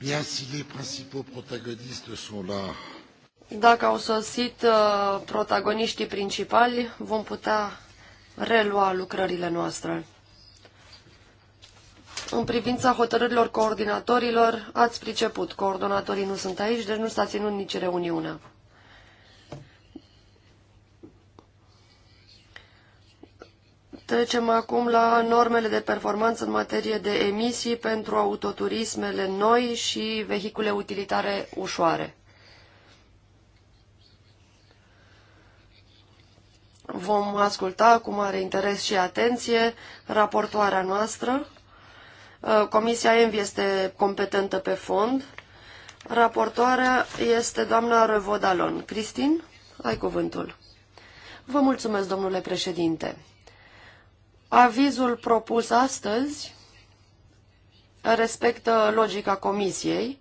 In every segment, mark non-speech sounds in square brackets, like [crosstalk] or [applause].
Bien, si les principaux protagonistes sont là. Dacă au sosit uh, protagoniștii principali, vom putea relua lucrările noastre. În privința hotărârilor coordonatorilor, ați priceput. Coordonatorii nu sunt aici, deci nu s-a ținut nici reuniunea. Trecem acum la normele de performanță în materie de emisii pentru autoturismele noi și vehicule utilitare ușoare. Vom asculta cu mare interes și atenție raportoarea noastră. Uh, Comisia ENVI este competentă pe fond. Raportoarea este doamna Revodalon. Cristin, ai cuvântul. Vă mulțumesc, domnule președinte. Avizul propus astăzi respectă logica comisiei,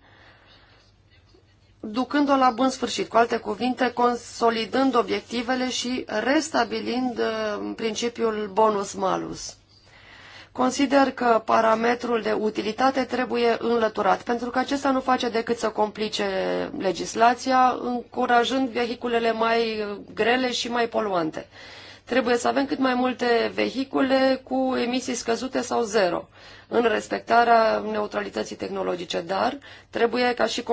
ducând-o la bun sfârșit, cu alte cuvinte, consolidând obiectivele și restabilind uh, principiul bonus-malus. Consider că parametrul de utilitate trebuie înlăturat, pentru că acesta nu face decât să complice legislația, încurajând vehiculele mai uh, grele și mai poluante. Trebuie să avem cât mai multe vehicule cu emisii scăzute sau zero în respectarea neutralității tehnologice, dar trebuie ca și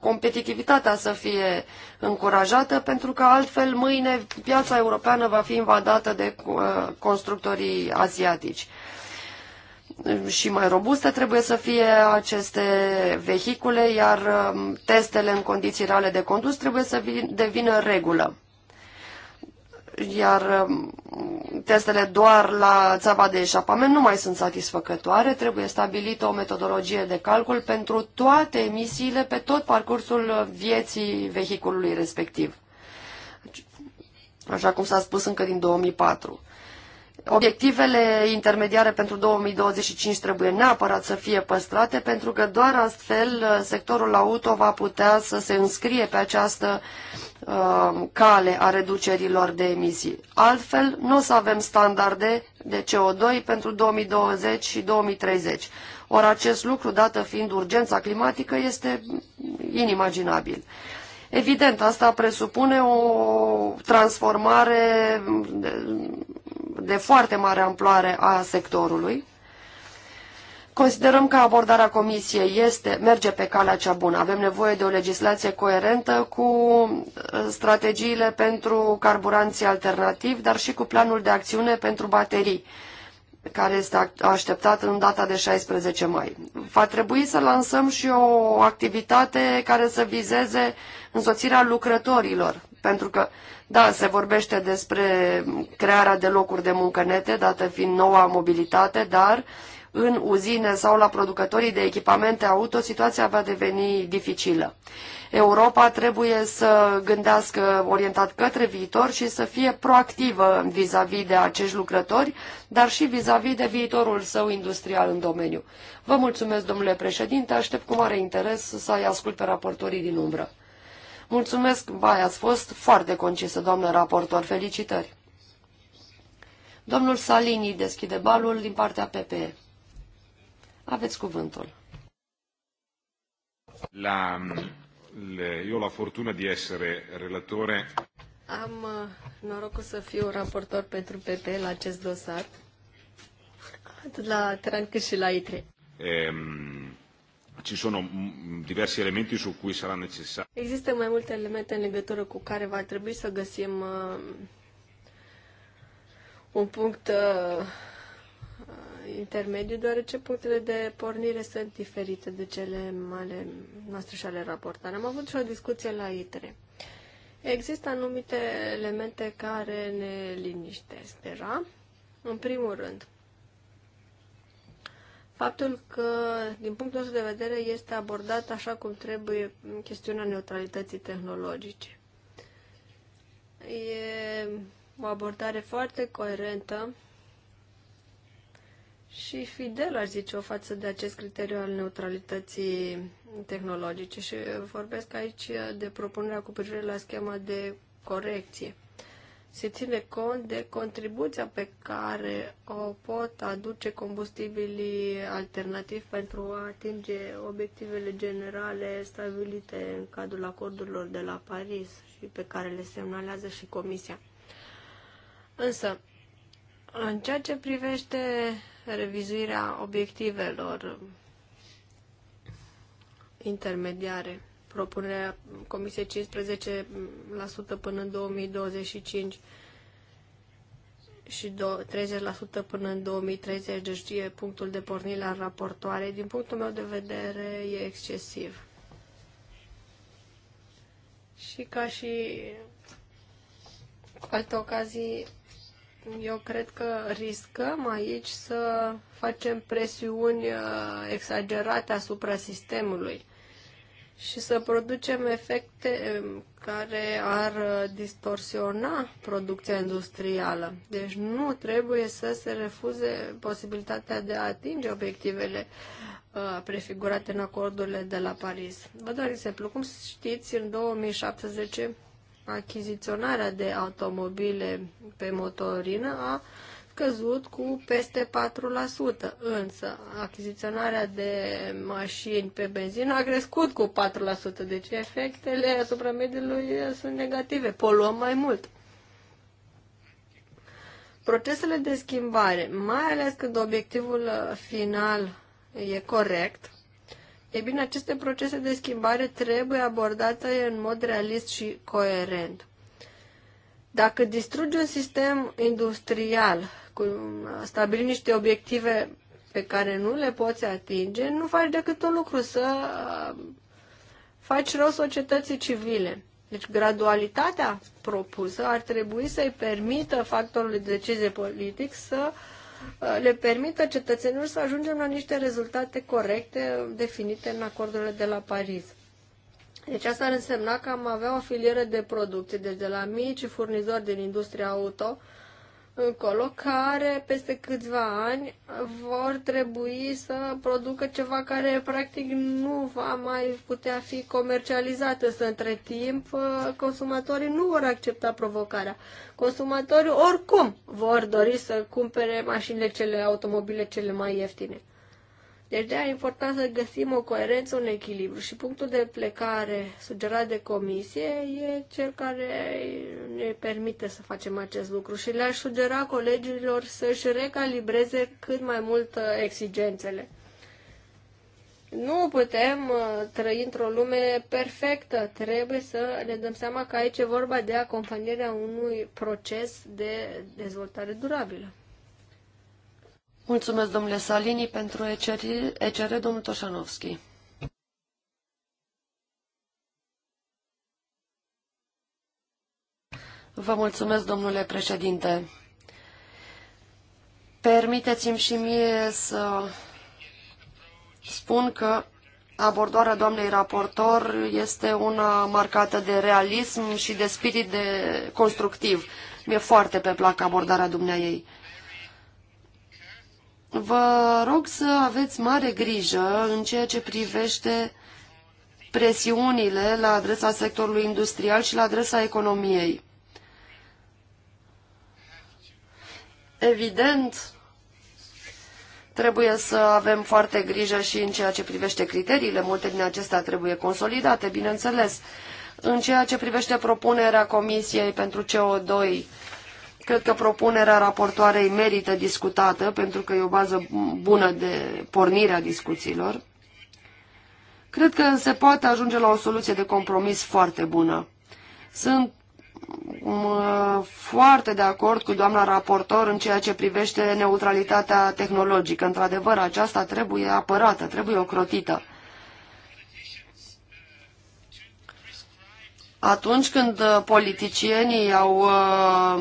competitivitatea să fie încurajată, pentru că altfel mâine piața europeană va fi invadată de uh, constructorii asiatici și mai robuste trebuie să fie aceste vehicule, iar um, testele în condiții reale de condus trebuie să devină regulă iar um, testele doar la țava de eșapament nu mai sunt satisfăcătoare. Trebuie stabilită o metodologie de calcul pentru toate emisiile pe tot parcursul vieții vehiculului respectiv. Așa cum s-a spus încă din 2004. Obiectivele intermediare pentru 2025 trebuie neapărat să fie păstrate, pentru că doar astfel uh, sectorul auto va putea să se înscrie pe această uh, cale a reducerilor de emisii. Altfel, nu o să avem standarde de CO2 pentru 2020 și 2030. Ori acest lucru, dată fiind urgența climatică, este inimaginabil. Evident, asta presupune o transformare de foarte mare amploare a sectorului. Considerăm că abordarea Comisiei este, merge pe calea cea bună. Avem nevoie de o legislație coerentă cu uh, strategiile pentru carburanții alternativi, dar și cu planul de acțiune pentru baterii, care este așteptat în data de 16 mai. Va trebui să lansăm și o activitate care să vizeze însoțirea lucrătorilor pentru că, da, se vorbește despre crearea de locuri de muncă nete, dată fiind noua mobilitate, dar în uzine sau la producătorii de echipamente auto, situația va deveni dificilă. Europa trebuie să gândească orientat către viitor și să fie proactivă vis-a-vis -vis de acești lucrători, dar și vis-a-vis -vis de viitorul său industrial în domeniu. Vă mulțumesc, domnule președinte, aștept cu mare interes să-i ascult pe raportorii din umbră. Mulțumesc, bai, ați fost foarte concisă, doamnă raportor, felicitări. Domnul Salini deschide balul din partea PPE. Aveți cuvântul. La, le, eu la fortuna de essere relatore. Am uh, norocul să fiu raportor pentru PP la acest dosar, atât la Tran cât și la ITRE. Um... Ehm, ci sono mm, mm, diversi elementi su cui sarà necessario. Există mai multe elemente în legătură cu care va trebui să găsim uh, un punct uh, intermediu, deoarece punctele de pornire sunt diferite de cele ale noastre și ale raportare. Am avut și o discuție la ITRE. Există anumite elemente care ne liniștesc deja. În primul rând, faptul că, din punctul nostru de vedere, este abordat așa cum trebuie chestiunea neutralității tehnologice. E o abordare foarte coerentă și fidelă, aș zice o față de acest criteriu al neutralității tehnologice. Și vorbesc aici de propunerea cu privire la schema de corecție se ține cont de contribuția pe care o pot aduce combustibilii alternativi pentru a atinge obiectivele generale stabilite în cadrul acordurilor de la Paris și pe care le semnalează și Comisia. Însă, în ceea ce privește revizuirea obiectivelor intermediare, propunerea Comisiei 15% până în 2025 și 30% până în 2030, deci e punctul de pornire al raportoarei. Din punctul meu de vedere, e excesiv. Și ca și cu alte ocazii, eu cred că riscăm aici să facem presiuni uh, exagerate asupra sistemului și să producem efecte um, care ar uh, distorsiona producția industrială. Deci nu trebuie să se refuze posibilitatea de a atinge obiectivele uh, prefigurate în acordurile de la Paris. Vă dau exemplu. Cum știți, în 2017 achiziționarea de automobile pe motorină a scăzut cu peste 4%, însă achiziționarea de mașini pe benzină a crescut cu 4%, deci efectele asupra mediului sunt negative, poluăm mai mult. Procesele de schimbare, mai ales când obiectivul final e corect, e bine, aceste procese de schimbare trebuie abordate în mod realist și coerent. Dacă distrugi un sistem industrial cu, stabili niște obiective pe care nu le poți atinge, nu faci decât un lucru, să uh, faci rău societății civile. Deci gradualitatea propusă ar trebui să-i permită factorului de decizie politic să uh, le permită cetățenilor să ajungem la niște rezultate corecte definite în acordurile de la Paris. Deci asta ar însemna că am avea o filieră de producție, deci de la mici furnizori din industria auto, încolo, care peste câțiva ani vor trebui să producă ceva care practic nu va mai putea fi comercializat, însă între timp consumatorii nu vor accepta provocarea. Consumatorii oricum vor dori să cumpere mașinile cele, automobile cele mai ieftine. Deci de-aia e important să găsim o coerență, un echilibru și punctul de plecare sugerat de comisie e cel care ne permite să facem acest lucru și le-aș sugera colegilor să-și recalibreze cât mai mult uh, exigențele. Nu putem uh, trăi într-o lume perfectă. Trebuie să ne dăm seama că aici e vorba de acompanierea unui proces de dezvoltare durabilă. Mulțumesc, domnule Salini, pentru ECR, ECR domnul Toșanovski. Vă mulțumesc, domnule președinte. Permiteți-mi și mie să spun că abordarea doamnei raportor este una marcată de realism și de spirit de constructiv. Mi-e foarte pe plac abordarea dumnea ei. Vă rog să aveți mare grijă în ceea ce privește presiunile la adresa sectorului industrial și la adresa economiei. Evident, trebuie să avem foarte grijă și în ceea ce privește criteriile. Multe din acestea trebuie consolidate, bineînțeles. În ceea ce privește propunerea Comisiei pentru CO2, Cred că propunerea raportoarei merită discutată, pentru că e o bază bună de pornire a discuțiilor. Cred că se poate ajunge la o soluție de compromis foarte bună. Sunt mm, foarte de acord cu doamna raportor în ceea ce privește neutralitatea tehnologică. Într-adevăr, aceasta trebuie apărată, trebuie ocrotită. atunci când uh, politicienii au uh,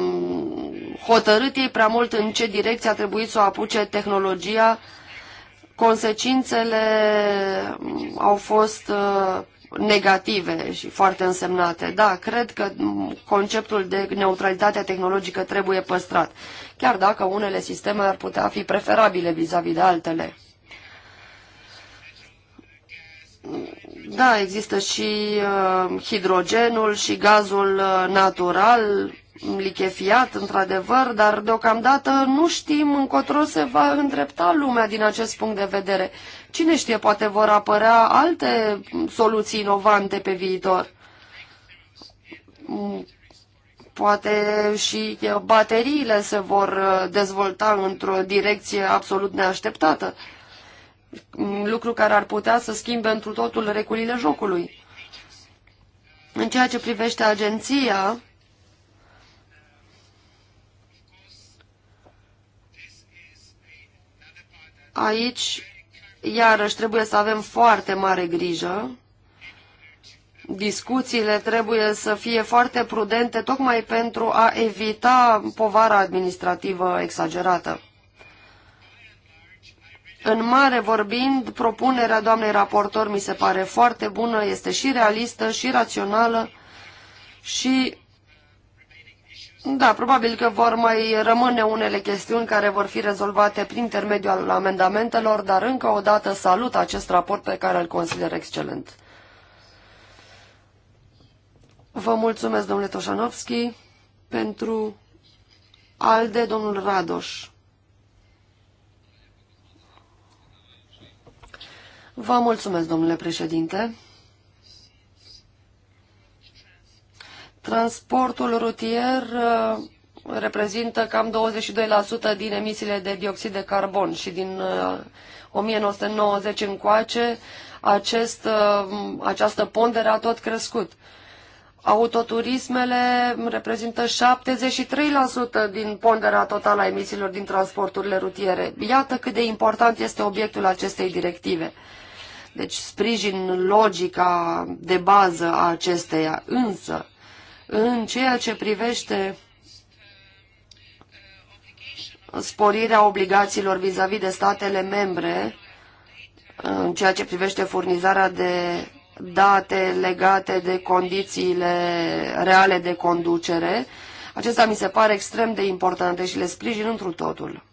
hotărât ei prea mult în ce direcție a trebuit să o apuce tehnologia, consecințele mm, au fost uh, negative și foarte însemnate. Da, cred că mm, conceptul de neutralitate tehnologică trebuie păstrat, chiar dacă unele sisteme ar putea fi preferabile vis-a-vis -vis de altele. Da, există și uh, hidrogenul și gazul uh, natural lichefiat, într-adevăr, dar deocamdată nu știm încotro se va îndrepta lumea din acest punct de vedere. Cine știe, poate vor apărea alte soluții inovante pe viitor. Mm, poate și bateriile se vor uh, dezvolta într-o direcție absolut neașteptată lucru care ar putea să schimbe întru totul regulile jocului. În ceea ce privește agenția, aici, iarăși, trebuie să avem foarte mare grijă. Discuțiile trebuie să fie foarte prudente, tocmai pentru a evita povara administrativă exagerată. În mare vorbind, propunerea doamnei raportor mi se pare foarte bună, este și realistă, și rațională și, da, probabil că vor mai rămâne unele chestiuni care vor fi rezolvate prin intermediul amendamentelor, dar încă o dată salut acest raport pe care îl consider excelent. Vă mulțumesc, domnule Toșanovski, pentru ALDE, domnul Radoș. Vă mulțumesc, domnule președinte. Transportul rutier uh, reprezintă cam 22% din emisiile de dioxid de carbon și din 1990 uh, încoace acest, uh, această pondere a tot crescut. Autoturismele reprezintă 73% din ponderea totală a emisiilor din transporturile rutiere. Iată cât de important este obiectul acestei directive. Deci sprijin logica de bază a acesteia. Însă, în ceea ce privește sporirea obligațiilor vis-a-vis -vis de statele membre, în ceea ce privește furnizarea de date legate de condițiile reale de conducere. Acesta mi se pare extrem de important și le sprijin întru totul.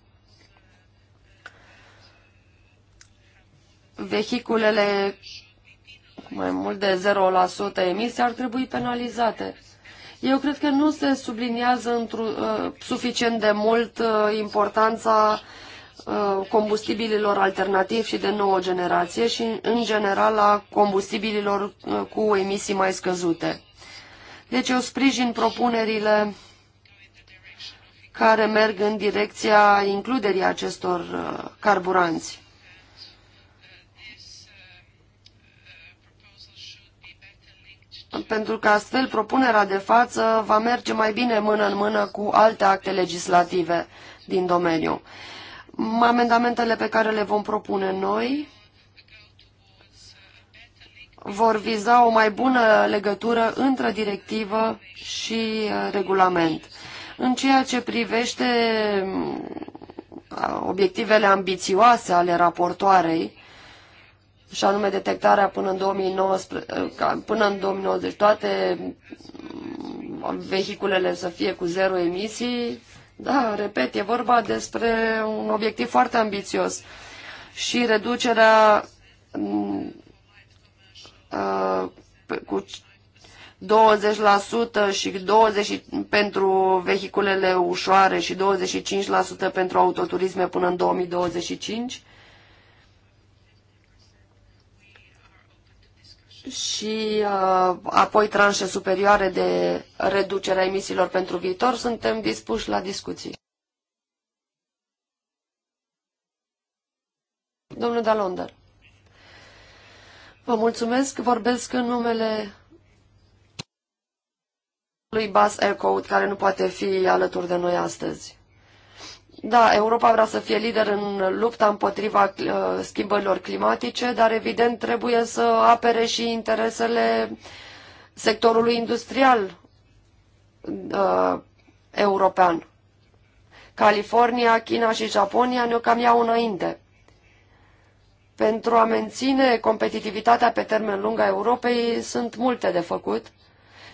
vehiculele cu mai mult de 0% emisii ar trebui penalizate. Eu cred că nu se subliniază într uh, suficient de mult uh, importanța uh, combustibililor alternativi și de nouă generație și, în general, a combustibililor uh, cu emisii mai scăzute. Deci eu sprijin propunerile care merg în direcția includerii acestor uh, carburanți. pentru că astfel propunerea de față va merge mai bine mână în mână cu alte acte legislative din domeniu. Amendamentele pe care le vom propune noi vor viza o mai bună legătură între directivă și uh, regulament. În ceea ce privește mm, obiectivele ambițioase ale raportoarei, și anume detectarea până în 2019, eh, până în 2019, toate mm, vehiculele să fie cu zero emisii. Da, repet, e vorba despre un obiectiv foarte ambițios și reducerea mm, eh, cu 20% și 20 pentru vehiculele ușoare și 25% pentru autoturisme până în 2025. și uh, apoi tranșe superioare de reducerea emisiilor pentru viitor, suntem dispuși la discuții. Domnul Dalonder, vă mulțumesc, vorbesc în numele lui Bas Ecout, care nu poate fi alături de noi astăzi. Da, Europa vrea să fie lider în lupta împotriva uh, schimbărilor climatice, dar evident trebuie să apere și interesele sectorului industrial uh, european. California, China și Japonia ne cam iau înainte. Pentru a menține competitivitatea pe termen lung a Europei sunt multe de făcut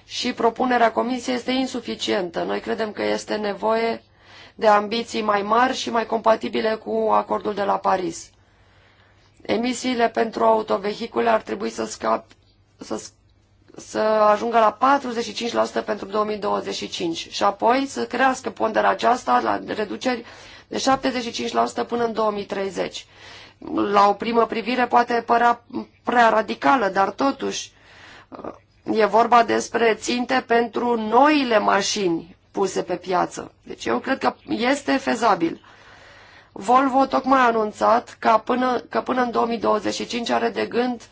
și propunerea Comisiei este insuficientă. Noi credem că este nevoie de ambiții mai mari și mai compatibile cu acordul de la Paris. Emisiile pentru autovehicule ar trebui să, scap, să, să ajungă la 45% pentru 2025 și apoi să crească ponderea aceasta la reduceri de 75% până în 2030. La o primă privire poate părea prea radicală, dar totuși E vorba despre ținte pentru noile mașini, puse pe piață. Deci eu cred că este fezabil. Volvo tocmai a anunțat că până, că până în 2025 are de gând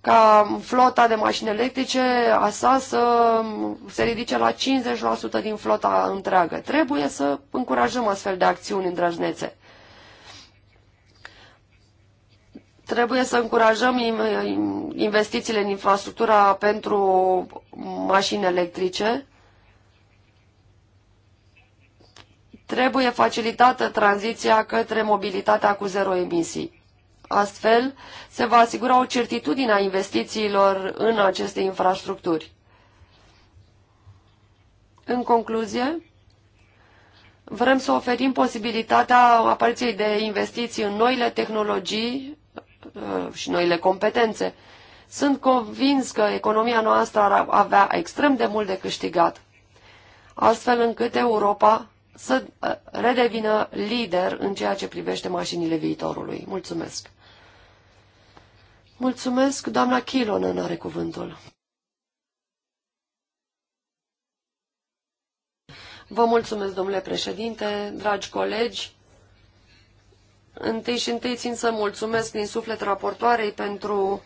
ca flota de mașini electrice a sa să se ridice la 50% din flota întreagă. Trebuie să încurajăm astfel de acțiuni îndrăznețe. Trebuie să încurajăm investițiile în infrastructura pentru mașini electrice, trebuie facilitată tranziția către mobilitatea cu zero emisii. Astfel, se va asigura o certitudine a investițiilor în aceste infrastructuri. În concluzie, vrem să oferim posibilitatea apariției de investiții în noile tehnologii uh, și noile competențe. Sunt convins că economia noastră ar avea extrem de mult de câștigat, astfel încât Europa să uh, redevină lider în ceea ce privește mașinile viitorului. Mulțumesc! Mulțumesc, doamna Chilonen are cuvântul. Vă mulțumesc, domnule președinte, dragi colegi. Întâi și întâi țin să mulțumesc din suflet raportoarei pentru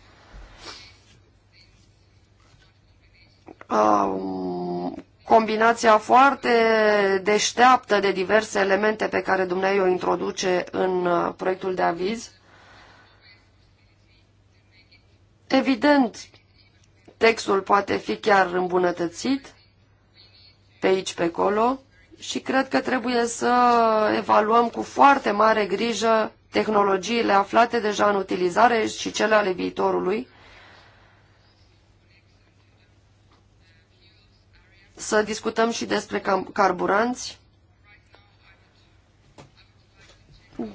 um, combinația foarte deșteaptă de diverse elemente pe care Dumnezeu o introduce în uh, proiectul de aviz. Evident, textul poate fi chiar îmbunătățit pe aici, pe acolo și cred că trebuie să evaluăm cu foarte mare grijă tehnologiile aflate deja în utilizare și cele ale viitorului, să discutăm și despre carburanți.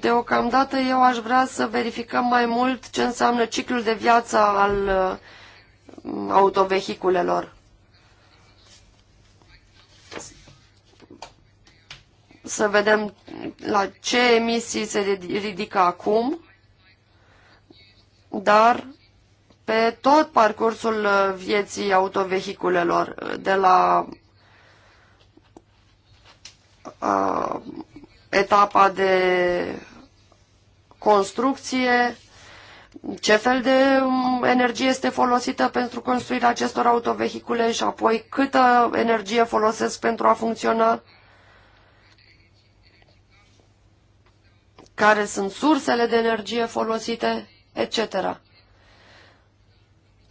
Deocamdată eu aș vrea să verificăm mai mult ce înseamnă ciclul de viață al uh, autovehiculelor. Să vedem la ce emisii se ridică acum, dar pe tot parcursul uh, vieții autovehiculelor, uh, de la uh, etapa de construcție, ce fel de um, energie este folosită pentru construirea acestor autovehicule și apoi câtă energie folosesc pentru a funcționa, care sunt sursele de energie folosite, etc.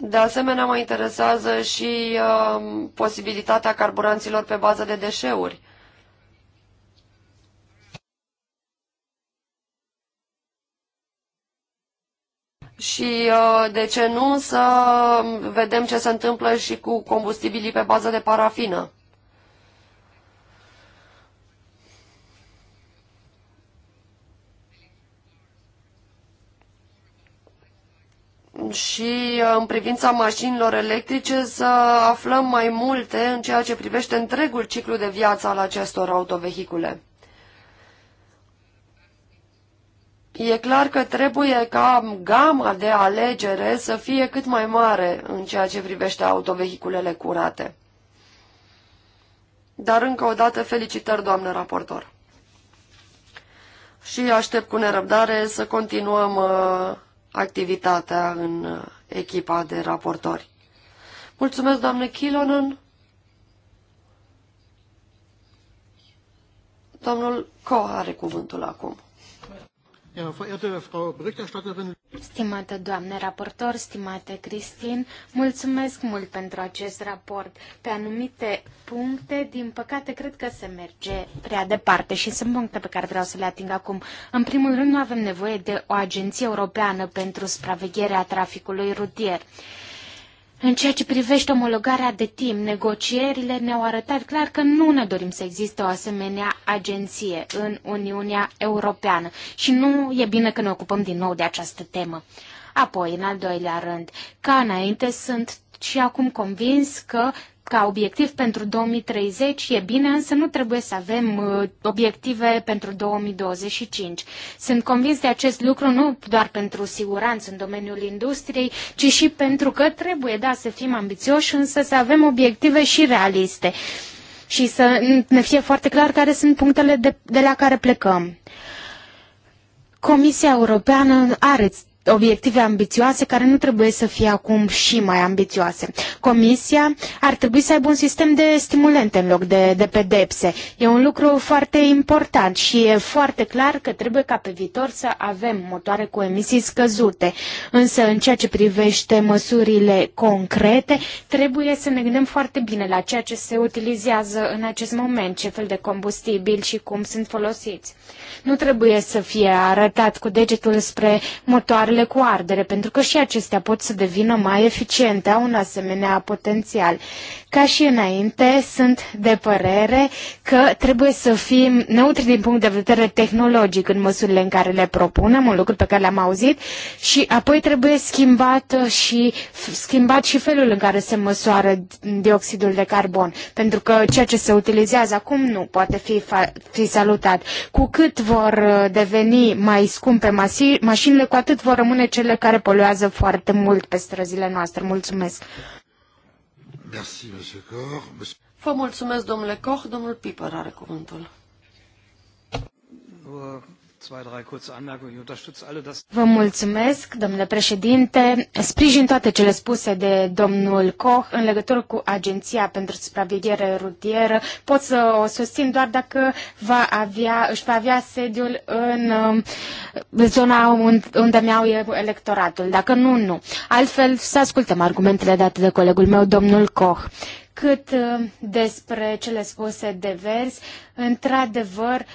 De asemenea, mă interesează și uh, posibilitatea carburanților pe bază de deșeuri. Și uh, de ce nu să vedem ce se întâmplă și cu combustibilii pe bază de parafină. și uh, în privința mașinilor electrice să aflăm mai multe în ceea ce privește întregul ciclu de viață al acestor autovehicule. E clar că trebuie ca gama de alegere să fie cât mai mare în ceea ce privește autovehiculele curate. Dar încă o dată felicitări, doamnă raportor. Și aștept cu nerăbdare să continuăm uh, activitatea în echipa de raportori. Mulțumesc, doamne Kilonen. Domnul Co are cuvântul acum. Stimată doamnă raportor, stimate Cristin, mulțumesc mult pentru acest raport. Pe anumite puncte, din păcate, cred că se merge prea departe și sunt puncte pe care vreau să le ating acum. În primul rând, nu avem nevoie de o agenție europeană pentru supravegherea traficului rutier. În ceea ce privește omologarea de timp, negocierile ne-au arătat clar că nu ne dorim să existe o asemenea agenție în Uniunea Europeană și nu e bine că ne ocupăm din nou de această temă. Apoi, în al doilea rând, ca înainte, sunt și acum convins că ca obiectiv pentru 2030 e bine, însă nu trebuie să avem uh, obiective pentru 2025. Sunt convins de acest lucru nu doar pentru siguranță în domeniul industriei, ci și pentru că trebuie, da, să fim ambițioși, însă să avem obiective și realiste și să ne fie foarte clar care sunt punctele de, de la care plecăm. Comisia Europeană are obiective ambițioase care nu trebuie să fie acum și mai ambițioase. Comisia ar trebui să aibă un sistem de stimulente în loc de, de pedepse. E un lucru foarte important și e foarte clar că trebuie ca pe viitor să avem motoare cu emisii scăzute. Însă în ceea ce privește măsurile concrete, trebuie să ne gândim foarte bine la ceea ce se utilizează în acest moment, ce fel de combustibil și cum sunt folosiți nu trebuie să fie arătat cu degetul spre motoarele cu ardere, pentru că și acestea pot să devină mai eficiente, au un asemenea potențial. Ca și înainte, sunt de părere că trebuie să fim neutri din punct de vedere tehnologic în măsurile în care le propunem, un lucru pe care l-am auzit, și apoi trebuie schimbat și, schimbat și felul în care se măsoară dioxidul de carbon, pentru că ceea ce se utilizează acum nu poate fi, fi salutat. Cu cât vor uh, deveni mai scumpe masi- mașinile, cu atât vor rămâne cele care poluează foarte mult pe străzile noastre. Mulțumesc! Merci, Cor. Vă mulțumesc, domnule Koch. Domnul Piper are cuvântul. Vă mulțumesc, domnule președinte. Sprijin toate cele spuse de domnul Koch în legătură cu Agenția pentru Supraveghere Rutieră. Pot să o susțin doar dacă va avea, își va avea sediul în um, zona unde mi-au electoratul. Dacă nu, nu. Altfel, să ascultăm argumentele date de colegul meu, domnul Koch cât um, despre cele spuse de vers, într-adevăr,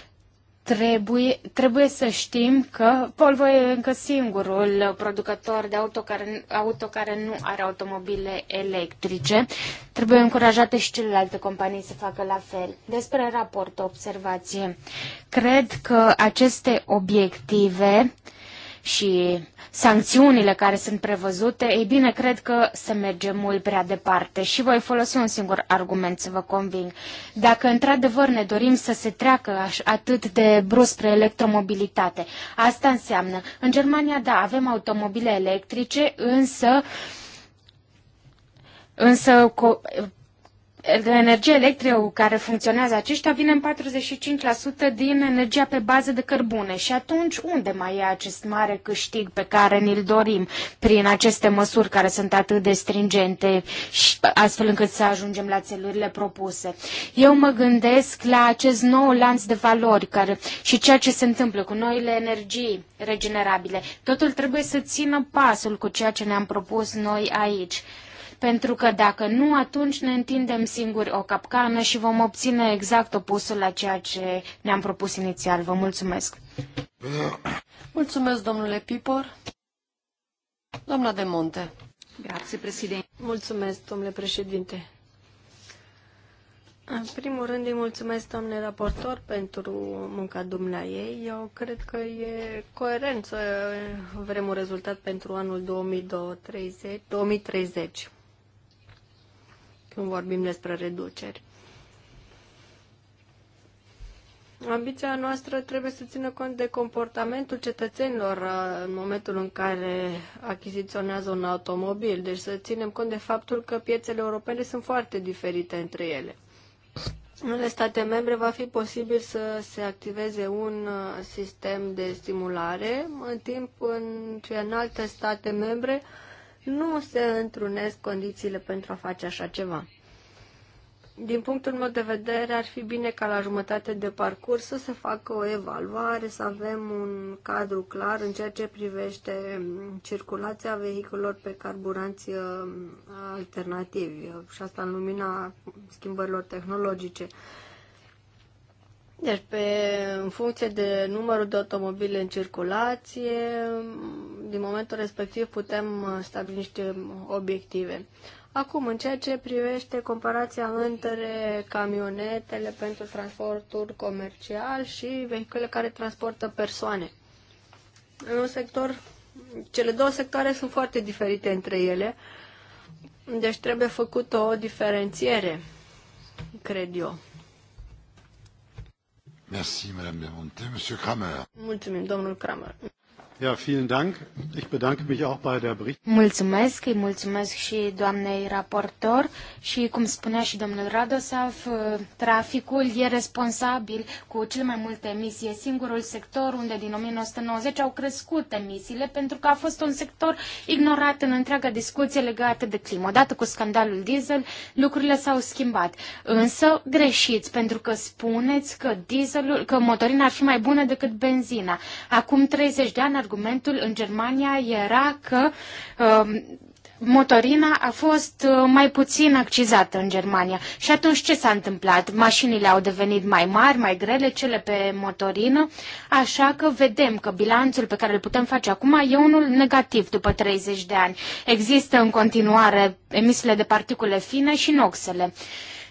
Trebuie, trebuie să știm că Volvo e încă singurul producător de auto care, auto care nu are automobile electrice. Trebuie încurajate și celelalte companii să facă la fel. Despre raport, observație. Cred că aceste obiective uh, și sancțiunile care sunt prevăzute, ei bine, cred că se merge mult prea departe și voi folosi un singur argument să vă conving. Dacă într-adevăr ne dorim să se treacă atât de brusc spre electromobilitate, asta înseamnă, în Germania, da, avem automobile electrice, însă Însă energie electrică care funcționează aceștia vine în 45% din energia pe bază de cărbune. Și atunci unde mai e acest mare câștig pe care ni-l dorim prin aceste măsuri care sunt atât de stringente și astfel încât să ajungem la țelurile propuse? Eu mă gândesc la acest nou lanț de valori care, și ceea ce se întâmplă cu noile energii regenerabile. Totul trebuie să țină pasul cu ceea ce ne-am propus noi aici pentru că dacă nu, atunci ne întindem singuri o capcană și vom obține exact opusul la ceea ce ne-am propus inițial. Vă mulțumesc! Mulțumesc, domnule Pipor! Doamna de Monte. Grazie, președinte. Mulțumesc, domnule președinte. În primul rând îi mulțumesc, doamne raportor, pentru munca dumnea ei. Eu cred că e coerent să vrem un rezultat pentru anul 2020, 2030 când vorbim despre reduceri. Ambiția noastră trebuie să țină cont de comportamentul cetățenilor uh, în momentul în care achiziționează un automobil, deci să ținem cont de faptul că piețele europene sunt foarte diferite între ele. În unele state membre va fi posibil să se activeze un uh, sistem de stimulare, în timp în, în alte state membre uh, nu se întrunesc condițiile pentru a face așa ceva. Din punctul meu de vedere, ar fi bine ca la jumătate de parcurs să se facă o evaluare, să avem un cadru clar în ceea ce privește circulația vehiculor pe carburanți uh, alternativi și asta în lumina schimbărilor tehnologice. Deci, pe, în funcție de numărul de automobile în circulație, din momentul respectiv putem uh, stabili niște obiective. Acum, în ceea ce privește comparația între camionetele pentru transportul comercial și vehiculele care transportă persoane. În un sector, cele două sectoare sunt foarte diferite între ele, deci trebuie făcută o diferențiere, cred eu. Merci, Madame Demonte. Monsieur Kramer. Mulțumim, domnul Kramer. Mulțumesc, îi mulțumesc și doamnei raportor și, cum spunea și domnul Radosav, uh, traficul e responsabil cu cele mai multe emisii. E singurul sector unde din 1990 au crescut emisiile pentru că a fost un sector ignorat în întreaga discuție legată de climă. Odată cu scandalul diesel, lucrurile s-au schimbat. Însă greșiți, pentru că spuneți că dieselul, că motorina ar fi mai bună decât benzina. Acum 30 de ani ar argumentul în Germania era că um, motorina a fost uh, mai puțin accizată în Germania. Și atunci ce s-a întâmplat? Mașinile au devenit mai mari, mai grele, cele pe motorină, așa că vedem că bilanțul pe care îl putem face acum e unul negativ după 30 de ani. Există în continuare emisiile de particule fine și noxele. Uh,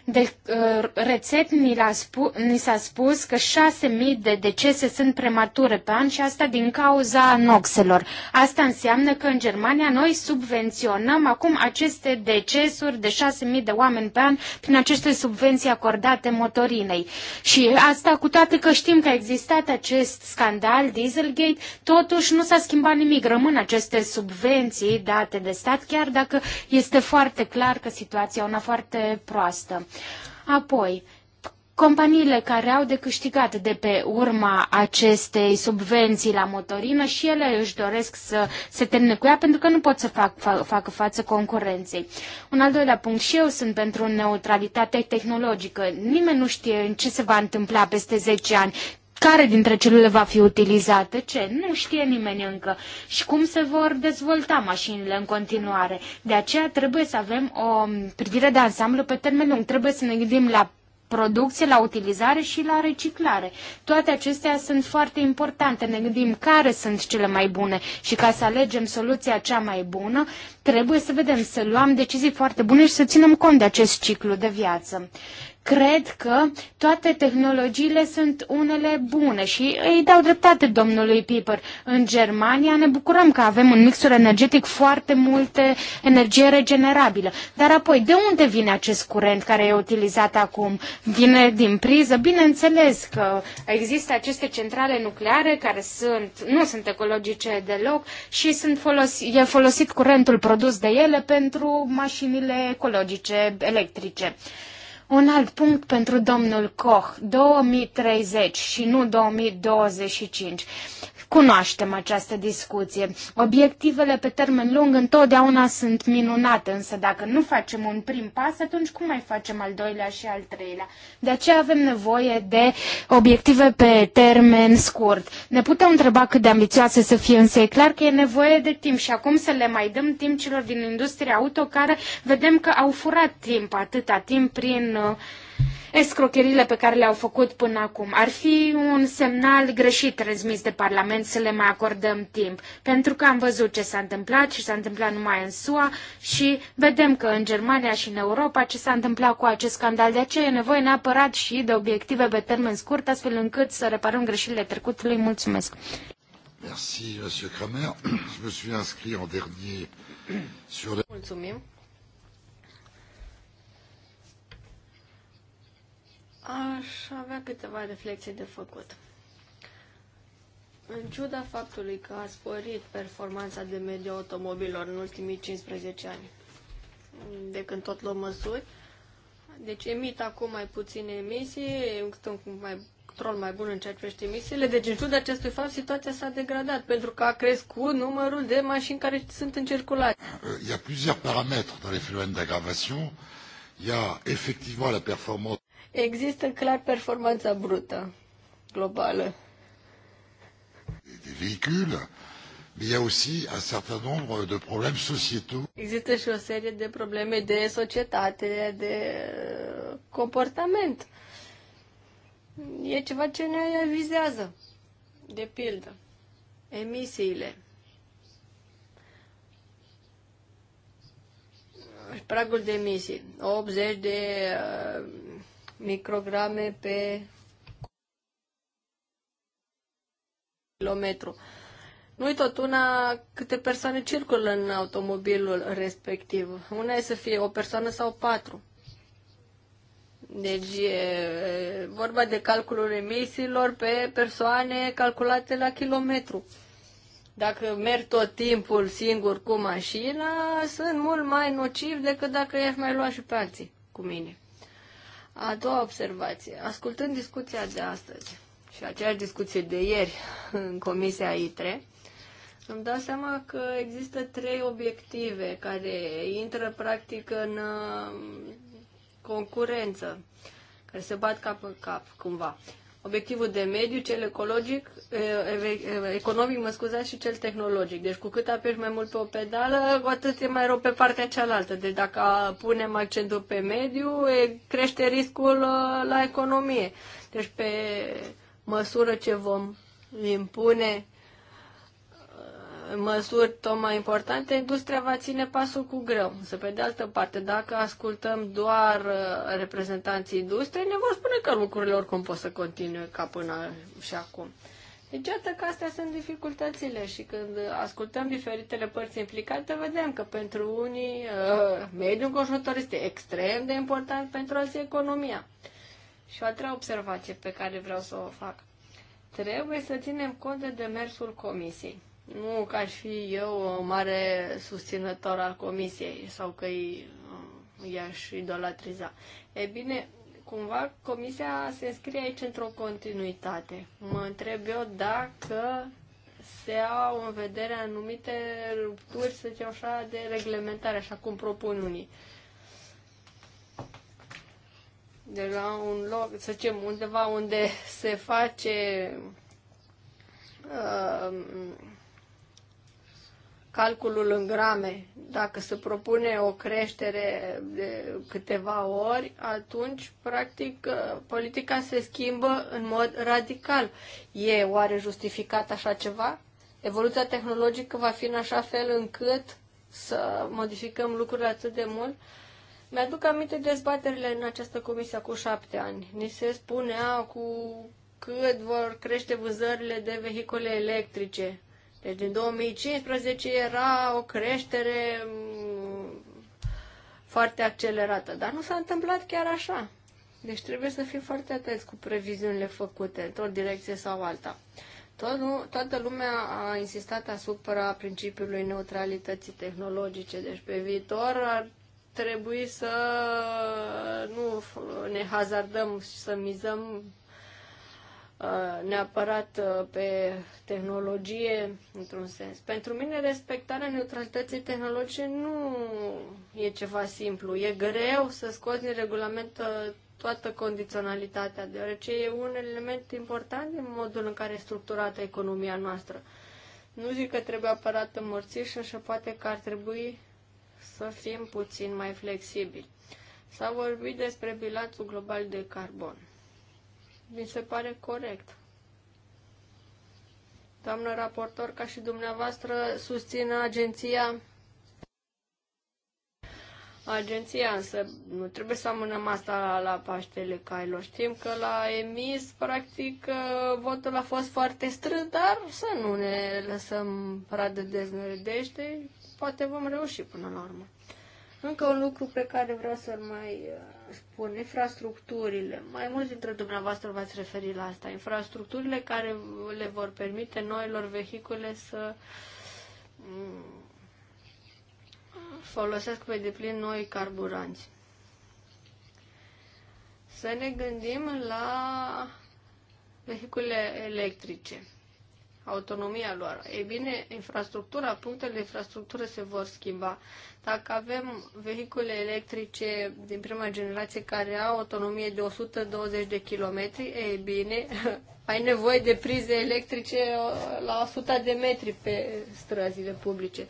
de, uh, rețet ni, spu, ni s-a spus că 6.000 de decese sunt premature pe an și asta din cauza noxelor. Asta înseamnă că în Germania noi subvenționăm acum aceste decesuri de 6.000 de oameni pe an prin aceste subvenții acordate motorinei. Și asta cu toate că știm că a existat acest scandal Dieselgate, totuși nu s-a schimbat nimic. Rămân aceste subvenții date de stat, chiar dacă este foarte clar că situația e una foarte proastă. Apoi, companiile care au de câștigat de pe urma acestei subvenții la motorină și ele își doresc să se termine cu ea pentru că nu pot să fac, fac facă față concurenței. Un al doilea punct și eu sunt pentru neutralitate tehnologică. Nimeni nu știe în ce se va întâmpla peste 10 ani, care dintre celule va fi utilizată, ce, nu știe nimeni încă și cum se vor dezvolta mașinile în continuare. De aceea trebuie să avem o privire de ansamblu pe termen lung. Trebuie să ne gândim la producție, la utilizare și la reciclare. Toate acestea sunt foarte importante. Ne gândim care sunt cele mai bune și ca să alegem soluția cea mai bună, trebuie să vedem, să luăm decizii foarte bune și să ținem cont de acest ciclu de viață cred că toate tehnologiile sunt unele bune și îi dau dreptate domnului Piper. În Germania ne bucurăm că avem un mixul energetic foarte multe energie regenerabilă. Dar apoi, de unde vine acest curent care e utilizat acum? Vine din priză? Bineînțeles că există aceste centrale nucleare care sunt, nu sunt ecologice deloc și sunt folos, e folosit curentul produs de ele pentru mașinile ecologice, electrice. Un alt punct pentru domnul Koch, 2030 și nu 2025. Cunoaștem această discuție. Obiectivele pe termen lung întotdeauna sunt minunate, însă dacă nu facem un prim pas, atunci cum mai facem al doilea și al treilea? De aceea avem nevoie de obiective pe termen scurt. Ne putem întreba cât de ambițioase să fie, însă e clar că e nevoie de timp și acum să le mai dăm timp celor din industria auto care vedem că au furat timp, atâta timp prin uh, escrocherile pe care le-au făcut până acum. Ar fi un semnal greșit transmis de Parlament să le mai acordăm timp, pentru că am văzut ce s-a întâmplat și s-a întâmplat numai în SUA și vedem că în Germania și în Europa ce s-a întâmplat cu acest scandal. De aceea e nevoie neapărat și de obiective pe termen scurt, astfel încât să reparăm greșelile trecutului. Mulțumesc! Merci, Monsieur Kramer. Je me suis inscrit en dernier sur Mulțumim. Aș avea câteva reflexii de făcut. În ciuda faptului că a sporit performanța de mediu automobilor în ultimii 15 ani, de când tot luăm măsuri, deci emit acum mai puține emisii, un mai, control mai bun în ceea ce privește emisiile, deci în ciuda acestui fapt situația s-a degradat pentru că a crescut numărul de mașini care sunt în circulație. Il y a plusieurs paramètres dans les phénomènes d'aggravation. Il y a effectivement la performance există clar performanța brută globală. De vehicule, il y a aussi un certain nombre de problèmes sociétaux. Există și o serie de probleme de societate, de uh, comportament. E ceva ce ne vizează. De pildă, emisiile. Pragul de emisii, 80 de uh, micrograme pe kilometru. Nu i tot una câte persoane circulă în automobilul respectiv. Una e să fie o persoană sau patru. Deci e vorba de calculul emisiilor pe persoane calculate la kilometru. Dacă merg tot timpul singur cu mașina, sunt mult mai nociv decât dacă i-aș mai lua și pe alții cu mine. A doua observație. Ascultând discuția de astăzi și aceeași discuție de ieri în Comisia ITRE, îmi dau seama că există trei obiective care intră practic în um, concurență, care se bat cap în cap cumva obiectivul de mediu, cel ecologic, economic, mă scuzați, și cel tehnologic. Deci cu cât apeși mai mult pe o pedală, cu atât e mai rău pe partea cealaltă. Deci dacă punem accentul pe mediu, crește riscul ă, la economie. Deci pe măsură ce vom impune măsuri tot mai importante, industria va ține pasul cu greu. Să pe de altă parte, dacă ascultăm doar uh, reprezentanții industriei, ne vor spune că lucrurile oricum pot să continue ca până și acum. Deci, iată că astea sunt dificultățile și când ascultăm diferitele părți implicate, vedem că pentru unii uh, mediul înconjurător este extrem de important, pentru alții economia. Și o a treia observație pe care vreau să o fac. Trebuie să ținem cont de demersul comisiei. Nu că aș fi eu o mare susținător al comisiei sau că i-aș idolatriza. E bine, cumva comisia se înscrie aici într-o continuitate. Mă întreb eu dacă se au în vedere anumite rupturi, să zicem așa, de reglementare, așa cum propun unii. De la un loc, să zicem, undeva unde se face uh, calculul în grame. Dacă se propune o creștere de câteva ori, atunci, practic, ă, politica se schimbă în mod radical. E oare justificat așa ceva? Evoluția tehnologică va fi în așa fel încât să modificăm lucrurile atât de mult? Mi-aduc aminte dezbaterile în această comisie cu șapte ani. Ni se spunea cu cât vor crește vânzările de vehicule electrice deci din 2015 era o creștere mm, foarte accelerată, dar nu s-a întâmplat chiar așa. Deci trebuie să fim foarte atenți cu previziunile făcute, într-o direcție sau alta. Tot, toată lumea a insistat asupra principiului neutralității tehnologice, deci pe viitor ar trebui să nu ne hazardăm și să mizăm Uh, neapărat uh, pe tehnologie, într-un sens. Pentru mine, respectarea neutralității tehnologice nu e ceva simplu. E greu să scoți din regulament uh, toată condiționalitatea, deoarece e un element important în modul în care e structurată economia noastră. Nu zic că trebuie apărat înmărțișă și poate că ar trebui să fim puțin mai flexibili. S-a vorbit despre bilanțul global de carbon. Mi se pare corect. Doamnă raportor, ca și dumneavoastră, susțin agenția agenția, însă nu trebuie să amânăm asta la Paștele Cailor. Știm că la emis, practic, votul a fost foarte strâns, dar să nu ne lăsăm pradă deznădește, poate vom reuși până la urmă. Încă un lucru pe care vreau să-l mai spun, infrastructurile, mai mulți dintre dumneavoastră v-ați referit la asta, infrastructurile care le vor permite noilor vehicule să mm, folosesc pe deplin noi carburanți. Să ne gândim la vehicule electrice autonomia lor. Ei bine, infrastructura, punctele de infrastructură se vor schimba. Dacă avem vehicule electrice din prima generație care au autonomie de 120 de kilometri, ei bine, [laughs] ai nevoie de prize electrice uh, la 100 de metri pe străzile publice.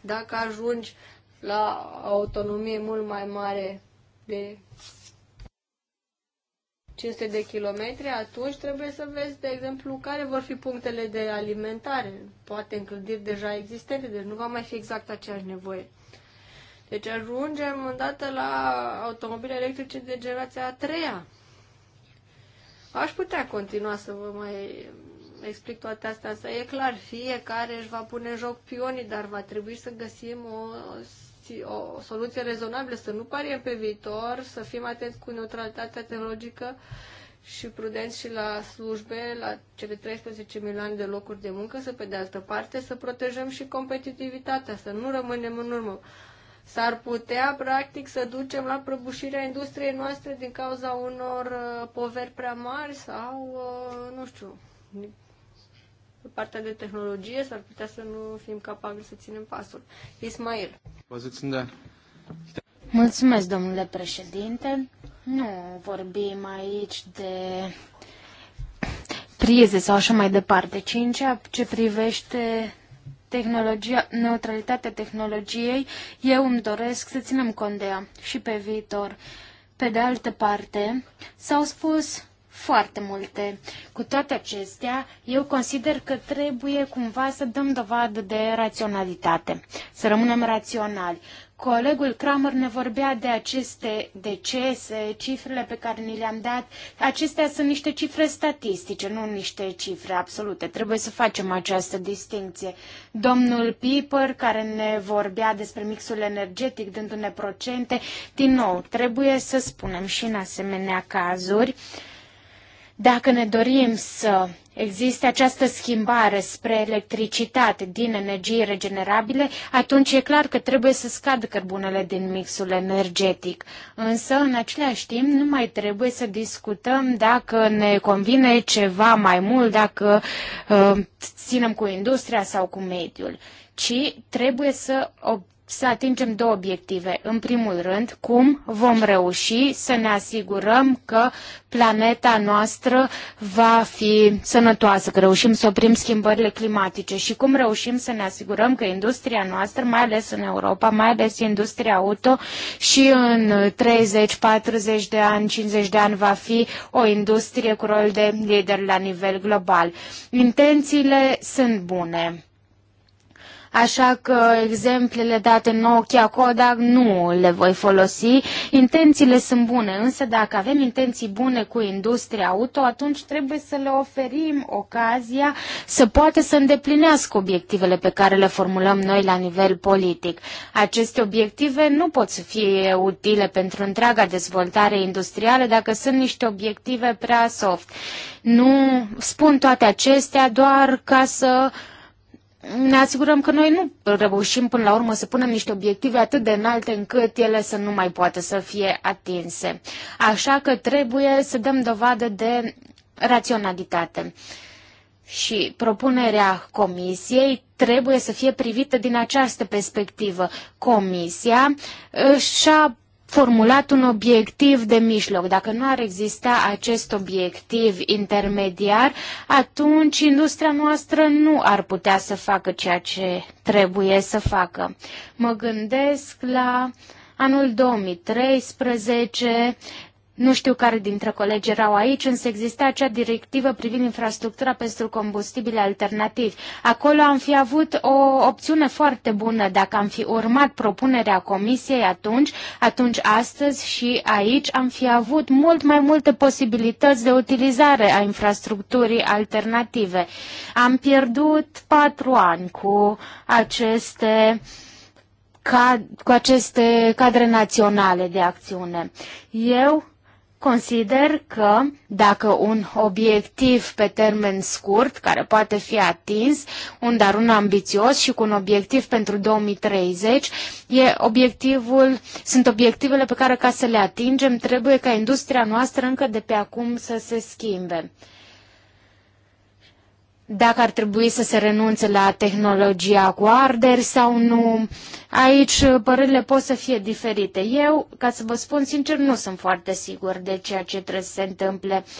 Dacă ajungi la autonomie mult mai mare de 500 de kilometri, atunci trebuie să vezi, de exemplu, care vor fi punctele de alimentare, poate încălziri deja existente, deci nu va mai fi exact aceeași nevoie. Deci ajungem îndată la automobile electrice de generația a treia. Aș putea continua să vă mai explic toate astea, însă e clar, fiecare își va pune în joc pionii, dar va trebui să găsim o găsi o soluție rezonabilă, să nu pariem pe viitor, să fim atenți cu neutralitatea tehnologică și prudenți și la slujbe, la cele 13 milioane de locuri de muncă, să pe de altă parte să protejăm și competitivitatea, să nu rămânem în urmă. S-ar putea, practic, să ducem la prăbușirea industriei noastre din cauza unor uh, poveri prea mari sau, uh, nu știu, pe partea de tehnologie s-ar putea să nu fim capabili să ținem pasul. Ismail. Mulțumesc, domnule președinte. Nu vorbim aici de prize sau așa mai departe, ci în ceea ce privește tehnologia, neutralitatea tehnologiei, eu îmi doresc să ținem cont de ea și pe viitor. Pe de altă parte, s-au spus foarte multe. Cu toate acestea, eu consider că trebuie cumva să dăm dovadă de raționalitate, să rămânem raționali. Colegul Kramer ne vorbea de aceste decese, cifrele pe care ni le-am dat. Acestea sunt niște cifre statistice, nu niște cifre absolute. Trebuie să facem această distinție. Domnul Piper, care ne vorbea despre mixul energetic, dându-ne procente, din nou, trebuie să spunem și în asemenea cazuri uh, dacă ne dorim să existe această schimbare spre electricitate din energii regenerabile, atunci e clar că trebuie să scadă cărbunele din mixul energetic. Însă, în același timp, nu mai trebuie să discutăm dacă ne convine ceva mai mult, dacă uh, ținem cu industria sau cu mediul, ci trebuie să obținem să atingem două obiective. În primul rând, cum vom reuși să ne asigurăm că planeta noastră va fi sănătoasă, că reușim să oprim schimbările climatice și cum reușim să ne asigurăm că industria noastră, mai ales în Europa, mai ales industria auto și în 30, 40 de ani, 50 de ani va fi o industrie cu rol de lider la nivel global. Intențiile sunt bune Așa că exemplele date în Nokia Kodak nu le voi folosi. Intențiile sunt bune, însă dacă avem intenții bune cu industria auto, atunci trebuie să le oferim ocazia să poată să îndeplinească obiectivele pe care le formulăm noi la nivel politic. Aceste obiective nu pot să fie utile pentru întreaga dezvoltare industrială dacă sunt niște obiective prea soft. Nu spun toate acestea doar ca să uh, ne asigurăm că noi nu reușim până la urmă să punem niște obiective atât de înalte încât ele să nu mai poată să fie atinse. Așa că trebuie să dăm dovadă de raționalitate. Și propunerea comisiei trebuie să fie privită din această perspectivă. Comisia și-a formulat un obiectiv de mijloc. Dacă nu ar exista acest obiectiv intermediar, atunci industria noastră nu ar putea să facă ceea ce trebuie să facă. Mă gândesc la anul 2013, nu știu care dintre colegi erau aici, însă exista acea directivă privind infrastructura pentru combustibile alternativi. Acolo am fi avut o opțiune foarte bună dacă am fi urmat propunerea comisiei atunci, atunci astăzi și aici am fi avut mult mai multe posibilități de utilizare a infrastructurii alternative. Am pierdut patru ani cu aceste cu aceste cadre naționale de acțiune. Eu Consider că dacă un obiectiv pe termen scurt, care poate fi atins, un dar un ambițios și cu un obiectiv pentru 2030, e obiectivul, sunt obiectivele pe care ca să le atingem trebuie ca industria noastră încă de pe acum să se schimbe dacă ar trebui să se renunțe la tehnologia cu arderi sau nu. Aici uh, părerile pot să fie diferite. Eu, ca să vă spun sincer, nu sunt foarte sigur de ceea ce trebuie să se întâmple. Uh,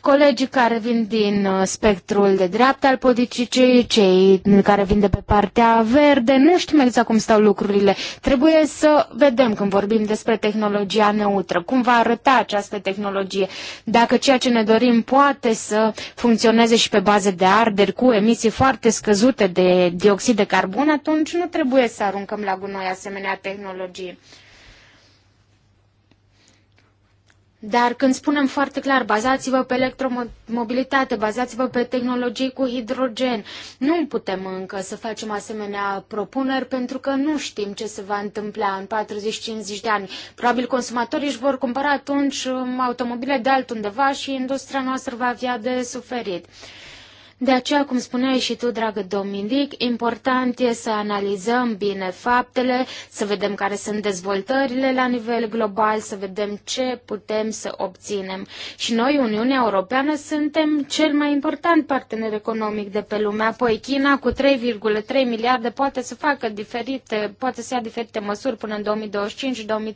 colegii care vin din uh, spectrul de dreapta al politicii, cei care vin de pe partea verde, nu știm exact cum stau lucrurile. Trebuie să vedem când vorbim despre tehnologia neutră, cum va arăta această tehnologie, dacă ceea ce ne dorim poate să funcționeze și pe bază de arderi cu emisii foarte scăzute de dioxid de carbon, atunci nu trebuie să aruncăm la gunoi asemenea tehnologie. Dar când spunem foarte clar, bazați-vă pe electromobilitate, bazați-vă pe tehnologii cu hidrogen, nu putem încă să facem asemenea propuneri pentru că nu știm ce se va întâmpla în 40-50 de ani. Probabil consumatorii își vor cumpăra atunci um, automobile de altundeva și industria noastră va avea de suferit. De aceea, cum spuneai și tu, dragă Dominic, important e să analizăm bine faptele, să vedem care sunt dezvoltările la nivel global, să vedem ce putem să obținem. Și noi, Uniunea Europeană, suntem cel mai important partener economic de pe lume. Apoi China, cu 3,3 miliarde, poate să facă diferite, poate să ia diferite măsuri până în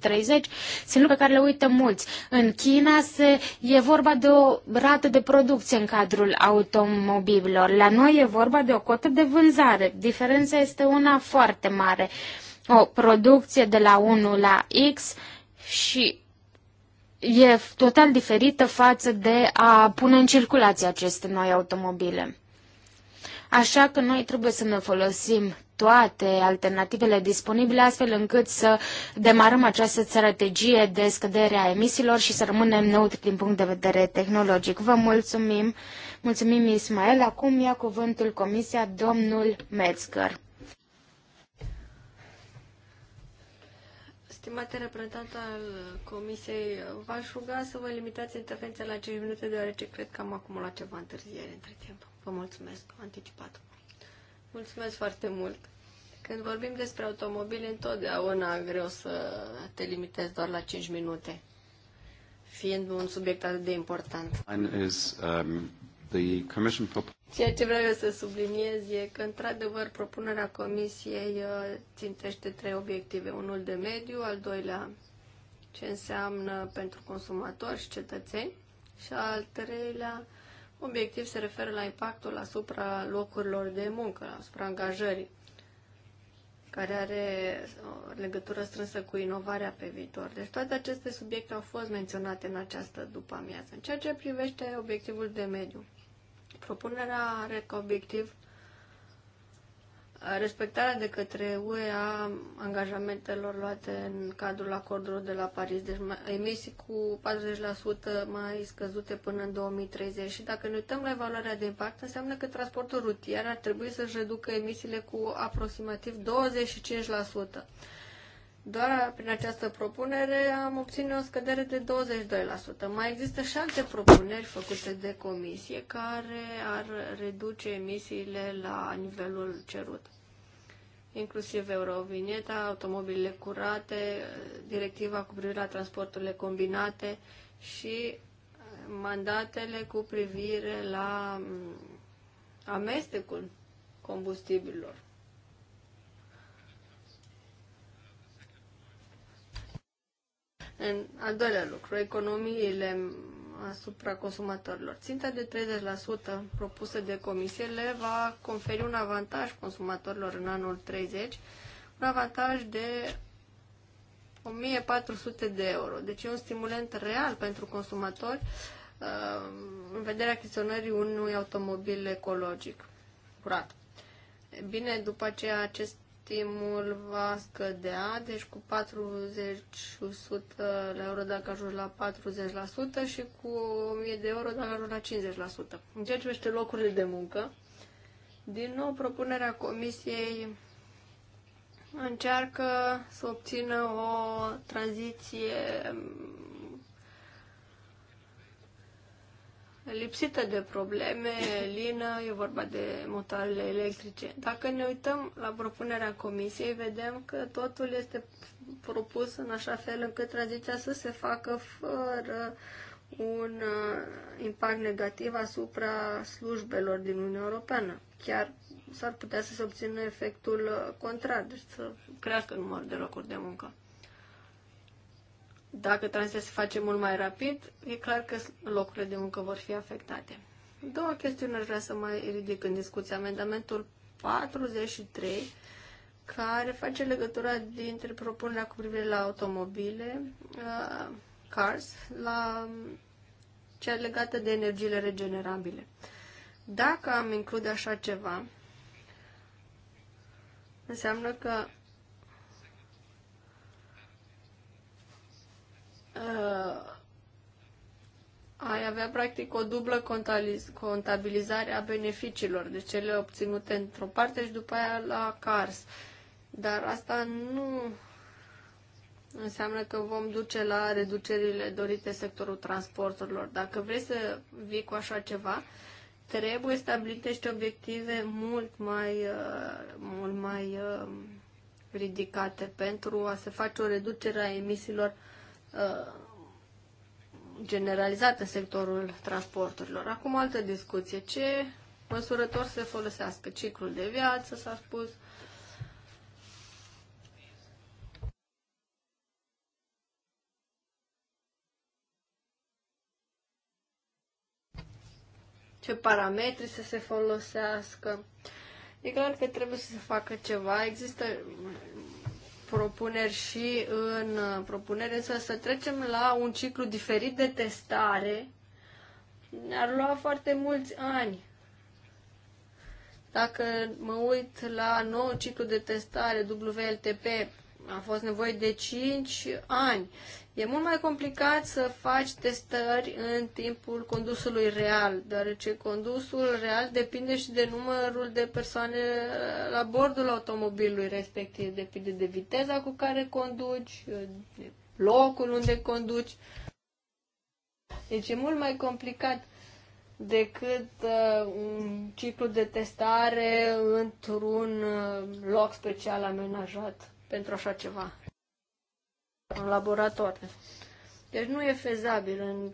2025-2030. Sunt lucruri care le uită mulți. În China se, e vorba de o rată de producție în cadrul automobil cultivilor. La noi e vorba de o cotă de vânzare. Diferența este una foarte mare. O producție de la 1 la X și e total diferită față de a pune în circulație aceste noi automobile. Așa că noi trebuie să ne folosim toate alternativele disponibile astfel încât să demarăm această strategie de scădere a emisiilor și să rămânem neutri din punct de vedere tehnologic. Vă mulțumim! Mulțumim, Ismael. Acum ia cuvântul Comisia domnul Metzger. Stimate reprezentant al Comisiei, v-aș ruga să vă limitați intervenția la 5 minute, deoarece cred că am acumulat ceva întârziere între timp. Vă mulțumesc anticipat. Mulțumesc foarte mult. Când vorbim despre automobile, întotdeauna greu să te limitezi doar la 5 minute, fiind un subiect atât de important. is, um, the commission Ceea ce vreau eu să subliniez e că, într-adevăr, propunerea Comisiei uh, țintește trei obiective. Unul de mediu, al doilea ce înseamnă pentru consumatori și cetățeni și al treilea obiectiv se referă la impactul asupra locurilor de muncă, asupra angajării, care are o uh, legătură strânsă cu inovarea pe viitor. Deci toate aceste subiecte au fost menționate în această după amiază. În ceea ce privește obiectivul de mediu, Propunerea are ca obiectiv respectarea de către UE a angajamentelor luate în cadrul acordului de la Paris, deci emisii cu 40% mai scăzute până în 2030. Și dacă ne uităm la evaluarea de impact, înseamnă că transportul rutier ar trebui să-și reducă emisiile cu aproximativ 25%. Doar prin această propunere am obținut o scădere de 22%. Mai există și alte propuneri făcute de comisie care ar reduce emisiile la nivelul cerut. Inclusiv eurovineta, automobilele curate, directiva cu privire la transporturile combinate și mandatele cu privire la mm, amestecul combustibililor. În al doilea lucru, economiile asupra consumatorilor. Ținta de 30% propusă de comisie le va conferi un avantaj consumatorilor în anul 30, un avantaj de 1400 de euro. Deci e un stimulent real pentru consumatori uh, în vederea achiziționării unui automobil ecologic curat. Bine, după aceea acest timul va scădea, deci cu 40% la euro dacă ajungi la 40% și cu 1000 de euro dacă ajungi la 50%. În ceea ce privește locurile de muncă, din nou propunerea comisiei încearcă să obțină o tranziție lipsită de probleme, lină, e vorba de motoarele electrice. Dacă ne uităm la propunerea comisiei, vedem că totul este propus în așa fel încât tranziția să se facă fără un uh, impact negativ asupra slujbelor din Uniunea Europeană. Chiar s-ar putea să se obțină efectul uh, contrar, deci să crească numărul de locuri de muncă. Dacă tranziția se face mult mai rapid, e clar că locurile de muncă vor fi afectate. Două chestiuni aș vrea să mai ridic în discuție. Amendamentul 43, care face legătura dintre propunerea cu privire la automobile, uh, cars, la cea legată de energiile regenerabile. Dacă am include așa ceva, înseamnă că uh, ai avea practic o dublă contabilizare a beneficiilor, de deci cele obținute într-o parte și după aia la CARS. Dar asta nu înseamnă că vom duce la reducerile dorite sectorul transporturilor. Dacă vrei să vii cu așa ceva, trebuie stabilite și obiective mult mai, uh, mult mai uh, ridicate pentru a se face o reducere a emisiilor uh, Uh, generalizat în sectorul transporturilor. Acum altă discuție. Ce măsurător se folosească? Ciclul de viață, s-a spus. Ce parametri să se folosească? E clar că trebuie să se facă ceva. Există propuneri și în propunere, însă să trecem la un ciclu diferit de testare ne ar lua foarte mulți ani. Dacă mă uit la nou ciclu de testare WLTP a fost nevoie de 5 ani. E mult mai complicat să faci testări în timpul condusului real, deoarece condusul real depinde și de numărul de persoane uh, la bordul automobilului respectiv, depinde de viteza cu care conduci, uh, de locul unde conduci. Deci e mult mai complicat decât uh, un ciclu de testare într-un uh, loc special amenajat pentru așa ceva în laborator. Deci nu e fezabil în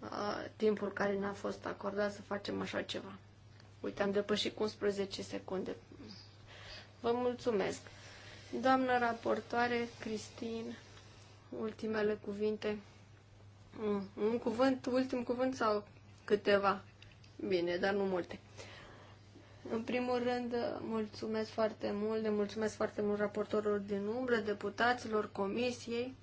a, timpul care ne-a fost acordat să facem așa ceva. Uite, am depășit 11 secunde. Vă mulțumesc. Doamnă raportoare, Cristin, ultimele cuvinte. Mm, un cuvânt, ultim cuvânt sau câteva? Bine, dar nu multe. În primul rând, mulțumesc foarte mult, de mulțumesc foarte mult raportorilor din umbră, deputaților, comisiei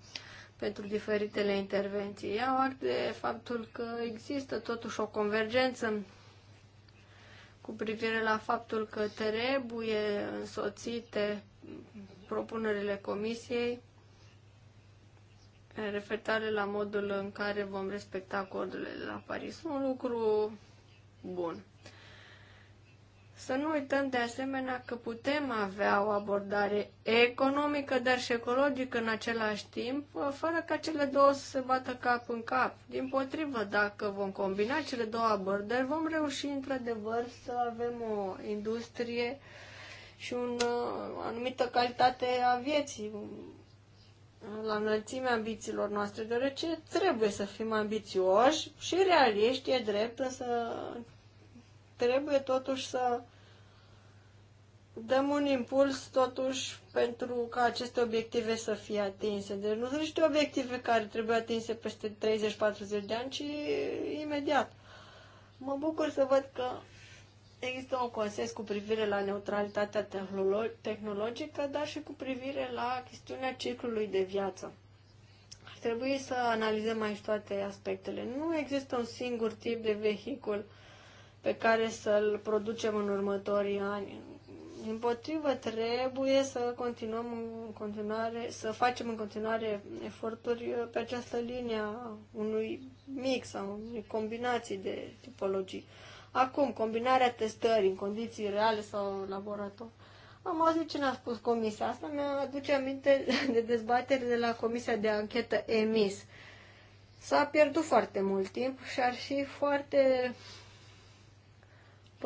pentru diferitele intervenții. Iau act de faptul că există totuși o convergență cu privire la faptul că trebuie însoțite propunerile comisiei referitoare la modul în care vom respecta acordurile de la Paris. Un lucru bun. Să nu uităm de asemenea că putem avea o abordare economică, dar și ecologică în același timp, uh, fără ca cele două să se bată cap în cap. Din potrivă, dacă vom combina cele două abordări, vom reuși într-adevăr să avem o industrie și un, o uh, anumită calitate a vieții la înălțimea ambițiilor noastre, deoarece trebuie să fim ambițioși și realiști, e drept, însă trebuie totuși să dăm un impuls totuși pentru ca aceste obiective să fie atinse. Deci nu sunt niște obiective care trebuie atinse peste 30-40 de ani, ci imediat. Mă bucur să văd că există un consens cu privire la neutralitatea tehnologică, dar și cu privire la chestiunea ciclului de viață. Ar trebui să analizăm aici toate aspectele. Nu există un singur tip de vehicul uh, pe care să-l producem în următorii ani. Din potrivă, trebuie să continuăm în continuare, să facem în continuare eforturi pe această linie a unui mix sau unei combinații de tipologii. Acum, combinarea testării în condiții reale sau laborator. Am auzit ce ne-a spus comisia asta, mi-aduce a aminte de dezbatere de la comisia de anchetă EMIS. S-a pierdut foarte mult timp și ar fi foarte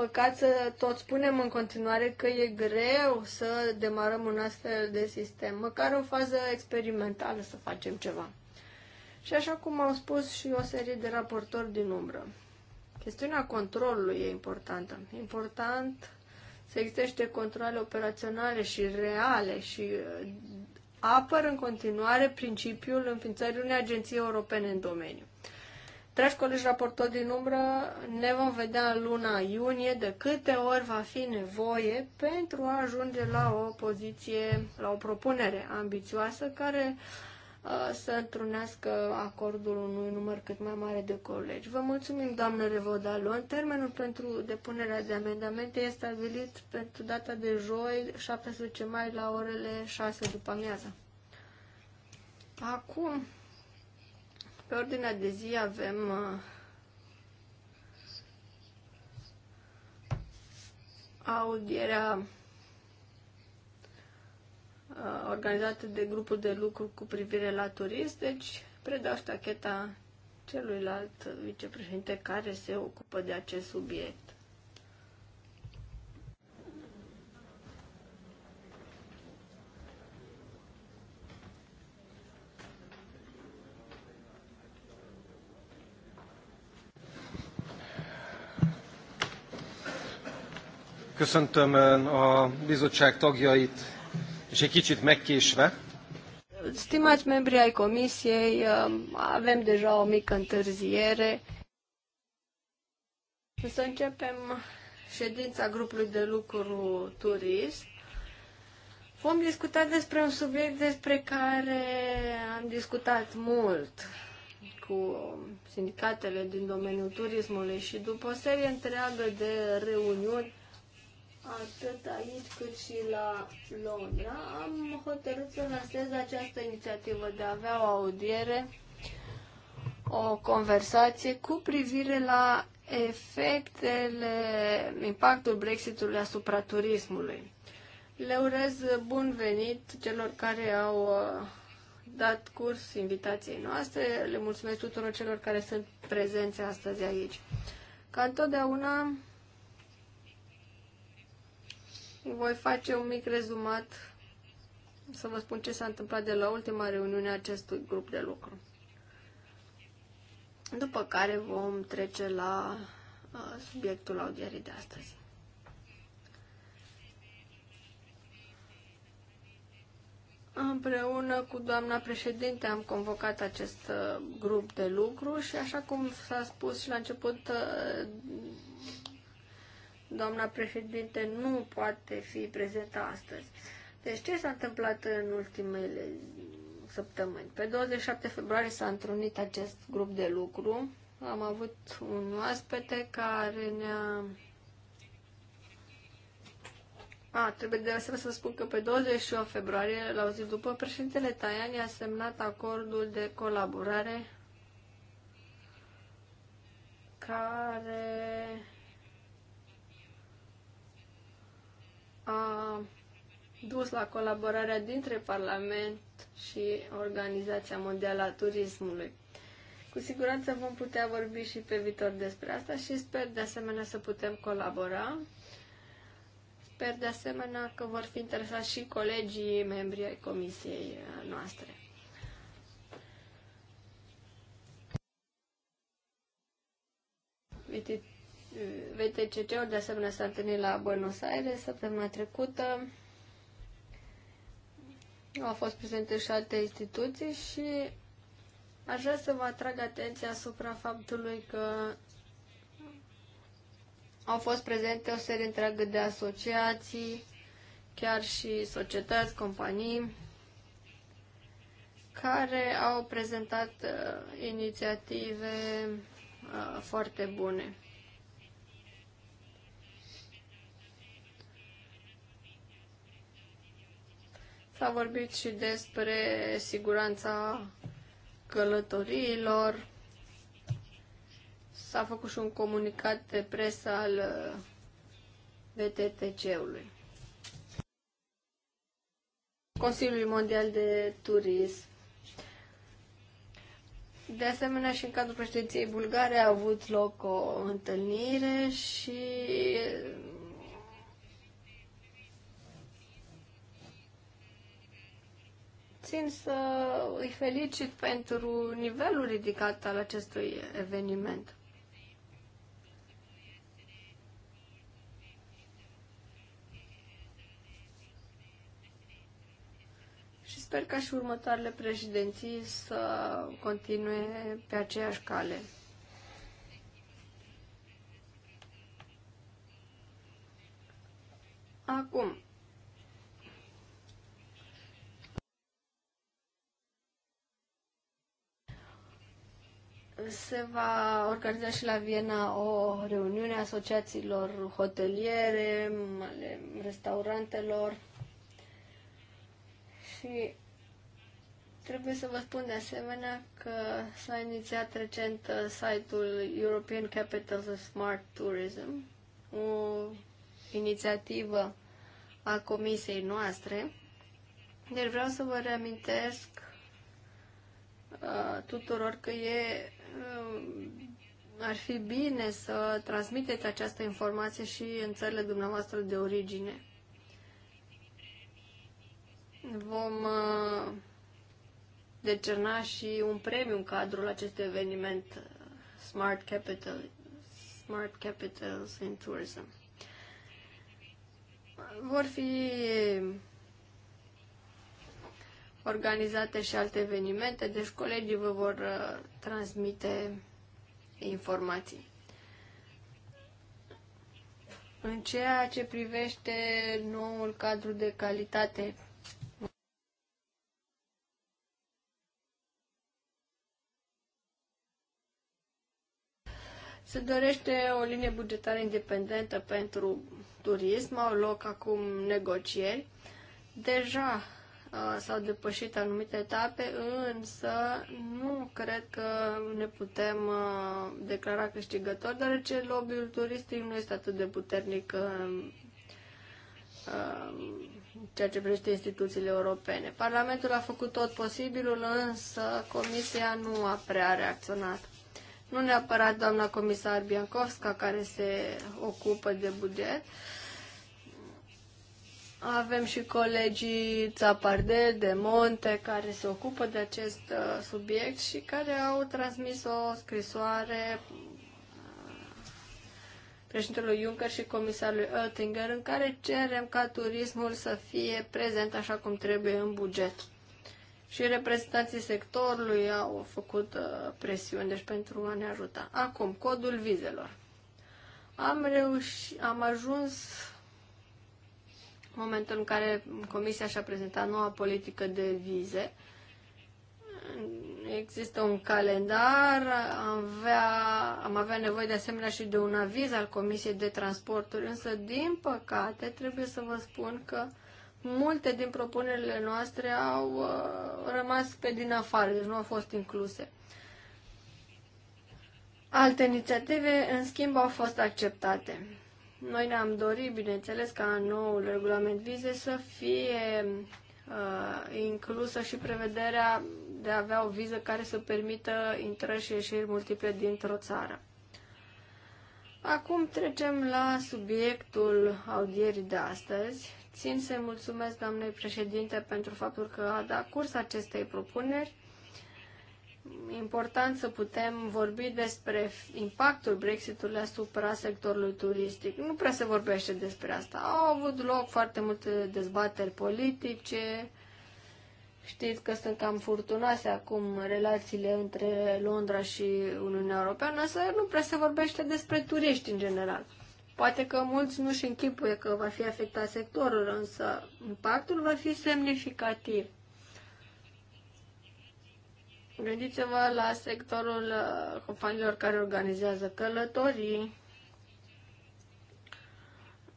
Păcat să tot spunem în continuare că e greu să demarăm un astfel de sistem, măcar în fază experimentală să facem ceva. Și așa cum au spus și o serie de raportori din umbră, chestiunea controlului e importantă. Important să existe controle operaționale și reale și uh, apăr în continuare principiul înființării unei agenții europene în domeniu. Dragi colegi raportori din umbră, ne vom vedea în luna iunie de câte ori va fi nevoie pentru a ajunge la o poziție, la o propunere ambițioasă care uh, să întrunească acordul unui număr cât mai mare de colegi. Vă mulțumim, doamnă Revodalon. Termenul pentru depunerea de amendamente este stabilit pentru data de joi, 17 mai, la orele 6 după amiază. Acum pe ordinea de zi avem uh, audierea uh, organizată de grupul de lucru cu privire la turism, deci predau ștacheta celuilalt vicepreședinte care se ocupă de acest subiect. Köszöntöm a bizottság tagjait, és egy kicsit megkésve. Stimați membri ai comisiei, um, avem deja o mică întârziere. Să începem ședința grupului de lucru turism. Vom discuta despre un subiect despre care am discutat mult cu sindicatele din domeniul turismului și după o serie întreagă de reuniuni atât aici cât și la Londra, am hotărât să lansez această inițiativă de a avea o audiere, o conversație cu privire la efectele, impactul Brexitului asupra turismului. Le urez bun venit celor care au uh, dat curs invitației noastre. Le mulțumesc tuturor celor care sunt prezenți astăzi aici. Ca întotdeauna, voi face un mic rezumat să vă spun ce s-a întâmplat de la ultima reuniune a acestui grup de lucru. După care vom trece la uh, subiectul audierii de astăzi. Împreună cu doamna președinte am convocat acest uh, grup de lucru și așa cum s-a spus și la început, uh, Doamna președinte nu poate fi prezentă astăzi. Deci ce s-a întâmplat în ultimele săptămâni? Pe 27 februarie s-a întrunit acest grup de lucru. Am avut un oaspete care ne-a a, trebuie de asemenea să spun că pe 28 februarie, la o zi după, președintele Tajani a semnat acordul de colaborare care a dus la colaborarea dintre Parlament și Organizația Mondială a Turismului. Cu siguranță vom putea vorbi și pe viitor despre asta și sper de asemenea să putem colabora. Sper de asemenea că vor fi interesați și colegii membri ai comisiei noastre. Vitit vtcc uri de asemenea s-a întâlnit la Buenos Aires săptămâna trecută. Au fost prezente și alte instituții și aș vrea să vă atrag atenția asupra faptului că au fost prezente o serie întreagă de asociații, chiar și societăți, companii, care au prezentat uh, inițiative uh, foarte bune. S-a vorbit și despre siguranța călătoriilor. S-a făcut și un comunicat de presă al uh, VTTC-ului. Consiliului Mondial de Turism. De asemenea, și în cadrul președinției bulgare a avut loc o întâlnire și țin să îi felicit pentru nivelul ridicat al acestui eveniment. Și sper ca și următoarele președinții să continue pe aceeași cale. Acum, se va organiza și la Viena o reuniune a asociațiilor hoteliere, ale restaurantelor și trebuie să vă spun de asemenea că s-a inițiat recent uh, site-ul European Capitals of Smart Tourism, o inițiativă a comisiei noastre. Deci vreau să vă reamintesc uh, tuturor că e Uh, ar fi bine să transmiteți această informație și în țările dumneavoastră de origine. Vom uh, decerna și un premiu în cadrul acestui eveniment uh, Smart Capital, Smart Capitals in Tourism. Vor fi organizate și alte evenimente, deci colegii vă vor uh, transmite informații. În ceea ce privește noul cadru de calitate Se dorește o linie bugetară independentă pentru turism, au loc acum negocieri. Deja Uh, s-au depășit anumite etape, însă nu cred că ne putem uh, declara câștigători, deoarece lobby-ul turistic nu este atât de puternic uh, ceea ce privește instituțiile europene. Parlamentul a făcut tot posibilul, însă Comisia nu a prea reacționat. Nu neapărat doamna comisar Biancovska, care se ocupă de buget, avem și colegii Țapardel, de Monte, care se ocupă de acest uh, subiect și care au transmis o scrisoare uh, președintelui Juncker și comisarului Oettinger, în care cerem ca turismul să fie prezent așa cum trebuie în buget. Și reprezentanții sectorului au făcut uh, presiuni, deci pentru a ne ajuta. Acum, codul vizelor. Am, reușit, am ajuns momentul în care Comisia și-a prezentat noua politică de vize. Există un calendar, am avea, am avea nevoie de asemenea și de un aviz al Comisiei de Transporturi, însă, din păcate, trebuie să vă spun că multe din propunerile noastre au uh, rămas pe din afară, deci nu au fost incluse. Alte inițiative, în schimb, au fost acceptate. Noi ne-am dorit, bineînțeles, ca noul regulament vize să fie uh, inclusă și prevederea de a avea o viză care să permită intrări și ieșiri multiple dintr-o țară. Acum trecem la subiectul audierii de astăzi. Țin să-i mulțumesc doamnei președinte pentru faptul că a dat curs acestei propuneri important să putem vorbi despre impactul Brexitului asupra sectorului turistic. Nu prea se vorbește despre asta. Au avut loc foarte multe dezbateri politice. Știți că sunt cam furtunoase acum relațiile între Londra și Uniunea Europeană, însă nu prea se vorbește despre turiști în general. Poate că mulți nu-și închipuie că va fi afectat sectorul, însă impactul va fi semnificativ. Gândiți-vă la sectorul uh, companiilor care organizează călătorii.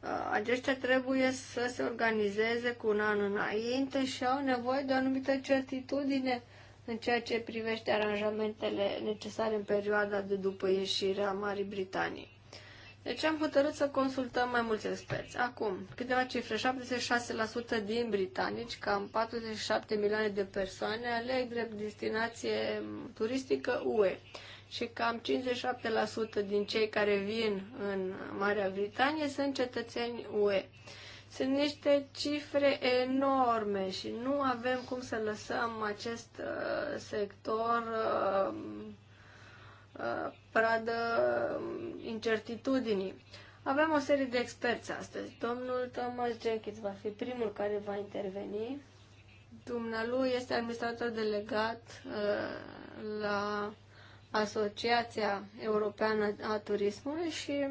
Uh, aceștia trebuie să se organizeze cu un an înainte și au nevoie de o anumită certitudine în ceea ce privește aranjamentele necesare în perioada de după ieșirea Marii Britanii. Deci am hotărât să consultăm mai mulți experți. Acum, câteva cifre. 76% din britanici, cam 47 milioane de persoane, aleg drept destinație turistică UE. Și cam 57% din cei care vin în Marea Britanie sunt cetățeni UE. Sunt niște cifre enorme și nu avem cum să lăsăm acest uh, sector uh, pradă incertitudinii. Avem o serie de experți astăzi. Domnul Thomas Jenkins va fi primul care va interveni. Dumnealui este administrator delegat uh, la Asociația Europeană a Turismului și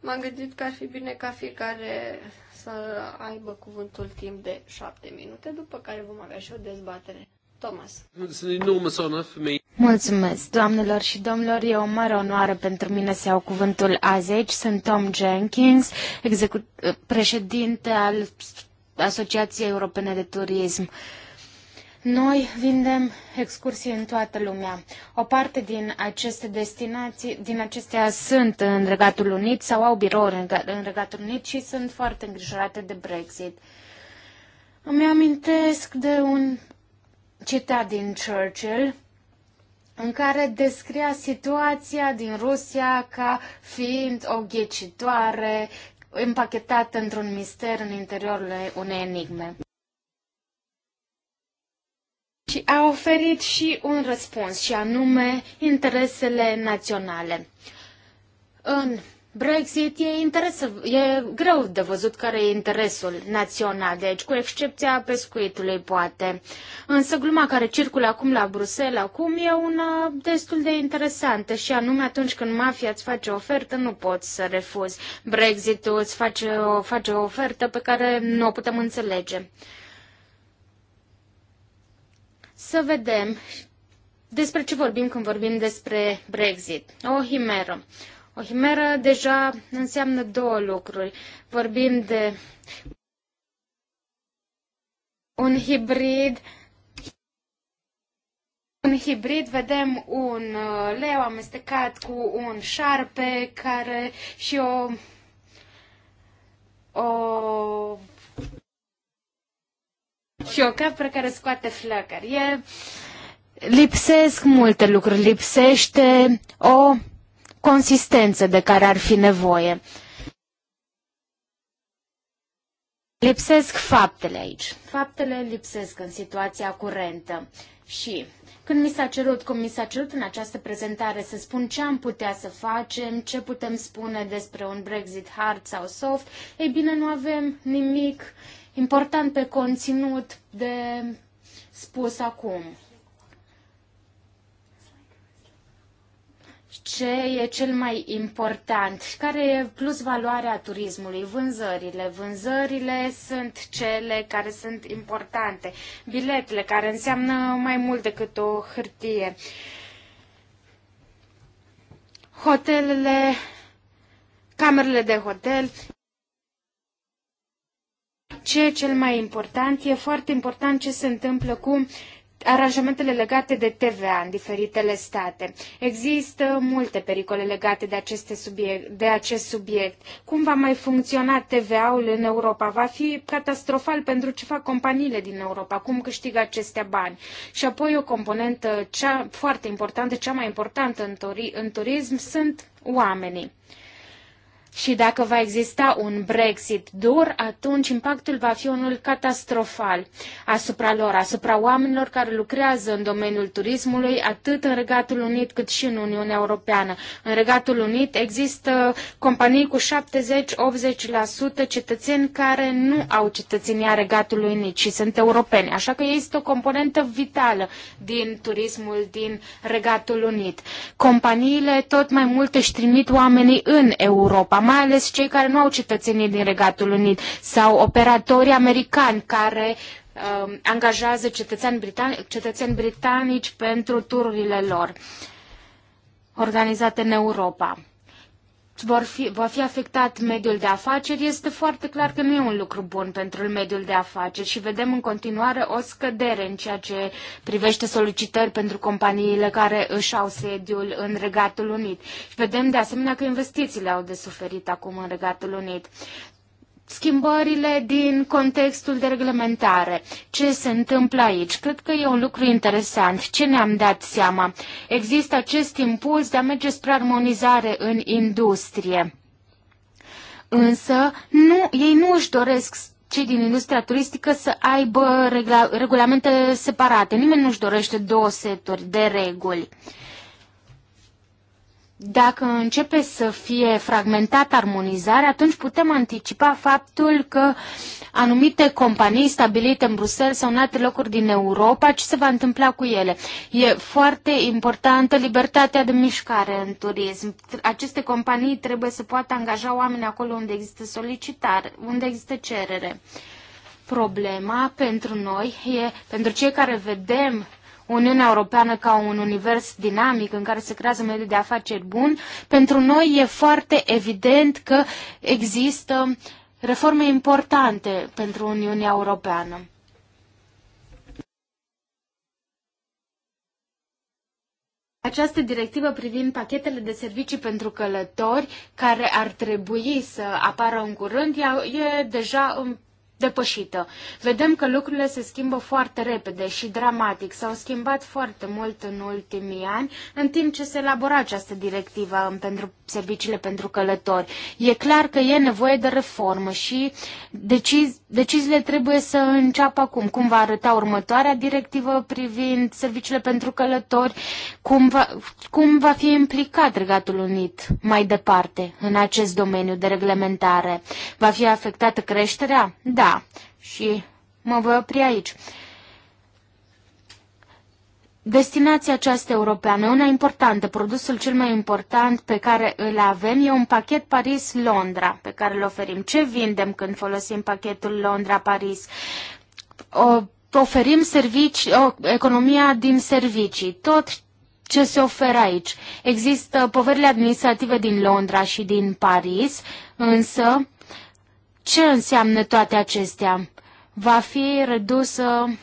m-am gândit că ar fi bine ca fiecare să aibă cuvântul timp de șapte minute, după care vom avea și o dezbatere. Thomas. Mulțumesc, doamnelor și domnilor. E o mare onoare pentru mine să iau cuvântul azi aici. Sunt Tom Jenkins, președinte al Asociației Europene de Turism. Noi vindem excursii în toată lumea. O parte din aceste destinații, din acestea sunt în Regatul Unit sau au birouri în Regatul Unit și sunt foarte îngrijorate de Brexit. Îmi amintesc de un citat din Churchill, în care descria situația din Rusia ca fiind o ghecitoare împachetată într-un mister în interiorul unei enigme. Și a oferit și un răspuns, și anume interesele naționale. În Brexit e, interes, e greu de văzut care e interesul național, deci cu excepția pescuitului poate. Însă gluma care circulă acum la Bruxelles acum e una destul de interesantă și anume atunci când mafia îți face o ofertă nu poți să refuzi. Brexitul îți face o, face o ofertă pe care nu o putem înțelege. Să vedem despre ce vorbim când vorbim despre Brexit. O himeră. O himeră deja înseamnă două lucruri. Vorbim de un hibrid, un hibrid, vedem un uh, leu amestecat cu un șarpe care și o, o și o capră care scoate flăcări. E, lipsesc multe lucruri, lipsește o consistență de care ar fi nevoie. Lipsesc faptele aici. Faptele lipsesc în situația curentă. Și când mi s-a cerut, cum mi s-a cerut în această prezentare să spun ce am putea să facem, ce putem spune despre un Brexit hard sau soft, ei bine, nu avem nimic important pe conținut de spus acum. ce e cel mai important, care e plus valoarea turismului, vânzările. Vânzările sunt cele care sunt importante, biletele care înseamnă mai mult decât o hârtie. Hotelele, camerele de hotel, ce e cel mai important? E foarte important ce se întâmplă cu aranjamentele legate de TVA în diferitele state. Există multe pericole legate de, aceste subiect, de acest subiect. Cum va mai funcționa TVA-ul în Europa? Va fi catastrofal pentru ce fac companiile din Europa, cum câștigă acestea bani. Și apoi o componentă cea foarte importantă, cea mai importantă în, în turism, sunt oamenii. Și dacă va exista un Brexit dur, atunci impactul va fi unul catastrofal asupra lor, asupra oamenilor care lucrează în domeniul turismului, atât în Regatul Unit cât și în Uniunea Europeană. În Regatul Unit există companii cu 70-80% cetățeni care nu au cetățenia Regatului Unit și sunt europeni. Așa că este o componentă vitală din turismul din Regatul Unit. Companiile tot mai mult își trimit oamenii în Europa, mai ales cei care nu au cetățenii din Regatul Unit sau operatorii americani care uh, angajează cetățeni, britan- cetățeni britanici pentru tururile lor organizate în Europa vor fi, va fi afectat mediul de afaceri, este foarte clar că nu e un lucru bun pentru mediul de afaceri și vedem în continuare o scădere în ceea ce privește solicitări pentru companiile care își au sediul în Regatul Unit. Și vedem de asemenea că investițiile au de suferit acum în Regatul Unit schimbările din contextul de reglementare. Ce se întâmplă aici? Cred că e un lucru interesant. Ce ne-am dat seama? Există acest impuls de a merge spre armonizare în industrie. Însă, nu, ei nu își doresc cei din industria turistică să aibă regla, regulamente separate. Nimeni nu își dorește două seturi de reguli. Uh, dacă începe să fie fragmentată armonizarea, atunci putem anticipa faptul că anumite companii stabilite în Bruxelles sau în alte locuri din Europa, ce se va întâmpla cu ele? E foarte importantă libertatea de mișcare în turism. Aceste companii trebuie să poată angaja oameni acolo unde există solicitare, unde există cerere. Problema pentru noi e, pentru cei care vedem Uniunea Europeană ca un univers dinamic în care se creează mediul de afaceri bun, pentru noi e foarte evident că există reforme importante pentru Uniunea Europeană. Această directivă privind pachetele de servicii pentru călători, care ar trebui să apară în curând, e deja în depășită. Vedem că lucrurile se schimbă foarte repede și dramatic, s-au schimbat foarte mult în ultimii ani, în timp ce se elabora această directivă pentru serviciile pentru călători. E clar că e nevoie de reformă și decizi, deciziile trebuie să înceapă acum. Cum va arăta următoarea directivă privind serviciile pentru călători, cum va, cum va fi implicat Regatul Unit mai departe în acest domeniu de reglementare. Va fi afectată creșterea? Da da, și mă voi opri aici. Destinația aceasta europeană, una importantă, produsul cel mai important pe care îl avem e un pachet Paris-Londra pe care îl oferim. Ce vindem când folosim pachetul Londra-Paris? oferim servicii, o, economia din servicii, tot ce se oferă aici. Există poverile administrative din Londra și din Paris, însă ce înseamnă toate acestea? Va fi redusă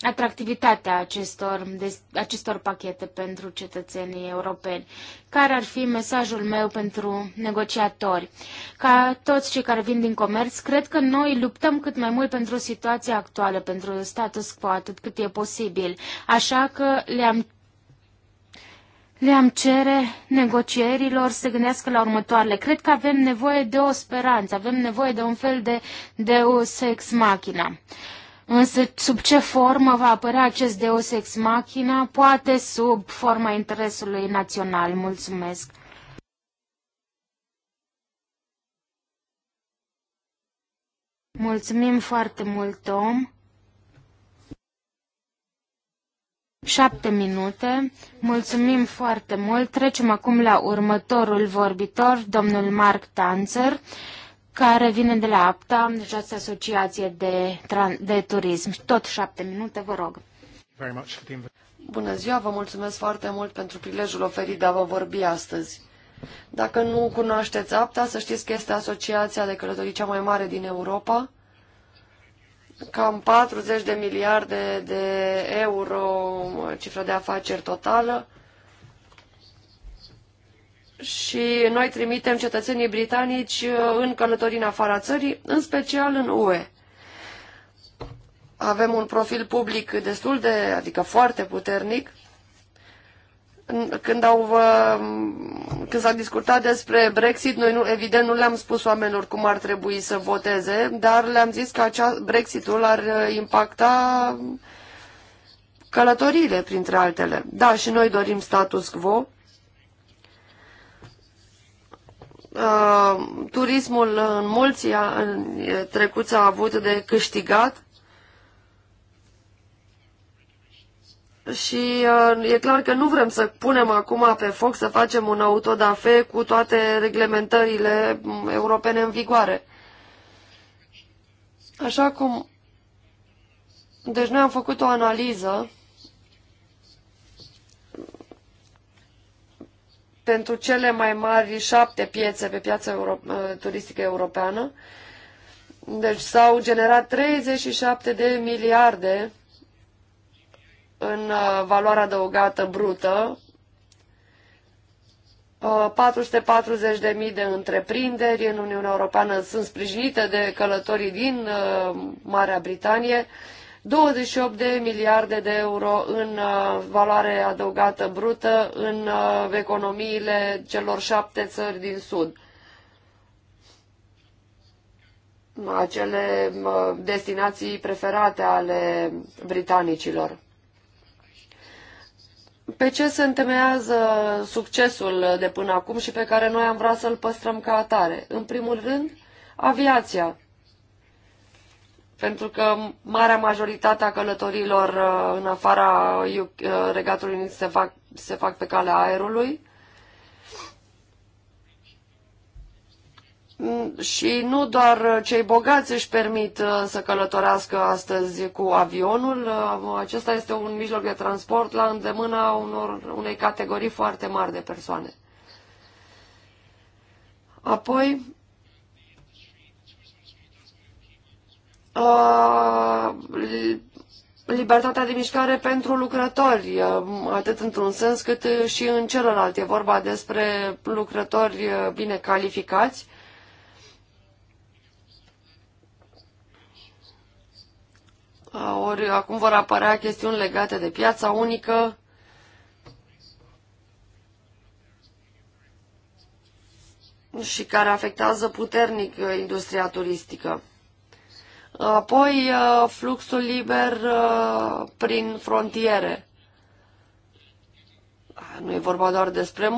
atractivitatea acestor, de, acestor pachete pentru cetățenii europeni. Care ar fi mesajul meu pentru negociatori? Ca toți cei care vin din comerț, cred că noi luptăm cât mai mult pentru situația actuală, pentru status quo, atât cât e posibil. Așa că le-am le-am cere negocierilor să gândească la următoarele. Cred că avem nevoie de o speranță, avem nevoie de un fel de o sex machina. Însă sub ce formă va apărea acest deus ex machina? Poate sub forma interesului național. Mulțumesc! Mulțumim foarte mult, Tom. Șapte minute. Mulțumim foarte mult. Trecem acum la următorul vorbitor, domnul Mark Tanzer, care vine de la APTA, această asociație de, de turism. Tot șapte minute, vă rog. Bună ziua, vă mulțumesc foarte mult pentru prilejul oferit de a vă vorbi astăzi. Dacă nu cunoașteți APTA, să știți că este asociația de călătorii cea mai mare din Europa, cam 40 de miliarde de euro cifră de afaceri totală și noi trimitem cetățenii britanici uh, în călătorii în afara țării, în special în UE. Avem un profil public destul de, adică foarte puternic când, au, când s-a discutat despre Brexit, noi nu, evident nu le-am spus oamenilor cum ar trebui să voteze, dar le-am zis că acea, Brexitul ar uh, impacta călătoriile, printre altele. Da, și noi dorim status quo. Uh, turismul în mulți trecuți a avut de câștigat Și uh, e clar că nu vrem să punem acum pe foc să facem un autodafe cu toate reglementările mm, europene în vigoare. Așa cum... Deci noi am făcut o analiză pentru cele mai mari șapte piețe pe piața euro uh, turistică europeană. Deci s-au generat 37 de miliarde în uh, valoarea adăugată brută, 440.000 uh, de întreprinderi în Uniunea Europeană sunt sprijinite de călătorii din uh, Marea Britanie, 28 de miliarde de euro în valoare adăugată brută în economiile celor șapte țări din Sud. Acele destinații preferate ale britanicilor pe ce se întemeiază succesul de până acum și pe care noi am vrea să-l păstrăm ca atare? În primul rând, aviația. Pentru că marea majoritate a călătorilor uh, în afara uh, uh, Regatului Unit se fac, se fac pe calea aerului Și nu doar cei bogați își permit uh, să călătorească astăzi cu avionul, uh, acesta este un mijloc de transport la îndemâna unor, unei categorii foarte mari de persoane. Apoi, uh, libertatea de mișcare pentru lucrători, atât într-un sens cât și în celălalt. E vorba despre lucrători bine calificați Ah, ori acum vor apărea chestiuni legate de piața unică. și care afectează puternic uh, industria turistică. Apoi uh, fluxul liber uh, prin frontiere. Ah, nu e vorba doar despre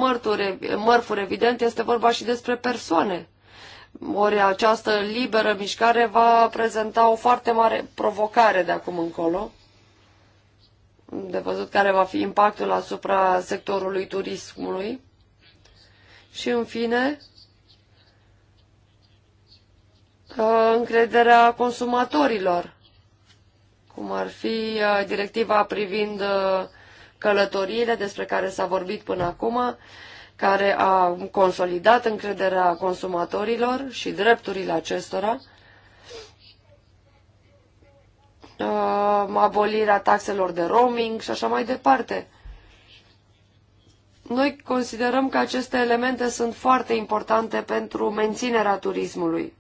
mărfuri, evident, este vorba și despre persoane. Ori această liberă mișcare va prezenta o foarte mare provocare de acum încolo. De văzut care va fi impactul asupra sectorului turismului. Și în fine, uh, încrederea consumatorilor, cum ar fi uh, directiva privind uh, călătoriile despre care s-a vorbit până acum, care a consolidat încrederea consumatorilor și drepturile acestora, uh, abolirea taxelor de roaming și așa mai departe. Noi considerăm că aceste elemente sunt foarte importante pentru menținerea turismului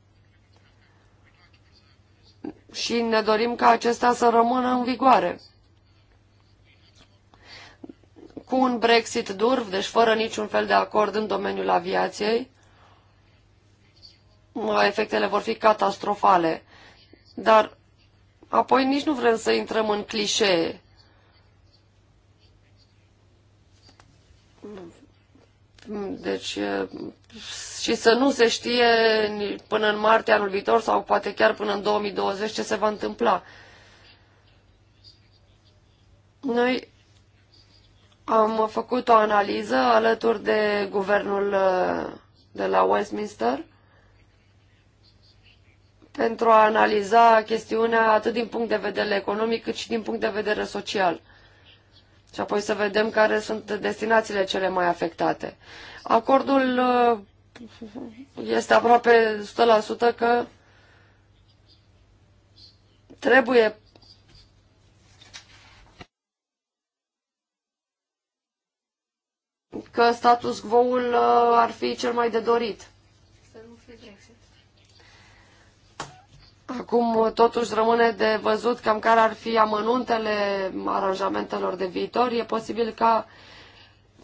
și ne dorim ca acestea să rămână în vigoare cu un Brexit dur, deci fără niciun fel de acord în domeniul aviației, efectele vor fi catastrofale. Dar apoi nici nu vrem să intrăm în clișee. Deci, și să nu se știe până în martie anul viitor sau poate chiar până în 2020 ce se va întâmpla. Noi am făcut o analiză alături de guvernul uh, de la Westminster pentru a analiza chestiunea atât din punct de vedere economic cât și din punct de vedere social. Și apoi să vedem care sunt destinațiile cele mai afectate. Acordul uh, este aproape 100% că trebuie că status quo-ul uh, ar fi cel mai de dorit. Acum uh, totuși rămâne de văzut cam care ar fi amănuntele aranjamentelor de viitor. E posibil ca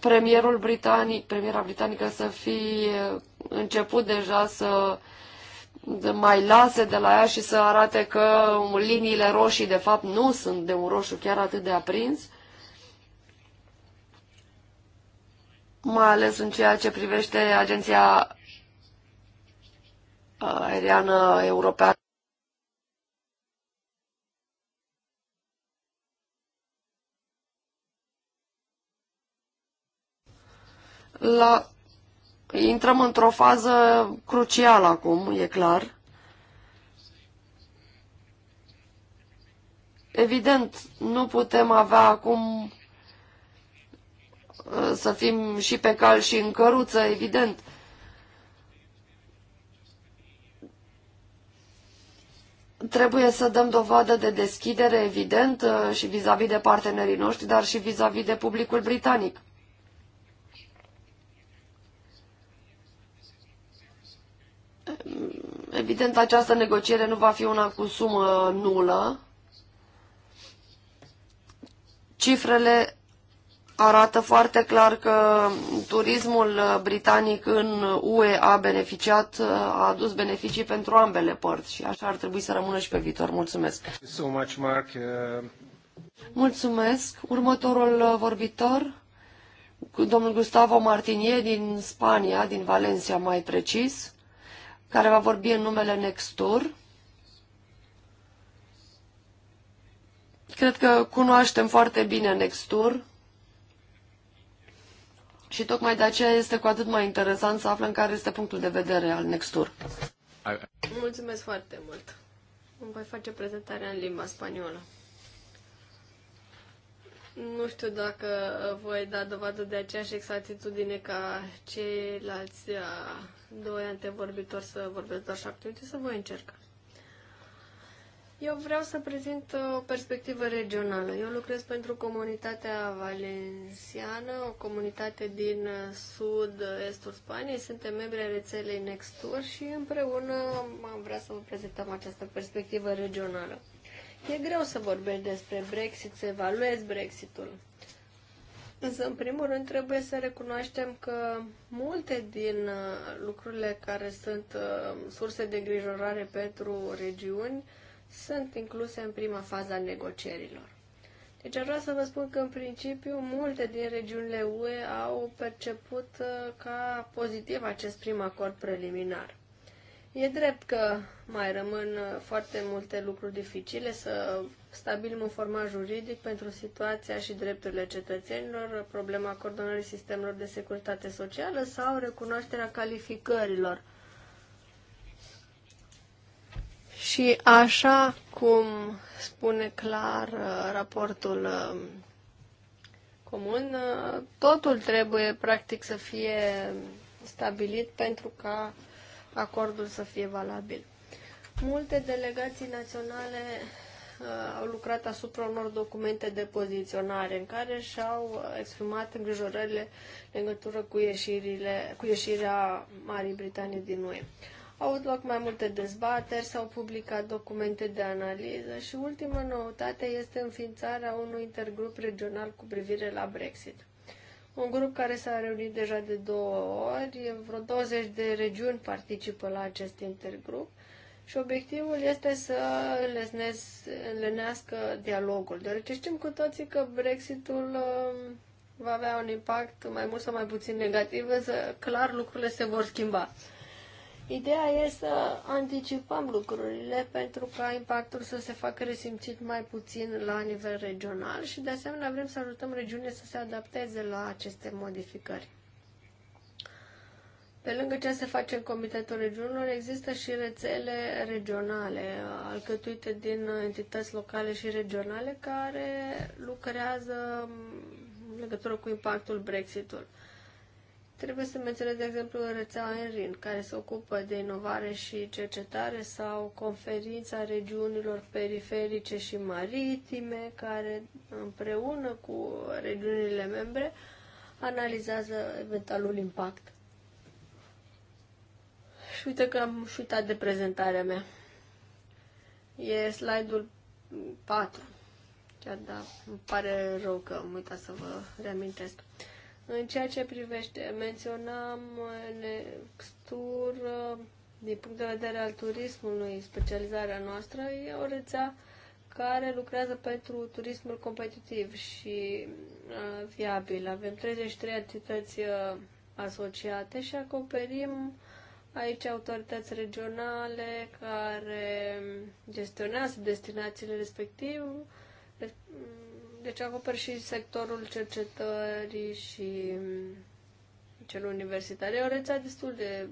premierul britanic, premiera britanică să fi uh, început deja să mai lase de la ea și să arate că liniile roșii de fapt nu sunt de un roșu chiar atât de aprins. mai ales în ceea ce privește Agenția uh, Aeriană Europeană. La... Intrăm într-o fază crucială acum, e clar. Evident, nu putem avea acum să fim și pe cal și în căruță, evident. Trebuie să dăm dovadă de deschidere, evident, și vis-a-vis -vis de partenerii noștri, dar și vis-a-vis -vis de publicul britanic. Evident, această negociere nu va fi una cu sumă nulă. Cifrele arată foarte clar că turismul uh, britanic în UE a beneficiat, uh, a adus beneficii pentru ambele părți și așa ar trebui să rămână și pe viitor. Mulțumesc! So much, Mark. Uh, Mulțumesc! Următorul vorbitor, domnul Gustavo Martinie din Spania, din Valencia mai precis, care va vorbi în numele Nextur. Cred că cunoaștem foarte bine Nextur și tocmai de aceea este cu atât mai interesant să aflăm care este punctul de vedere al Nextur. Mulțumesc foarte mult. Îmi voi face prezentarea în limba spaniolă. Nu știu dacă voi da dovadă de aceeași exactitudine ca ceilalți doi antevorbitori să vorbesc doar șapte minute, să voi încerca. Eu vreau să prezint uh, o perspectivă regională. Eu lucrez pentru comunitatea valenciană, o comunitate din uh, sud-estul uh, Spaniei. Suntem membri ai rețelei Nextur și împreună am vrea să vă prezentăm această perspectivă regională. E greu să vorbești despre Brexit, să evaluezi Brexitul. Însă, în primul rând, trebuie să recunoaștem că multe din lucrurile care sunt surse de îngrijorare pentru regiuni sunt incluse în prima fază a negocierilor. Deci aș vrea să vă spun că, în principiu, multe din regiunile UE au perceput uh, ca pozitiv acest prim acord preliminar. E drept că mai rămân uh, foarte multe lucruri dificile să stabilim un format juridic pentru situația și drepturile cetățenilor, problema coordonării sistemelor de securitate socială sau recunoașterea calificărilor și așa cum spune clar uh, raportul um, comun, uh, totul trebuie practic să fie stabilit pentru ca acordul să fie valabil. Multe delegații naționale uh, au lucrat asupra unor documente de poziționare în care și-au exprimat îngrijorările în legătură cu, ieșirile, cu ieșirea Marii Britanii din UE au avut loc mai multe dezbateri, s-au publicat documente de analiză și ultima noutate este înființarea unui intergrup regional cu privire la Brexit. Un grup care s-a reunit deja de două ori, vreo 20 de regiuni participă la acest intergrup și obiectivul este să înlenească dialogul, deoarece știm cu toții că Brexitul um, va avea un impact mai mult sau mai puțin negativ, însă clar lucrurile se vor schimba. Ideea e să anticipăm lucrurile pentru ca impactul să se facă resimțit mai puțin la nivel regional și de asemenea vrem să ajutăm regiunile să se adapteze la aceste modificări. Pe lângă ce se face în Comitetul Regiunilor, există și rețele regionale, alcătuite din entități locale și regionale, care lucrează în legătură cu impactul Brexitului. Trebuie să menționez, de exemplu, rețeaua ENRIN, care se ocupă de inovare și cercetare, sau conferința regiunilor periferice și maritime, care împreună cu regiunile membre analizează eventualul impact. Și uite că am și uitat de prezentarea mea. E slide-ul 4. Chiar da, îmi pare rău că am uitat să vă reamintesc. Uh, în ceea ce privește, menționam Nextur din punct de vedere al turismului, specializarea noastră, e o rețea care lucrează pentru turismul competitiv și uh, viabil. Avem 33 entități uh, asociate și acoperim aici autorități regionale care gestionează destinațiile respectiv, deci acoperi și sectorul cercetării și mm, cel universitar. E o rețea destul de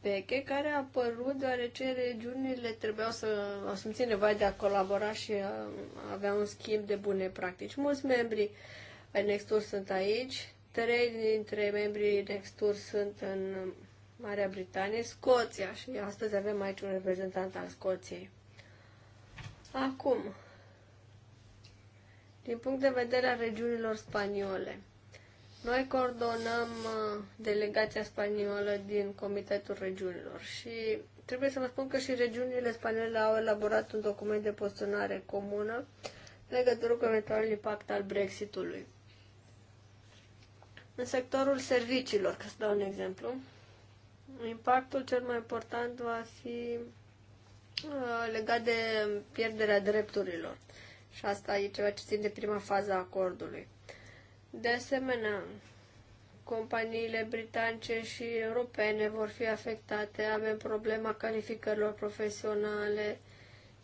veche, care a apărut deoarece regiunile trebuiau să asumțe nevoia de a colabora și a avea un schimb de bune practici. Mulți membri ai Nextur sunt aici, trei dintre membrii Nextur sunt în Marea Britanie, Scoția și astăzi avem aici un reprezentant al Scoției. Acum, din punct de vedere al regiunilor spaniole, noi coordonăm uh, delegația spaniolă din Comitetul Regiunilor și trebuie să vă spun că și regiunile spaniole au elaborat un document de poziționare comună legătură cu eventualul impact al Brexitului. În sectorul serviciilor, ca să dau un exemplu, impactul cel mai important va fi uh, legat de pierderea drepturilor. Și asta e ceva ce țin de prima fază a acordului. De asemenea, companiile britanice și europene vor fi afectate, avem problema calificărilor profesionale,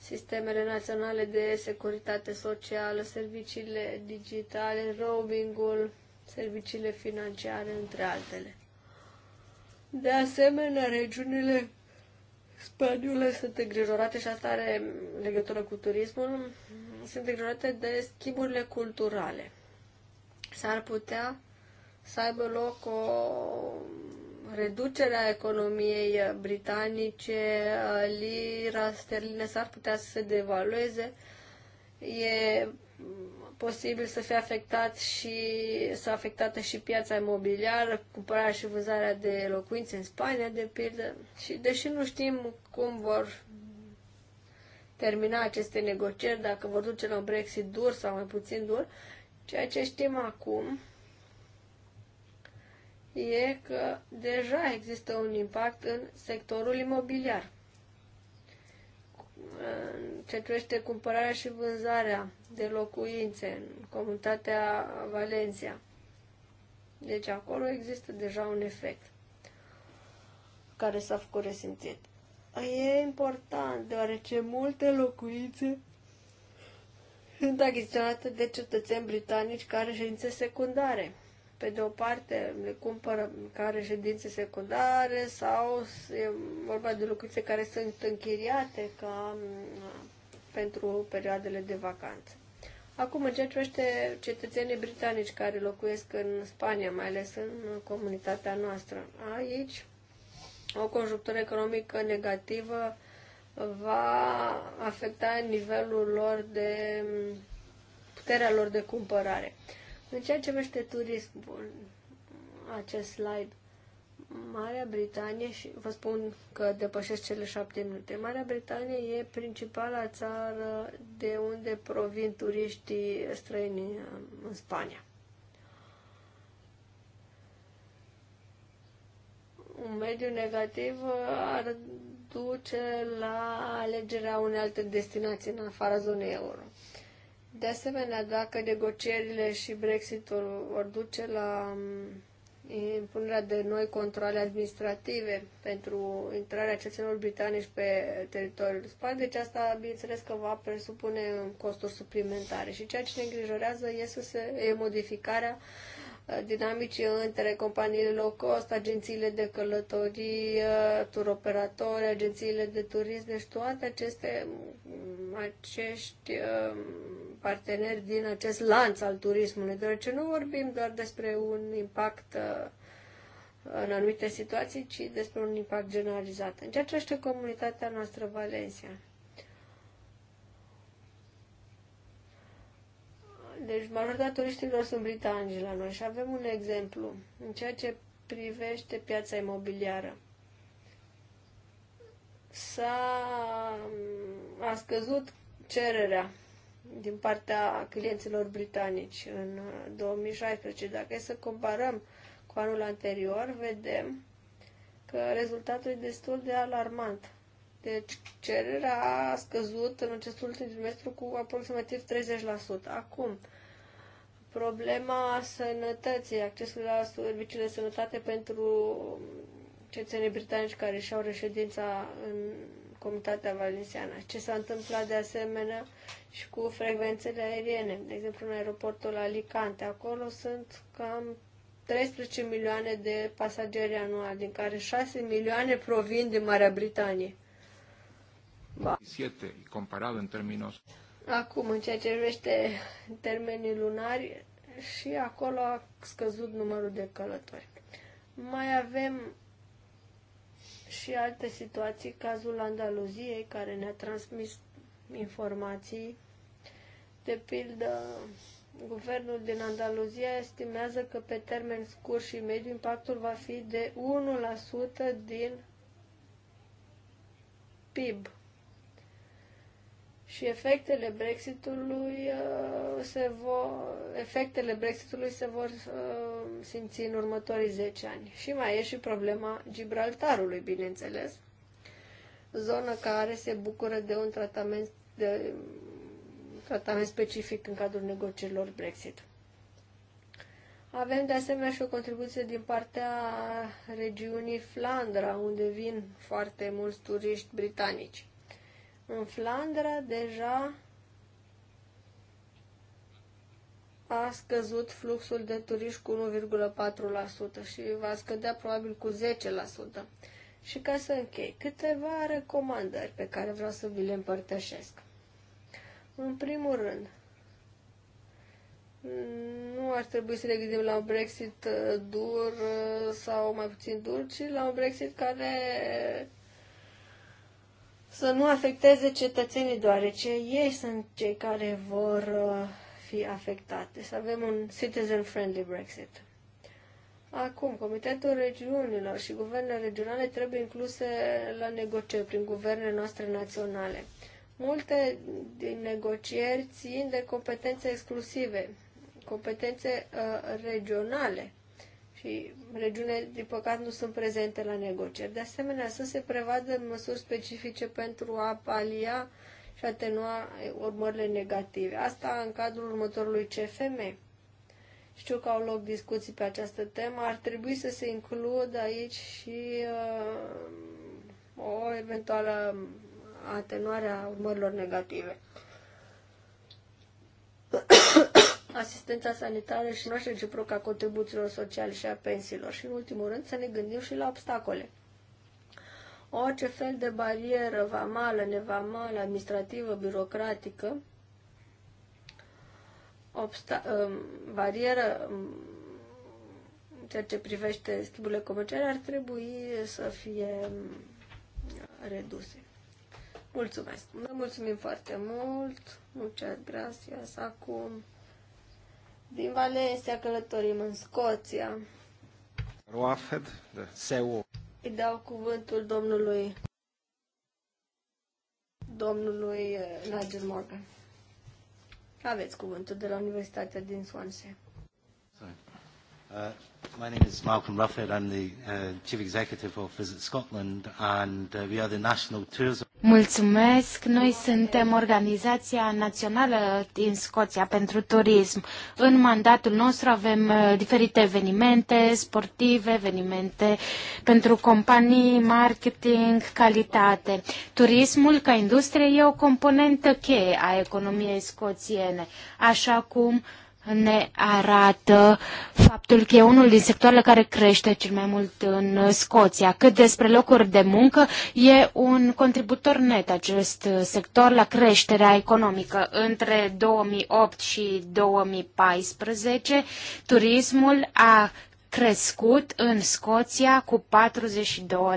sistemele naționale de securitate socială, serviciile digitale, roamingul, serviciile financiare, între altele. De asemenea, regiunile spaniole sunt îngrijorate și asta are legătură cu turismul sunt îngrijorate de schimburile culturale. S-ar putea să aibă loc o reducere a economiei britanice, lira sterline s-ar putea să se devalueze, e posibil să fie afectat și, să afectată și piața imobiliară, cumpărarea și vânzarea de locuințe în Spania, de pildă. Și deși nu știm cum vor termina aceste negocieri, dacă vor duce la un Brexit dur sau mai puțin dur. Ceea ce știm acum e că deja există un impact în sectorul imobiliar. ce privește cumpărarea și vânzarea de locuințe în comunitatea Valencia. Deci acolo există deja un efect care s-a făcut resimțit e important, deoarece multe locuințe sunt achiziționate de cetățeni britanici ca reședințe secundare. Pe de o parte le cumpără ca reședințe secundare sau e vorba de locuințe care sunt închiriate ca pentru perioadele de vacanță. Acum, în ceea ce privește cetățenii britanici care locuiesc în Spania, mai ales în comunitatea noastră, aici o conjunctură economică negativă va afecta nivelul lor de puterea lor de cumpărare. În ceea ce vește turismul, acest slide, Marea Britanie, și vă spun că depășesc cele șapte minute, Marea Britanie e principala țară de unde provin turiștii străini în Spania. un mediu negativ uh, ar duce la alegerea unei alte destinații în afara zonei euro. De asemenea, dacă negocierile și Brexitul vor duce la um, impunerea de noi controle administrative pentru intrarea cetățenilor britanici pe teritoriul Spaniei, deci asta, bineînțeles, că va presupune costuri suplimentare. Și ceea ce ne îngrijorează este să se, e modificarea uh, dinamici între companiile low cost, agențiile de călătorii, uh, turoperatori, agențiile de turism, deci toate aceste, mm, acești uh, parteneri din acest lanț al turismului, deoarece nu vorbim doar despre un impact uh, în anumite situații, ci despre un impact generalizat. În ceea ce comunitatea noastră Valencia, Deci majoritatea turiștilor sunt britanici la noi și avem un exemplu în ceea ce privește piața imobiliară. S-a a scăzut cererea din partea clienților britanici în 2016. Uh, Dacă e să comparăm cu anul anterior, vedem că rezultatul e destul de alarmant. Deci cererea a scăzut în acest ultim trimestru cu aproximativ 30%. Acum, problema sănătății, accesul la serviciile de sănătate pentru cetățenii britanici care și-au reședința în comunitatea valenciană. Ce s-a întâmplat de asemenea și cu frecvențele aeriene. De exemplu, în aeroportul Alicante, acolo sunt cam 13 milioane de pasageri anual, din care 6 milioane provin din Marea Britanie. Ba. 7, comparat în terminos. Acum, în ceea ce privește termenii lunari, și acolo a scăzut numărul de călători. Mai avem și alte situații, cazul Andaluziei, care ne-a transmis informații. De pildă, guvernul din Andaluzia estimează că pe termen scurt și mediu impactul va fi de 1% din PIB și uh, efectele Brexitului se vor, efectele Brexitului se vor simți în următorii 10 ani. Și mai e și problema Gibraltarului, bineînțeles, zonă care se bucură de un tratament de tratament specific în cadrul negocierilor Brexit. Avem de asemenea și o contribuție din partea regiunii Flandra, unde vin foarte mulți turiști britanici. În Flandra deja a scăzut fluxul de turiști cu 1,4% și va scădea probabil cu 10%. Și ca să închei, câteva recomandări pe care vreau să vi le împărtășesc. În primul rând, nu ar trebui să ne gândim la un Brexit uh, dur uh, sau mai puțin dur, ci la un Brexit care să nu afecteze cetățenii, deoarece ei sunt cei care vor uh, fi afectate. Să avem un citizen-friendly Brexit. Acum, Comitetul Regiunilor și guvernele regionale trebuie incluse la negocieri prin guvernele noastre naționale. Multe din negocieri țin de competențe exclusive, competențe uh, regionale și regiunile, din păcat nu sunt prezente la negocieri. De asemenea, să se prevadă măsuri specifice pentru a palia și atenua urmările negative. Asta în cadrul următorului CFM. Știu că au loc discuții pe această temă. Ar trebui să se includă aici și uh, o eventuală atenuare a urmărilor negative asistența sanitară și noastră reciprocă a contribuțiilor sociale și a pensiilor și, în ultimul rând, să ne gândim și la obstacole. Orice fel de barieră vamală, nevamală, administrativă, birocratică, obsta- um, barieră um, în ceea ce privește schimburile comerciale ar trebui să fie um, reduse. Mulțumesc! Vă mulțumim foarte mult! Muchas gracias! Acum din Valencia călătorim în Scoția. Roafed, de Seu. Îi dau cuvântul domnului domnului eh, Nigel Morgan. Aveți cuvântul de la Universitatea din Swansea. Uh, My name is Malcolm Rufford. I'm the uh, Chief Executive of Visit Scotland and uh, we are the National Tourism Mulțumesc! Noi suntem Organizația Națională din Scoția pentru Turism. În mandatul nostru avem uh, diferite evenimente sportive, evenimente pentru companii, marketing, calitate. Turismul ca industrie e o componentă cheie a economiei scoțiene, așa cum uh, ne arată faptul că e unul din sectoarele care crește cel mai mult în Scoția. Cât despre locuri de muncă, e un contributor net acest sector la creșterea economică. Între 2008 și 2014, turismul a crescut în Scoția cu 42%,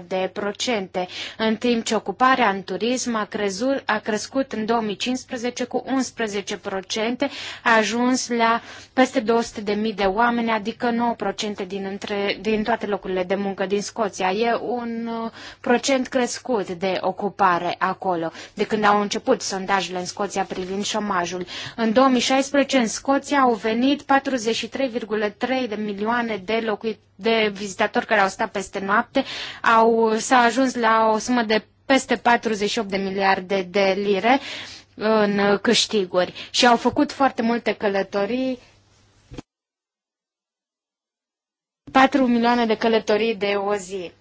de procente, în timp ce ocuparea în turism a, crezut, a crescut în 2015 cu 11%, a ajuns la peste 200.000 de oameni, adică 9% din, între, din toate locurile de muncă din Scoția. E un uh, procent crescut de ocupare acolo, de când au început sondajele în Scoția privind șomajul. În 2016 în Scoția au venit 43,3 de milioane de de, locuit, de vizitatori care au stat peste noapte, au, s-a ajuns la o sumă de peste 48 de miliarde de lire în câștiguri și au făcut foarte multe călătorii 4 milioane de călătorii de o zi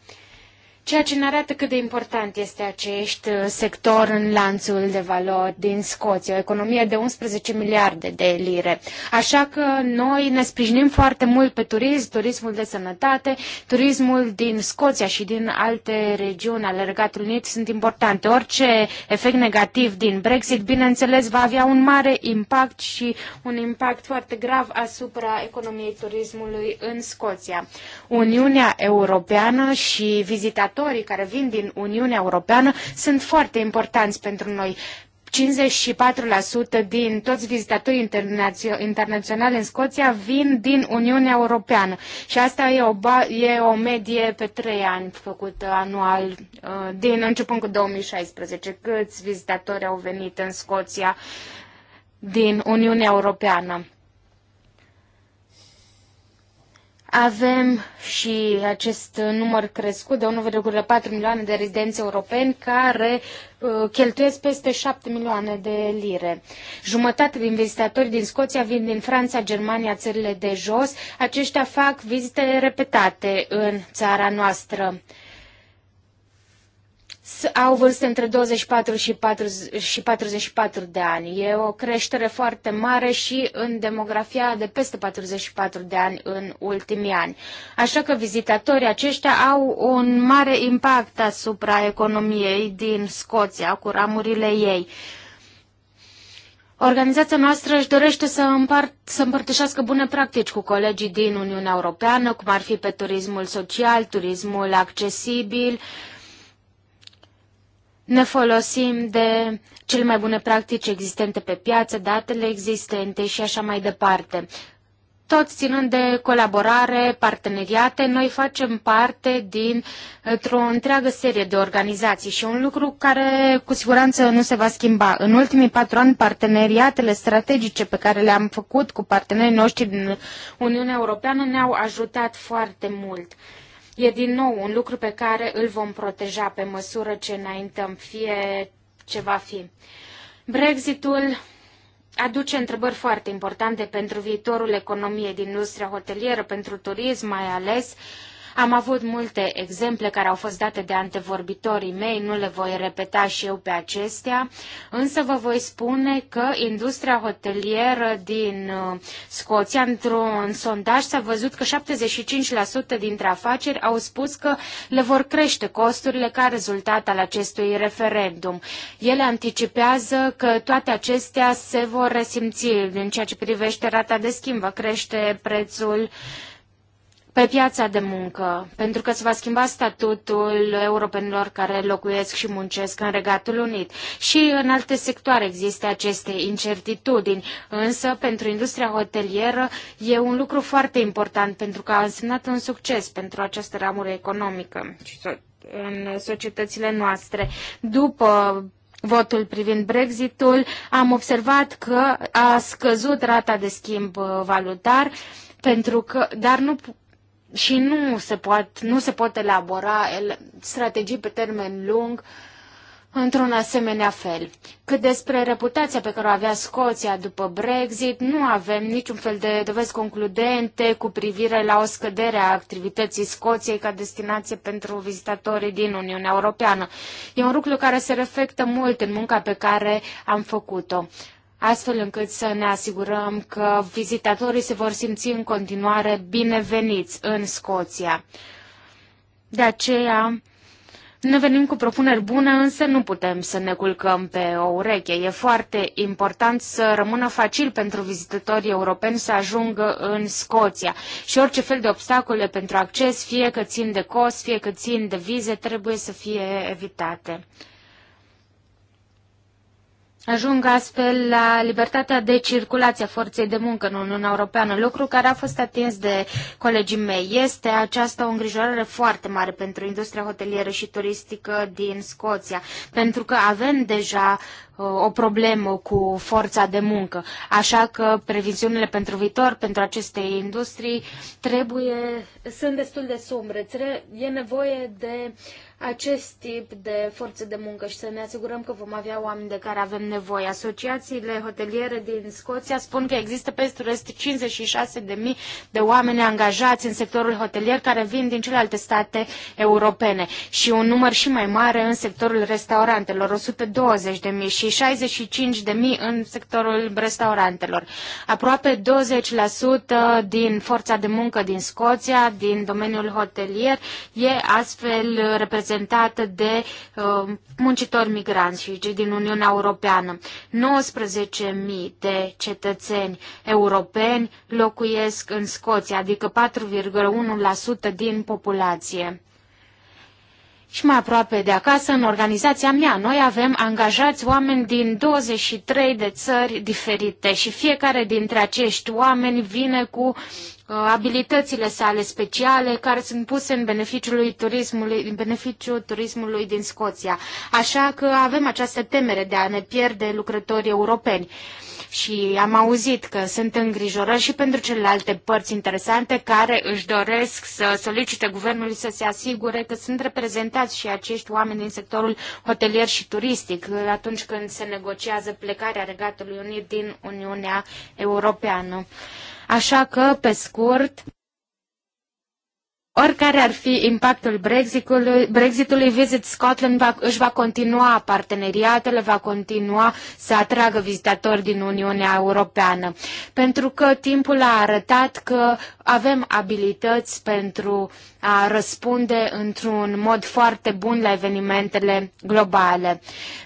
ceea ce ne arată cât de important este acest uh, sector în lanțul de valori din Scoția, o economie de 11 miliarde de lire. Așa că noi ne sprijinim foarte mult pe turism, turismul de sănătate, turismul din Scoția și din alte regiuni ale Regatului Unit sunt importante. Orice efect negativ din Brexit, bineînțeles, va avea un mare impact și un impact foarte grav asupra economiei turismului în Scoția. Uniunea Europeană și vizitatorii producătorii care vin din Uniunea Europeană sunt foarte importanți pentru noi. 54% din toți vizitatorii internaționali în Scoția vin din Uniunea Europeană și asta e o, e o medie pe trei ani făcută uh, anual, uh, din începând cu 2016, câți vizitatori au venit în Scoția din Uniunea Europeană. Avem și acest număr crescut de 1,4 milioane de rezidenți europeni care uh, cheltuiesc peste 7 milioane de lire. Jumătate din vizitatori din Scoția vin din Franța, Germania, țările de jos. Aceștia fac vizite repetate în țara noastră au vârste între 24 și, 40, și 44 de ani. E o creștere foarte mare și în demografia de peste 44 de ani în ultimii ani. Așa că vizitatorii aceștia au un mare impact asupra economiei din Scoția cu ramurile ei. Organizația noastră își dorește să, împart, să împărtășească bune practici cu colegii din Uniunea Europeană, cum ar fi pe turismul social, turismul accesibil, uh, ne folosim de cele mai bune practici existente pe piață, datele existente și așa mai departe. Toți ținând de colaborare, parteneriate, noi facem parte dintr-o întreagă serie de organizații și un lucru care cu siguranță nu se va schimba. În ultimii patru ani, parteneriatele strategice pe care le-am făcut cu partenerii noștri din Uniunea Europeană ne-au ajutat foarte mult. E din nou un lucru pe care îl vom proteja pe măsură ce înaintăm, fie ce va fi. Brexitul aduce întrebări foarte importante pentru viitorul economiei din industria hotelieră, pentru turism mai ales, uh, am avut multe exemple care au fost date de antevorbitorii mei, nu le voi repeta și eu pe acestea, însă vă voi spune că industria hotelieră din uh, Scoția, într-un sondaj, s-a văzut că 75% dintre afaceri au spus că le vor crește costurile ca rezultat al acestui referendum. Ele anticipează că toate acestea se vor resimți în ceea ce privește rata de schimb, va crește prețul uh, pe piața de muncă, pentru că se va schimba statutul europenilor care locuiesc și muncesc în Regatul Unit. Și în alte sectoare există aceste incertitudini, însă pentru industria hotelieră e un lucru foarte important pentru că a însemnat un succes pentru această ramură economică în societățile noastre. După votul privind Brexitul, am observat că a scăzut rata de schimb uh, valutar, pentru că, dar nu și nu se, poate nu se pot elabora strategii pe termen lung într-un asemenea fel. Cât despre reputația pe care o avea Scoția după Brexit, nu avem niciun fel de dovezi concludente cu privire la o scădere a activității Scoției ca destinație pentru vizitatorii din Uniunea Europeană. E un lucru care se reflectă mult în munca pe care am făcut-o astfel încât să ne asigurăm că vizitatorii se vor simți în continuare bineveniți în Scoția. De aceea, ne venim cu propuneri bune, însă nu putem să ne culcăm pe o ureche. E foarte important să rămână facil pentru vizitatorii europeni să ajungă în Scoția. Și orice fel de obstacole pentru acces, fie că țin de cost, fie că țin de vize, trebuie să fie evitate ajung astfel la libertatea de circulație a forței de muncă în Uniunea Europeană, lucru care a fost atins de colegii mei. Este aceasta o îngrijorare foarte mare pentru industria hotelieră și turistică din Scoția, pentru că avem deja uh, o problemă cu forța de muncă. Așa că previziunile pentru viitor, pentru aceste industrii, trebuie, sunt destul de sumbre. E nevoie de acest tip de forță de muncă și să ne asigurăm că vom avea oameni de care avem nevoie. Asociațiile hoteliere din Scoția spun că există peste 56.000 de oameni angajați în sectorul hotelier care vin din celelalte state europene și un număr și mai mare în sectorul restaurantelor, 120.000 și și 65.000 în sectorul restaurantelor. Aproape 20% din forța de muncă din Scoția, din domeniul hotelier, e astfel reprezentată de uh, muncitori migranți și cei din Uniunea Europeană. 19.000 de cetățeni europeni locuiesc în Scoția, adică 4,1% din populație și mai aproape de acasă, în organizația mea, noi avem angajați oameni din 23 de țări diferite și fiecare dintre acești oameni vine cu uh, abilitățile sale speciale care sunt puse în beneficiul turismului, în beneficiul turismului din Scoția. Așa că avem această temere de a ne pierde lucrători europeni. Uh, și am auzit că sunt îngrijorări și pentru celelalte părți interesante care își doresc să solicite guvernului să se asigure că sunt reprezentați și acești oameni din sectorul hotelier și turistic atunci când se negociază plecarea Regatului Unit din Uniunea Europeană. Așa că, pe scurt, Oricare ar fi impactul Brexitului, Brexitului, Visit Scotland va, își va continua parteneriatul va continua să atragă vizitatori din Uniunea Europeană, pentru că timpul a arătat că avem abilități pentru a răspunde într-un mod foarte bun la evenimentele globale.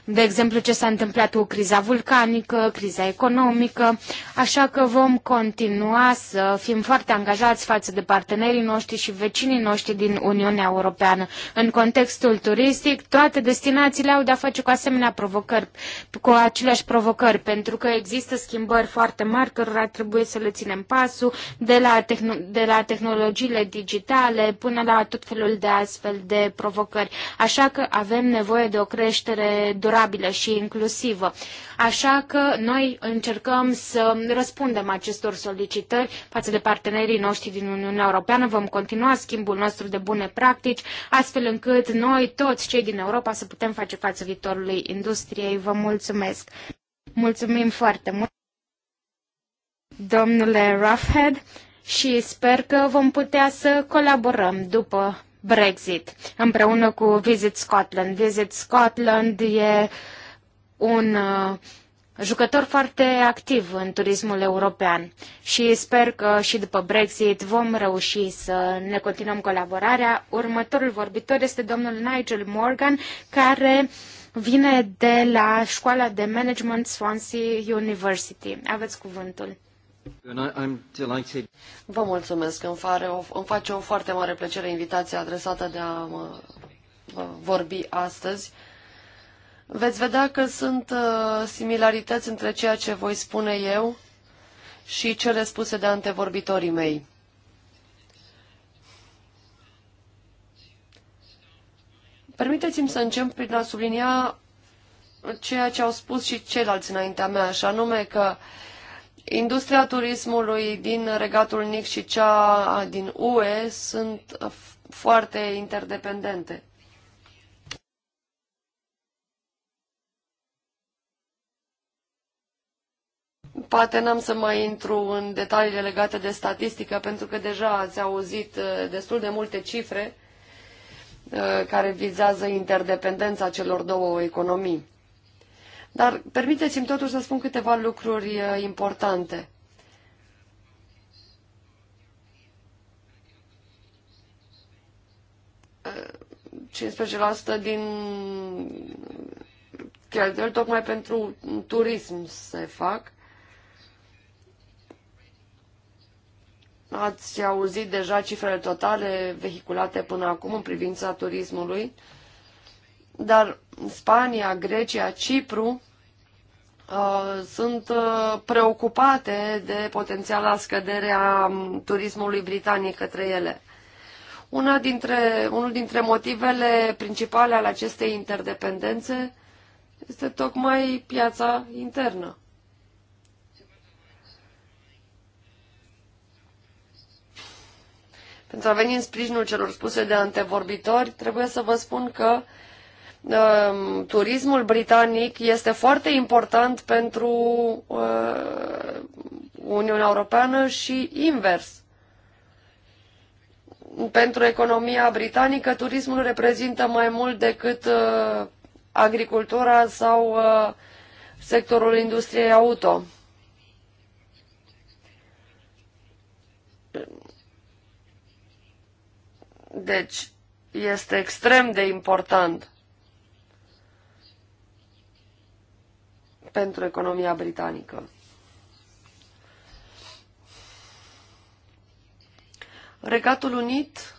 De exemplu, ce s-a întâmplat cu criza vulcanică, criza economică, așa că vom continua să fim foarte angajați față de partenerii noștri și vecinii noștri din Uniunea Europeană. În contextul turistic, toate destinațiile au de-a face cu asemenea provocări, cu aceleași provocări, pentru că există schimbări foarte mari cărora trebuie să le ținem pasul, de la, tehn- de la tehnologiile digitale expune la tot felul de astfel de provocări. Așa că avem nevoie de o creștere durabilă și inclusivă. Așa că noi încercăm să răspundem acestor solicitări față de partenerii noștri din Uniunea Europeană. Vom continua schimbul nostru de bune practici, astfel încât noi, toți cei din Europa, să putem face față viitorului industriei. Vă mulțumesc! Mulțumim foarte mult! Domnule Roughhead, și sper că vom putea să colaborăm după Brexit împreună cu Visit Scotland. Visit Scotland e un uh, jucător foarte activ în turismul european și sper că și după Brexit vom reuși să ne continuăm colaborarea. Următorul vorbitor este domnul Nigel Morgan, care vine de la școala de management Swansea University. Aveți cuvântul. Vă mulțumesc, îmi, fare o, îmi face o foarte mare plăcere invitația adresată de a mă, vorbi astăzi. Veți vedea că sunt uh, similarități între ceea ce voi spune eu și cele spuse de antevorbitorii mei. Permiteți-mi să încep prin a sublinia ceea ce au spus și ceilalți înaintea mea, și anume că uh, Industria turismului din Regatul Nic și cea din UE sunt foarte interdependente. Poate n-am să mai intru în detaliile legate de statistică, pentru că deja ați auzit uh, destul de multe cifre uh, care vizează interdependența celor două economii. Dar permiteți-mi totuși să spun câteva lucruri uh, importante. Uh, 15% din cheltuieli tocmai pentru turism se fac. Ați auzit deja cifrele totale vehiculate până acum în privința turismului. Uh, dar Spania, Grecia, Cipru uh, sunt uh, preocupate de potențiala scădere a um, turismului britanic către ele. Una dintre, unul dintre motivele principale ale acestei interdependențe este tocmai piața internă. Pentru a veni în sprijinul celor spuse de antevorbitori, trebuie să vă spun că Ehm, turismul britanic este foarte important pentru ehm, Uniunea Europeană și invers. Pentru economia britanică, turismul reprezintă mai mult decât ehm, agricultura sau sectorul industriei auto. Deci, este extrem de important. pentru economia britanică. Regatul Unit,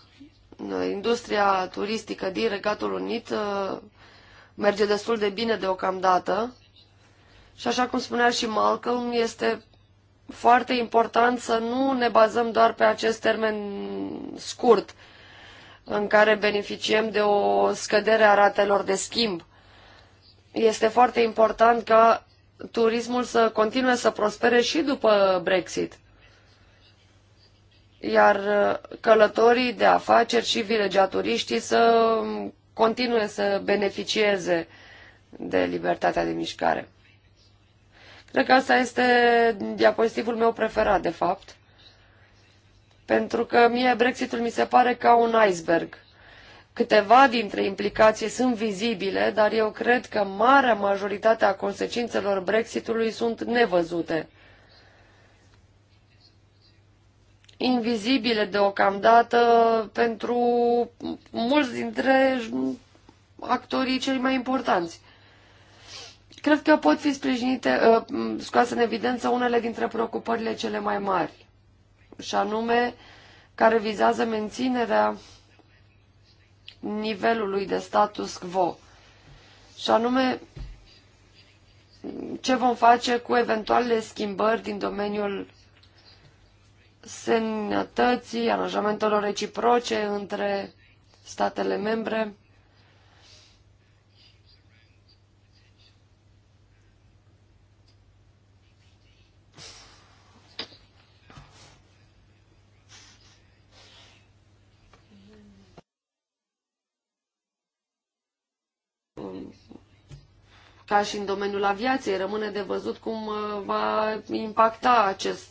industria turistică din Regatul Unit uh, merge destul de bine deocamdată și așa cum spunea și Malcolm, este foarte important să nu ne bazăm doar pe acest termen scurt în care beneficiem de o scădere a ratelor de schimb. Este foarte important ca turismul să continue să prospere și după Brexit. Iar uh, călătorii de afaceri și vilegiaturiștii să continue să beneficieze de libertatea de mișcare. Cred că asta este diapozitivul meu preferat, de fapt, pentru că mie Brexitul mi se pare ca un iceberg. Câteva dintre implicații sunt vizibile, dar eu cred că marea majoritate a consecințelor Brexitului sunt nevăzute. Invizibile deocamdată pentru mulți dintre actorii cei mai importanți. Cred că pot fi sprijinite, ă, scoase în evidență unele dintre preocupările cele mai mari, și anume care vizează menținerea nivelului de status quo. Și anume, ce vom face cu eventualele schimbări din domeniul sănătății, aranjamentelor reciproce între statele membre. Ca și în domeniul aviației, rămâne de văzut cum uh, va impacta acest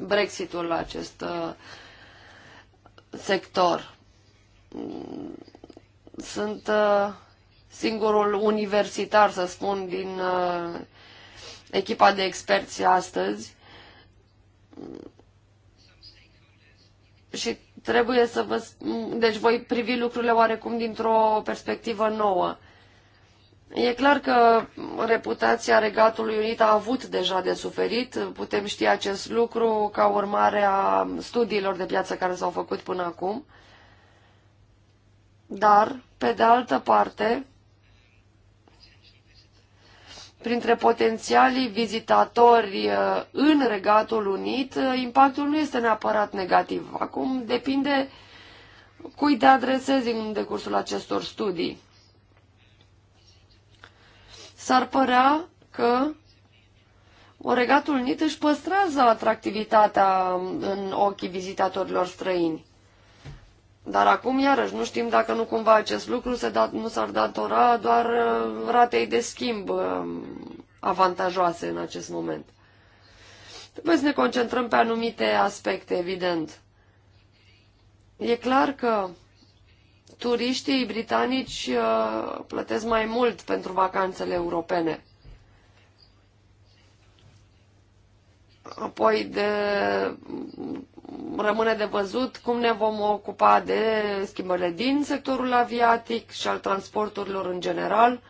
Brexitul la acest uh, sector. Sunt uh, singurul universitar, să spun, din echipa de experți astăzi și trebuie să vă... Deci voi privi lucrurile oarecum dintr-o perspectivă nouă. E clar că reputația Regatului Unit a avut deja de suferit. Putem ști acest lucru ca urmare a studiilor de piață care s-au făcut până acum. Dar, pe de altă parte, printre potențialii vizitatori uh, în Regatul Unit, uh, impactul nu este neapărat negativ. Acum depinde cui te adresezi în decursul acestor studii s-ar părea că Oregatul nit își păstrează atractivitatea în ochii vizitatorilor străini. Dar acum, iarăși, nu știm dacă nu cumva acest lucru se dat, nu s-ar datora doar uh, ratei de schimb uh, avantajoase în acest moment. Trebuie să ne concentrăm pe anumite aspecte, evident. E clar că turiștii britanici uh, plătesc mai mult pentru vacanțele europene. Apoi de, rămâne de văzut cum ne vom ocupa de schimbările din sectorul aviatic și al transporturilor în general.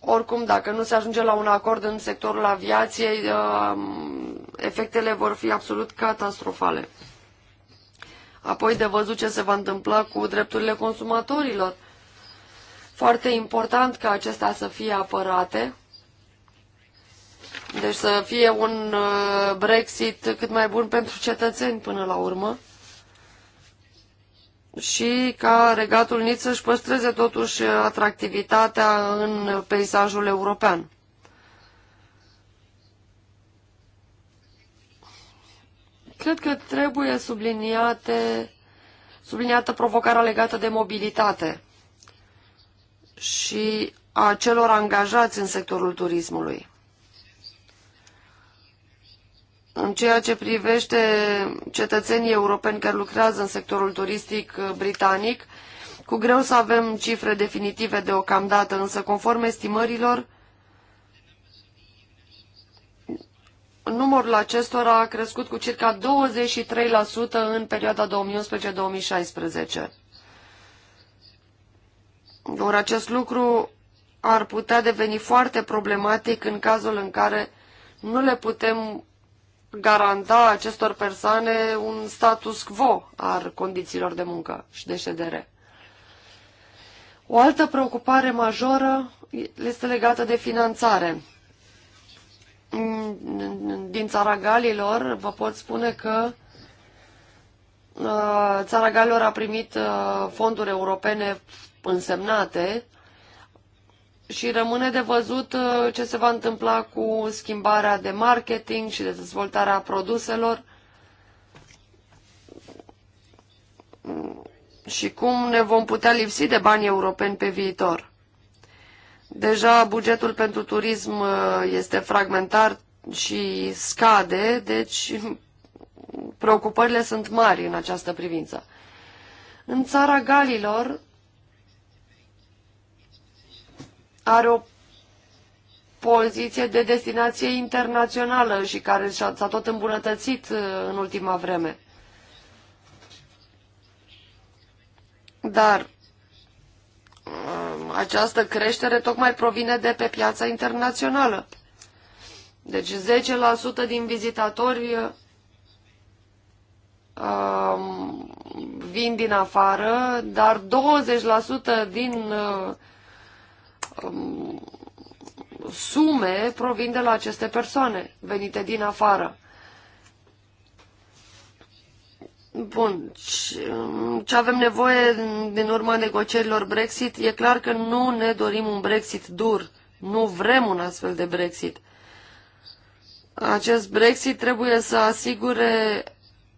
Oricum, dacă nu se ajunge la un acord în sectorul aviației, uh, efectele vor fi absolut catastrofale. Apoi de văzut ce se va întâmpla cu drepturile consumatorilor. Foarte important ca acestea să fie apărate. Deci să fie un uh, Brexit cât mai bun pentru cetățeni până la urmă și ca regatul Nit să-și păstreze totuși uh, atractivitatea în peisajul european. Cred că trebuie subliniate, subliniată provocarea legată de mobilitate și a celor angajați în sectorul turismului. În ceea ce privește cetățenii europeni care lucrează în sectorul turistic uh, britanic, cu greu să avem cifre definitive deocamdată, însă conform estimărilor, numărul acestora a crescut cu circa 23% în perioada 2011-2016. Ori acest lucru ar putea deveni foarte problematic în cazul în care nu le putem garanta acestor persoane un status quo al condițiilor de muncă și de ședere. O altă preocupare majoră este legată de finanțare din țara Galilor, vă pot spune că uh, țara Galilor a primit uh, fonduri europene însemnate și rămâne de văzut uh, ce se va întâmpla cu schimbarea de marketing și de dezvoltarea produselor mm, și cum ne vom putea lipsi de bani europeni pe viitor. Deja bugetul pentru turism uh, este fragmentar și scade, deci preocupările sunt mari în această privință. În țara Galilor are o poziție de destinație internațională și care s-a tot îmbunătățit uh, în ultima vreme. Dar Ă, această creștere tocmai provine de pe piața internațională. Deci 10% din vizitatori ă, vin din afară, dar 20% din ă, sume provin de la aceste persoane venite din afară. Bun, um, ce avem nevoie din urma negocierilor Brexit, e clar că nu ne dorim un Brexit dur, nu vrem un astfel de Brexit. Acest Brexit trebuie să asigure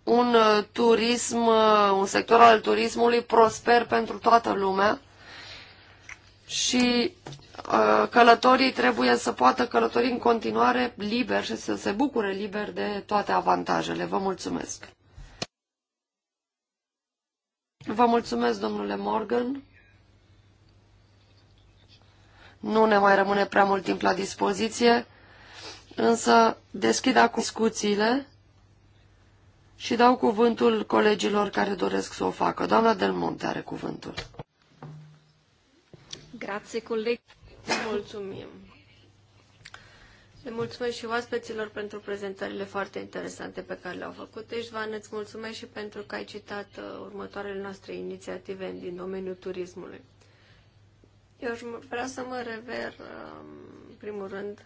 un uh, turism, uh, un sector al turismului prosper pentru toată lumea și uh, călătorii trebuie să poată călători în continuare liber și să se bucure liber de toate avantajele. Vă mulțumesc! Vă mulțumesc, domnule Morgan. Nu ne mai rămâne prea mult timp la dispoziție, însă deschid acum discuțiile și dau cuvântul colegilor care doresc să o facă. Doamna Del Monte are cuvântul. Grazie, colegi. Mulțumim. Le mulțumesc și oaspeților pentru prezentările foarte interesante pe care le-au făcut. Ișvan, deci, îți mulțumesc și pentru că ai citat uh, următoarele noastre inițiative din domeniul turismului. Eu vreau să mă rever, um, în primul rând,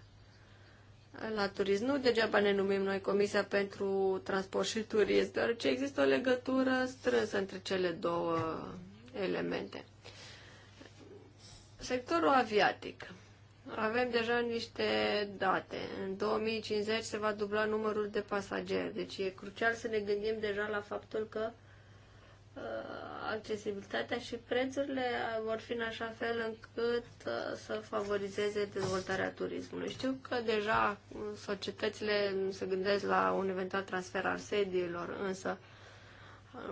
la turism. Nu degeaba ne numim noi Comisia pentru Transport și Turism, deoarece există o legătură strânsă între cele două elemente. Sectorul aviatic. Avem deja niște date. În 2050 se va dubla numărul de pasageri. Deci e crucial să ne gândim deja la faptul că uh, accesibilitatea și prețurile vor fi în așa fel încât uh, să favorizeze dezvoltarea turismului. Știu că deja uh, societățile se gândesc la un eventual transfer al sediilor, însă uh,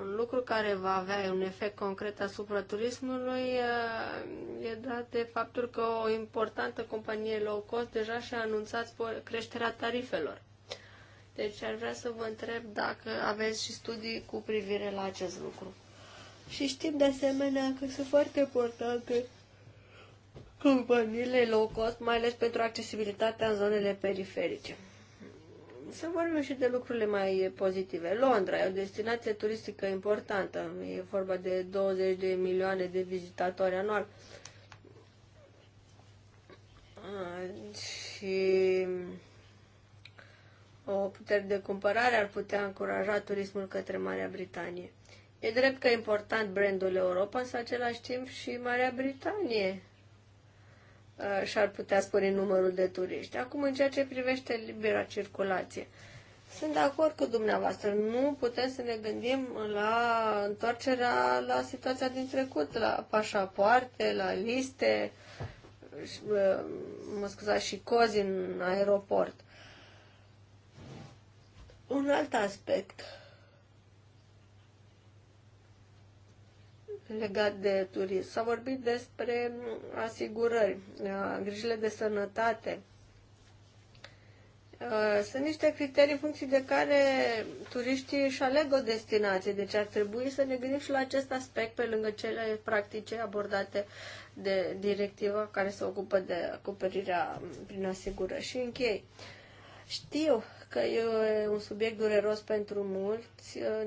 un lucru care va avea un efect concret asupra turismului uh, e dat de faptul că o importantă companie low cost deja și-a anunțat creșterea tarifelor. Deci ar vrea să vă întreb dacă aveți și studii cu privire la acest lucru. Și știm de asemenea că sunt foarte importante companiile low cost, mai ales pentru accesibilitatea în zonele periferice. Să vorbim și de lucrurile mai pozitive. Londra e o destinație turistică importantă. E vorba de 20 de milioane de vizitatori anual. Ah, și o putere de cumpărare ar putea încuraja turismul către Marea Britanie. E drept că e important brandul Europa, în același timp și Marea Britanie Uh, și-ar putea spori numărul de turiști. Acum, în ceea ce privește libera circulație, sunt de acord cu dumneavoastră. Nu putem să ne gândim la întoarcerea la situația din trecut, la pașapoarte, la liste, uh, mă scuzați, și cozi în aeroport. Un alt aspect legat de turism. S-a vorbit despre mm, asigurări, uh, grijile de sănătate. Uh, sunt niște criterii în funcție de care turiștii își aleg o destinație, deci ar trebui să ne gândim și la acest aspect pe lângă cele practice abordate de directiva care se ocupă de acoperirea mm, prin asigurări. Și închei. Știu că e un subiect dureros pentru mulți, uh,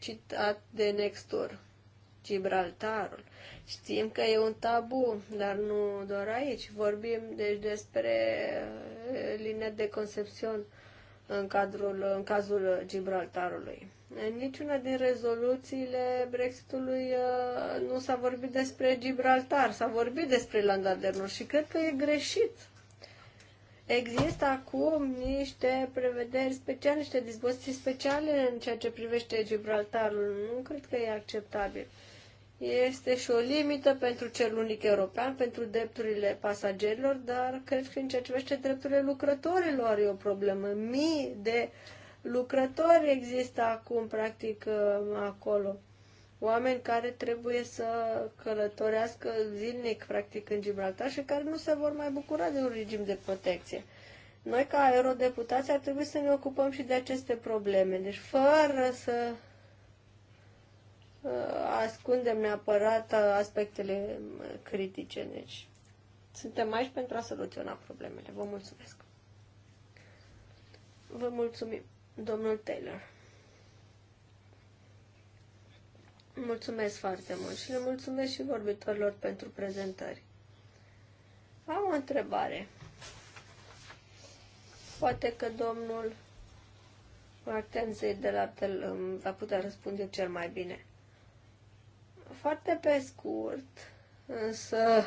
citat de Nextur, Gibraltarul. Știm că e un tabu, dar nu doar aici. Vorbim deci despre uh, linia de concepțion în, cadrul, în cazul Gibraltarului. În niciuna din rezoluțiile Brexitului uh, nu s-a vorbit despre Gibraltar, s-a vorbit despre Irlanda de Nord și cred că e greșit Există acum niște prevederi speciale, niște dispoziții speciale în ceea ce privește Gibraltarul. Nu cred că e acceptabil. Este și o limită pentru cel unic european, pentru drepturile pasagerilor, dar cred că în ceea ce privește drepturile lucrătorilor e o problemă. Mii de lucrători există acum, practic, acolo oameni care trebuie să călătorească zilnic, practic, în Gibraltar și care nu se vor mai bucura de un regim de protecție. Noi, ca eurodeputați, ar trebui să ne ocupăm și de aceste probleme. Deci, fără să uh, ascundem neapărat uh, aspectele uh, critice. Deci, suntem aici pentru a soluționa problemele. Vă mulțumesc! Vă mulțumim, domnul Taylor. Mulțumesc foarte mult și le mulțumesc și vorbitorilor pentru prezentări. Am o întrebare. Poate că domnul Martenzei de la Tel îmi um, va putea răspunde cel mai bine. Foarte pe scurt, însă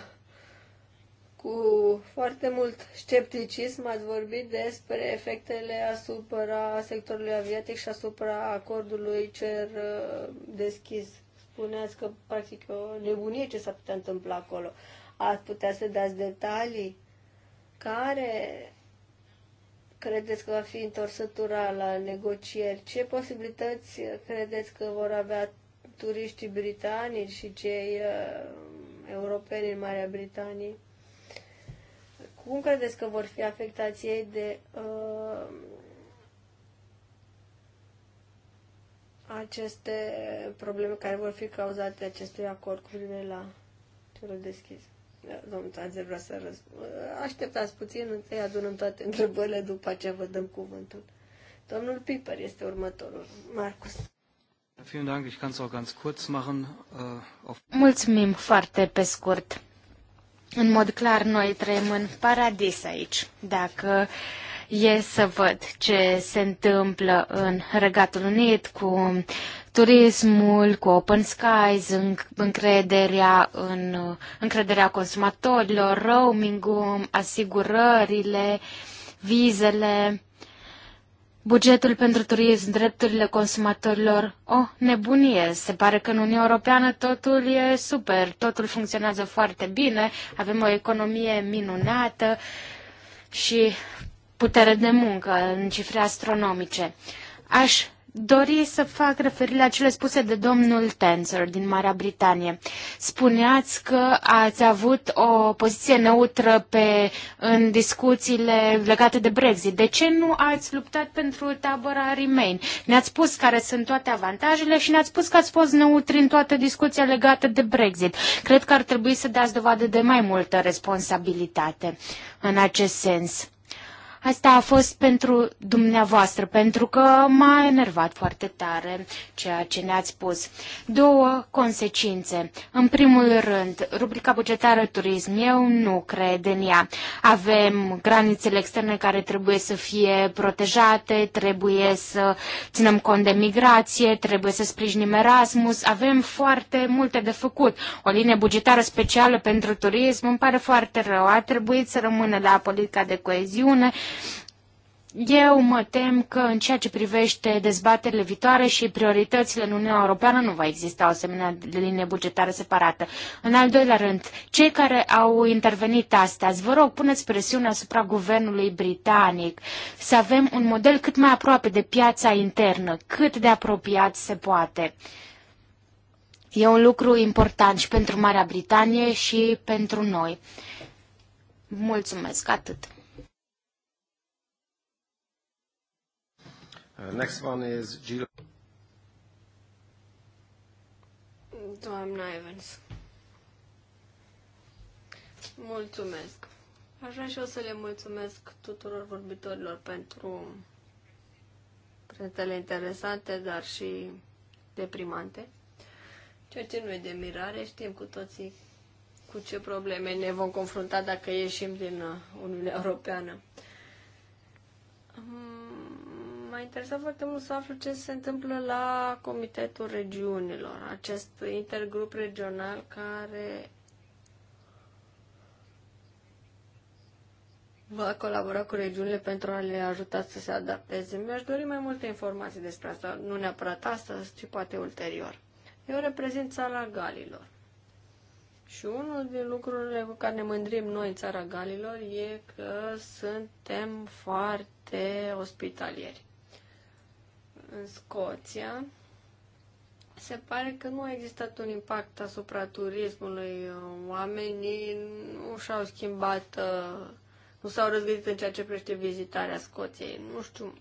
cu foarte mult scepticism ați vorbit despre efectele asupra sectorului aviatic și asupra acordului cer uh, deschis spuneați că, practic, o nebunie ce s a putea întâmpla acolo. Ați putea să dați detalii care credeți că va fi întorsătura la negocieri? Ce posibilități credeți că vor avea turiștii britanici și cei uh, europeni în Marea Britanie? Cum credeți că vor fi afectați ei de uh, aceste probleme care vor fi cauzate de acestui acord cu privire la cerul deschis. Da, domnul Tanzer vrea să răspund. Așteptați puțin, întâi adunăm toate [laughs] întrebările, după aceea vă dăm cuvântul. Domnul Piper este următorul. Marcus. Äh, Mulțumim foarte pe scurt. În mod clar, noi trăim în paradis aici. Dacă uh, e să văd ce se întâmplă în Regatul Unit cu turismul, cu Open Skies, încrederea, în, încrederea consumatorilor, roaming-ul, asigurările, vizele, bugetul pentru turism, drepturile consumatorilor. O oh, nebunie! Se pare că în Uniunea Europeană totul e super, totul funcționează foarte bine, avem o economie minunată și putere de muncă în cifre astronomice. Aș dori să fac referire la cele spuse de domnul Tenzer din Marea Britanie. Spuneați că ați avut o poziție neutră pe, în discuțiile legate de Brexit. De ce nu ați luptat pentru tabăra Remain? Ne-ați spus care sunt toate avantajele și ne-ați spus că ați fost neutri în toată discuția legată de Brexit. Cred că ar trebui să dați dovadă de mai multă responsabilitate în acest sens. Asta a fost pentru dumneavoastră, pentru că m-a enervat foarte tare ceea ce ne-ați spus. Două consecințe. În primul rând, rubrica bugetară turism, eu nu cred în ea. Avem granițele externe care trebuie să fie protejate, trebuie să ținem cont de migrație, trebuie să sprijinim Erasmus, avem foarte multe de făcut. O linie bugetară specială pentru turism îmi pare foarte rău. A trebuit să rămână la politica de coeziune, eu mă tem că în ceea ce privește dezbaterile viitoare și prioritățile în Uniunea Europeană nu va exista o asemenea linie bugetară separată. În al doilea rând, cei care au intervenit astăzi, vă rog, puneți presiune asupra guvernului britanic să avem un model cât mai aproape de piața internă, cât de apropiat se poate. E un lucru important și pentru Marea Britanie și pentru noi. Mulțumesc, atât. Uh, next one is Gila. Doamna Evans. Mulțumesc. Aș vrea și eu să le mulțumesc tuturor vorbitorilor pentru prezentele interesante, dar și deprimante. Ceea ce nu e de mirare, știm cu toții cu ce probleme ne vom confrunta dacă ieșim din uh, Uniunea Europeană m-a interesat foarte mult să aflu ce se întâmplă la Comitetul Regiunilor, acest intergrup regional care va colabora cu regiunile pentru a le ajuta să se adapteze. Mi-aș dori mai multe informații despre asta, nu neapărat astăzi, ci poate ulterior. Eu reprezint țara Galilor. Și unul din lucrurile cu care ne mândrim noi în țara Galilor e că suntem foarte ospitalieri în Scoția, se pare că nu a existat un impact asupra turismului. Oamenii nu și-au schimbat, uh, nu s-au răzgândit în ceea ce privește vizitarea Scoției. Nu știu,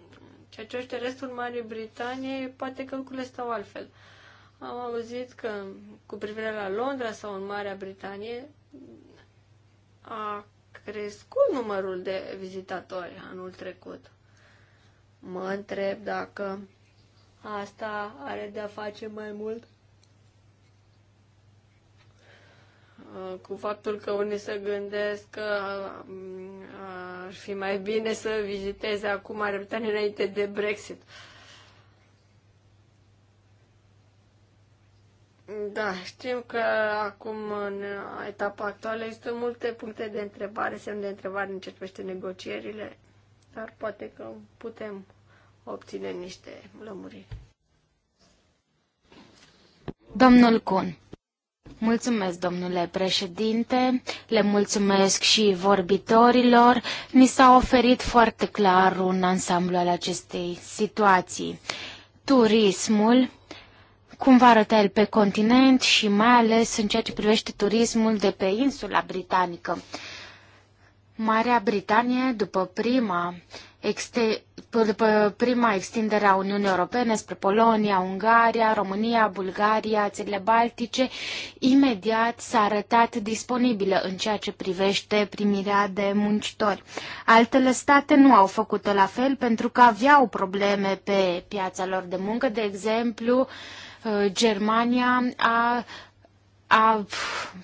ceea ce este restul Marii Britanie, poate că lucrurile stau altfel. Am auzit că cu privire la Londra sau în Marea Britanie a crescut numărul de vizitatori anul trecut. Mă întreb dacă Asta are de-a face mai mult uh, cu faptul că unii se gândesc că uh, ar fi mai bine să viziteze acum Marea Britanie înainte de Brexit. Da, știm că acum, în etapa actuală, există multe puncte de întrebare, semn de întrebare în ce privește negocierile, dar poate că putem obține niște lămuriri. Domnul Cun. Mulțumesc, domnule președinte, le mulțumesc și vorbitorilor. Ni s-a oferit foarte clar un ansamblu al acestei situații. Turismul, cum va arăta el pe continent și mai ales în ceea ce privește turismul de pe insula britanică. Marea Britanie, după prima exte- după prima extindere a Uniunii Europene spre Polonia, Ungaria, România, Bulgaria, țările Baltice, imediat s-a arătat disponibilă în ceea ce privește primirea de muncitori. Altele state nu au făcut-o la fel pentru că aveau probleme pe piața lor de muncă, de exemplu, uh, Germania a a,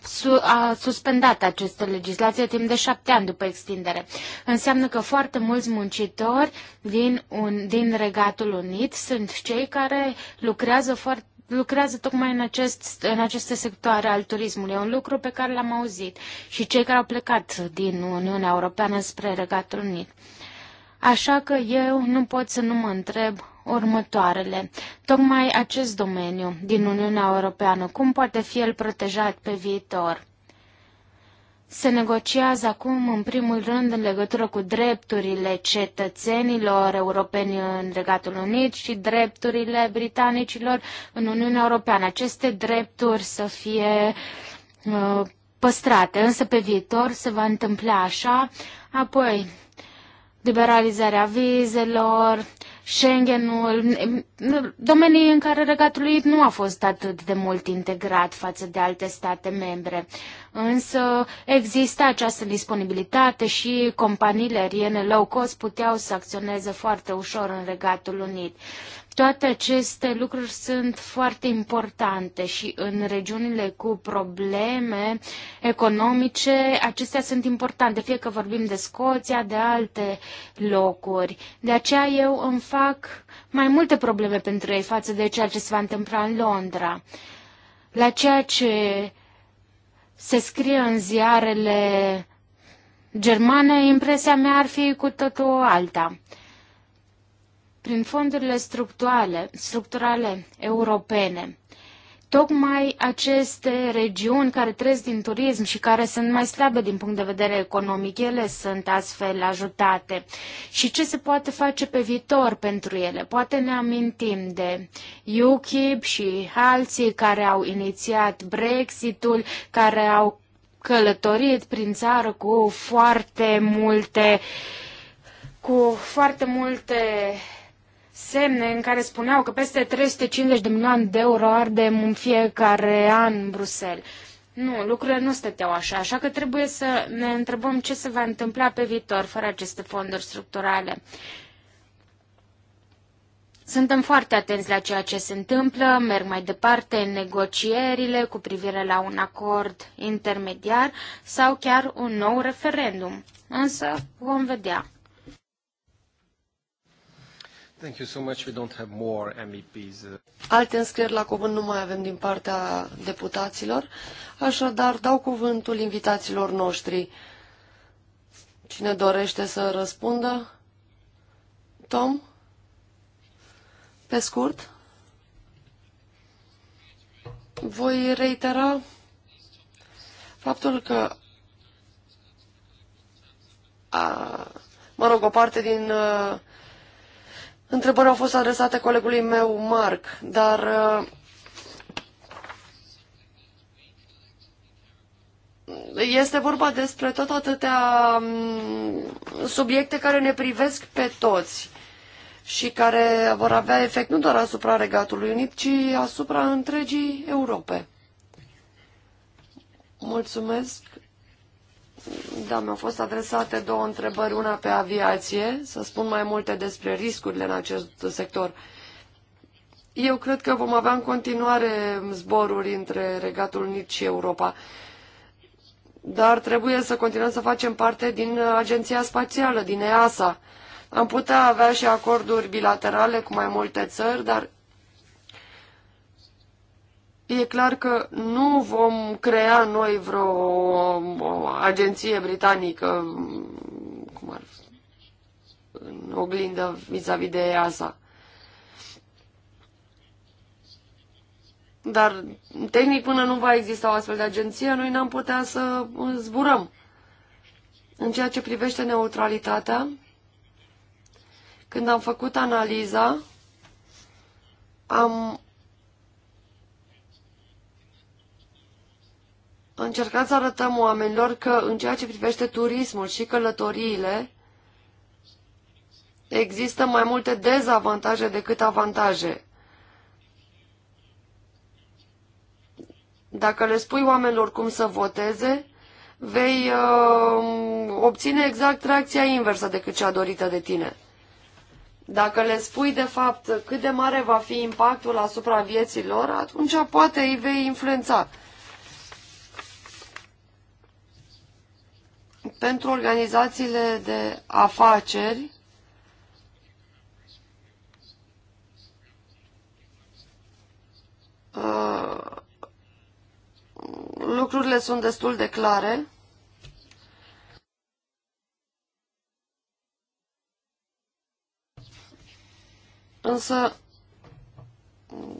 su, a suspendat această legislație timp de șapte ani după extindere. Înseamnă că foarte mulți muncitori din, un, din Regatul Unit sunt cei care lucrează foarte lucrează tocmai în, acest, în aceste sectoare al turismului. E un lucru pe care l-am auzit și cei care au plecat din Uniunea Europeană spre Regatul Unit. Așa că eu nu pot să nu mă întreb următoarele. Tocmai acest domeniu din Uniunea Europeană, cum poate fi el protejat pe viitor? Se negociază acum, în primul rând, în legătură cu drepturile cetățenilor europeni în Regatul Unit și drepturile britanicilor în Uniunea Europeană. Aceste drepturi să fie uh, păstrate, însă pe viitor se va întâmpla așa. Apoi, liberalizarea vizelor, Schengenul, domenii în care Regatul Unit nu a fost atât de mult integrat față de alte state membre însă există această disponibilitate și companiile aeriene low cost puteau să acționeze foarte ușor în Regatul Unit. Toate aceste lucruri sunt foarte importante și în regiunile cu probleme economice, acestea sunt importante, fie că vorbim de Scoția, de alte locuri. De aceea eu îmi fac mai multe probleme pentru ei față de ceea ce se va întâmpla în Londra. La ceea ce se scrie în ziarele germane, impresia mea ar fi cu totul alta. Prin fondurile structurale, structurale europene, Tocmai aceste regiuni care trăiesc din turism și care sunt mai slabe din punct de vedere economic, ele sunt astfel ajutate. Și ce se poate face pe viitor pentru ele? Poate ne amintim de UKIP și alții care au inițiat Brexitul, care au călătorit prin țară cu foarte multe cu foarte multe semne în care spuneau că peste 350 de milioane de euro ardem în fiecare an în Bruxelles. Nu, lucrurile nu stăteau așa, așa că trebuie să ne întrebăm ce se va întâmpla pe viitor fără aceste fonduri structurale. Suntem foarte atenți la ceea ce se întâmplă, merg mai departe în negocierile cu privire la un acord intermediar sau chiar un nou referendum. Însă vom vedea. Thank you so much. We don't have more MEPs. Uh. Alte înscrieri la cuvânt nu mai avem din partea deputaților, așadar dau cuvântul invitaților noștri. Cine dorește să răspundă? Tom? Pe scurt? Voi reitera faptul că a, mă rog, o parte din uh, Întrebări au fost adresate colegului meu, Marc, dar uh, este vorba despre tot atâtea mm, subiecte care ne privesc pe toți și care vor avea efect nu doar asupra Regatului Unit, ci asupra întregii Europe. Mulțumesc, da, mi-au fost adresate două întrebări, una pe aviație, să spun mai multe despre riscurile în acest sector. Eu cred că vom avea în continuare zboruri între Regatul Unit și Europa, dar trebuie să continuăm să facem parte din Agenția Spațială, din EASA. Am putea avea și acorduri bilaterale cu mai multe țări, dar E clar că nu vom crea noi vreo o agenție britanică, cum ar fi, în oglindă vis-a-vis -vis de EASA. Dar, tehnic, până nu va exista o astfel de agenție, noi n-am putea să zburăm. În ceea ce privește neutralitatea, când am făcut analiza, am încercăm să arătăm oamenilor că în ceea ce privește turismul și călătoriile, există mai multe dezavantaje decât avantaje. Dacă le spui oamenilor cum să voteze, vei uh, obține exact reacția inversă decât cea dorită de tine. Dacă le spui de fapt cât de mare va fi impactul asupra vieților, atunci poate îi vei influența. pentru organizațiile de afaceri uh, lucrurile sunt destul de clare. Însă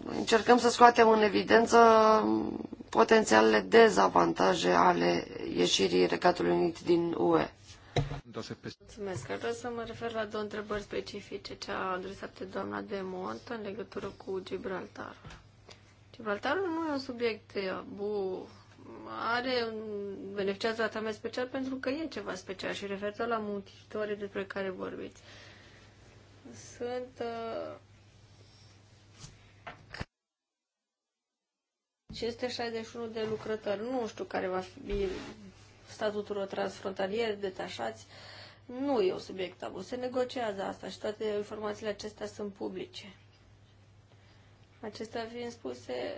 încercăm să scoatem în evidență potențialele dezavantaje ale ieșirii Regatului Unit din UE. Mulțumesc. Ar vrea să mă refer la două întrebări specifice, cea adresată doamna de Mont în legătură cu Gibraltar. Gibraltarul nu e un subiect bu, are un beneficiat tratament special pentru că e ceva special și referitor la muncitorii despre care vorbiți. Sunt uh, 561 de lucrători, nu știu care va fi statutul transfrontalier, detașați, nu e un subiect tabu. Se negociază asta și toate informațiile acestea sunt publice. Acestea fiind spuse,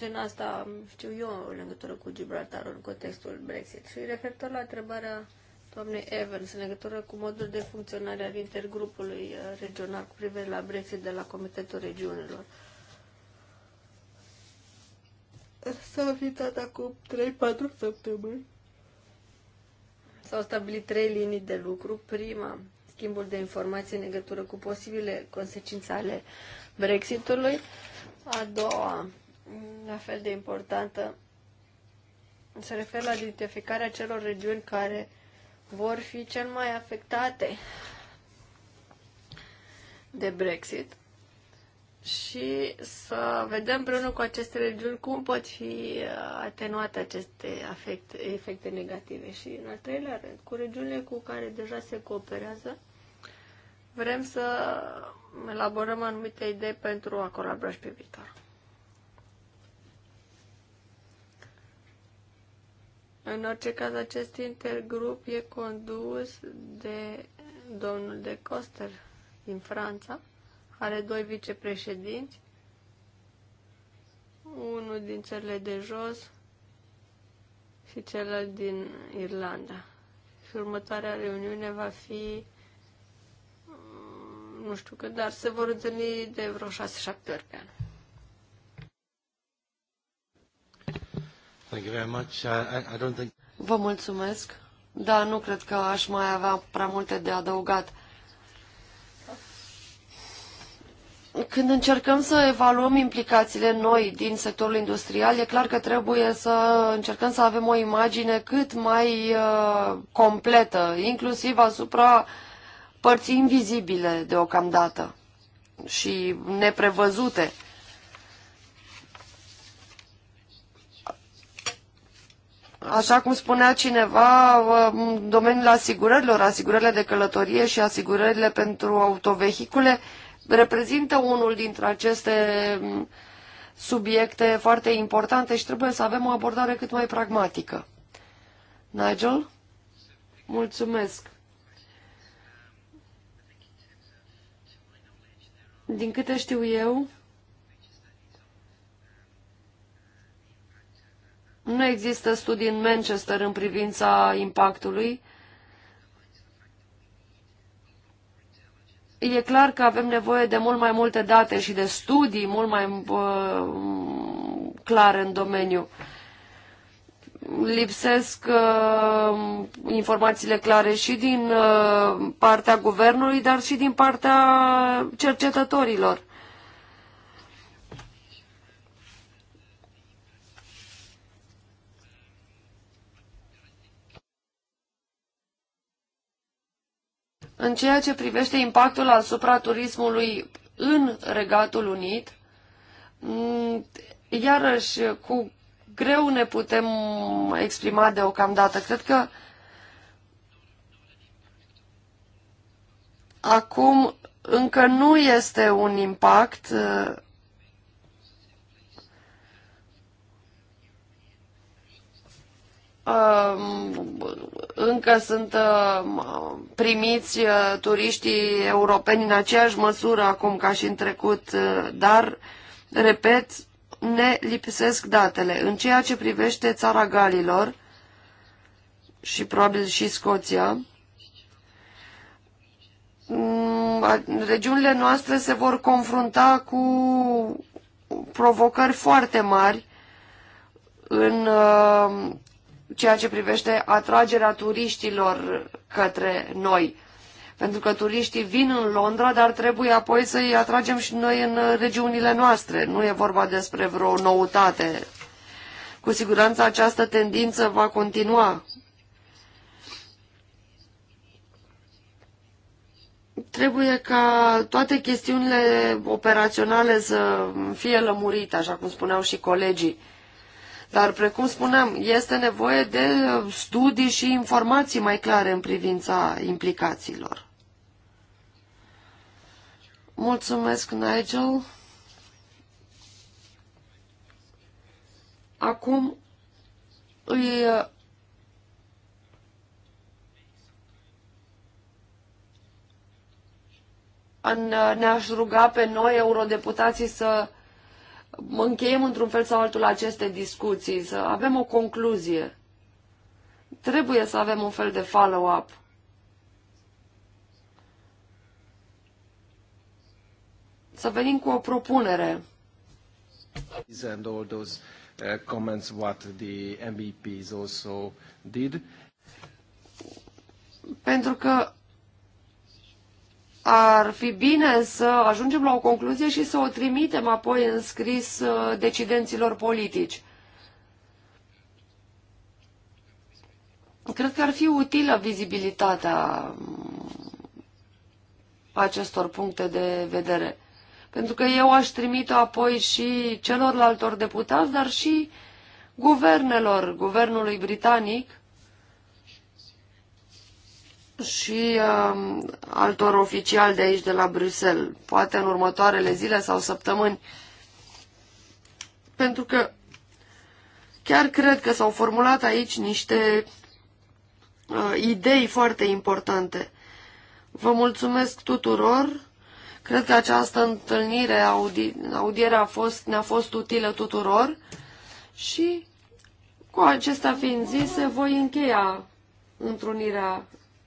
în asta știu eu în legătură cu Gibraltarul în contextul Brexit. Și referitor la întrebarea doamnei Evans în legătură cu modul de funcționare al intergrupului uh, regional cu privire la Brexit de la Comitetul Regiunilor s-a înființat acum 3-4 săptămâni. S-au stabilit trei linii de lucru. Prima, schimbul de informații în legătură cu posibile consecințe ale Brexitului. A doua, la fel de importantă, se referă la identificarea celor regiuni care vor fi cel mai afectate de Brexit și să vedem împreună cu aceste regiuni cum pot fi uh, atenuate aceste efecte, efecte negative. Și în al treilea rând, cu regiunile cu care deja se cooperează, vrem să elaborăm anumite idei pentru a colabora și pe viitor. În orice caz, acest intergrup e condus de domnul de Coster din Franța, are doi vicepreședinți, unul din țările de jos și celălalt din Irlanda. Și următoarea reuniune va fi mm, nu știu cât, dar se vor întâlni de vreo 6-7 ori pe an. Thank you very much. I, I don't think... Vă mulțumesc. Da, nu cred că aș mai avea prea multe de adăugat. Când încercăm să evaluăm implicațiile noi din sectorul industrial, e clar că trebuie să încercăm să avem o imagine cât mai uh, completă, inclusiv asupra părții invizibile deocamdată și neprevăzute. Așa cum spunea cineva, uh, domeniul asigurărilor, asigurările de călătorie și asigurările pentru autovehicule, uh, reprezintă unul dintre aceste mm, subiecte foarte importante și trebuie să avem o abordare cât mai pragmatică. Nigel? Mulțumesc. Din câte știu eu, nu există studii în Manchester în privința impactului E clar că avem nevoie de mult mai multe date și de studii mult mai uh, clare în domeniu. Lipsesc uh, informațiile clare și din uh, partea guvernului, dar și din partea cercetătorilor. în ceea ce privește impactul asupra turismului în Regatul Unit, mm, iarăși cu greu ne putem exprima deocamdată. Cred că acum încă nu este un impact încă sunt primiți uh, turiștii europeni în aceeași măsură acum ca și în trecut, uh, dar, repet, ne lipsesc datele. În ceea ce privește țara Galilor și probabil și Scoția, mm, regiunile noastre se vor confrunta cu provocări foarte mari în uh, ceea ce privește atragerea turiștilor către noi. Pentru că turiștii vin în Londra, dar trebuie apoi să-i atragem și noi în regiunile noastre. Nu e vorba despre vreo noutate. Cu siguranță această tendință va continua. Trebuie ca toate chestiunile operaționale să fie lămurite, așa cum spuneau și colegii. Dar, precum spuneam, este nevoie de uh, studii și informații mai clare în privința implicațiilor. Mulțumesc, Nigel. Acum îi uh, ne-aș ruga pe noi, eurodeputații, să încheiem într-un fel sau altul aceste discuții, să avem o concluzie. Trebuie să avem un fel de follow-up. Să venim cu o propunere. Uh, Pentru că ar fi bine să ajungem la o concluzie și să o trimitem apoi în scris uh, decidenților politici. Cred că ar fi utilă vizibilitatea mm, acestor puncte de vedere. Pentru că eu aș trimite apoi și celorlaltor deputați, dar și guvernelor, guvernului britanic, și uh, altor oficiali de aici, de la Bruxelles, poate în următoarele zile sau săptămâni, pentru că chiar cred că s-au formulat aici niște uh, idei foarte importante. Vă mulțumesc tuturor. Cred că această întâlnire, audi, audierea a fost, ne-a fost utilă tuturor și cu acesta fiind zise, voi încheia întrunirea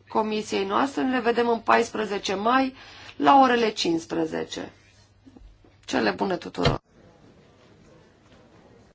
comisiei noastre. Ne vedem în 14 mai la orele 15. Cele bune tuturor!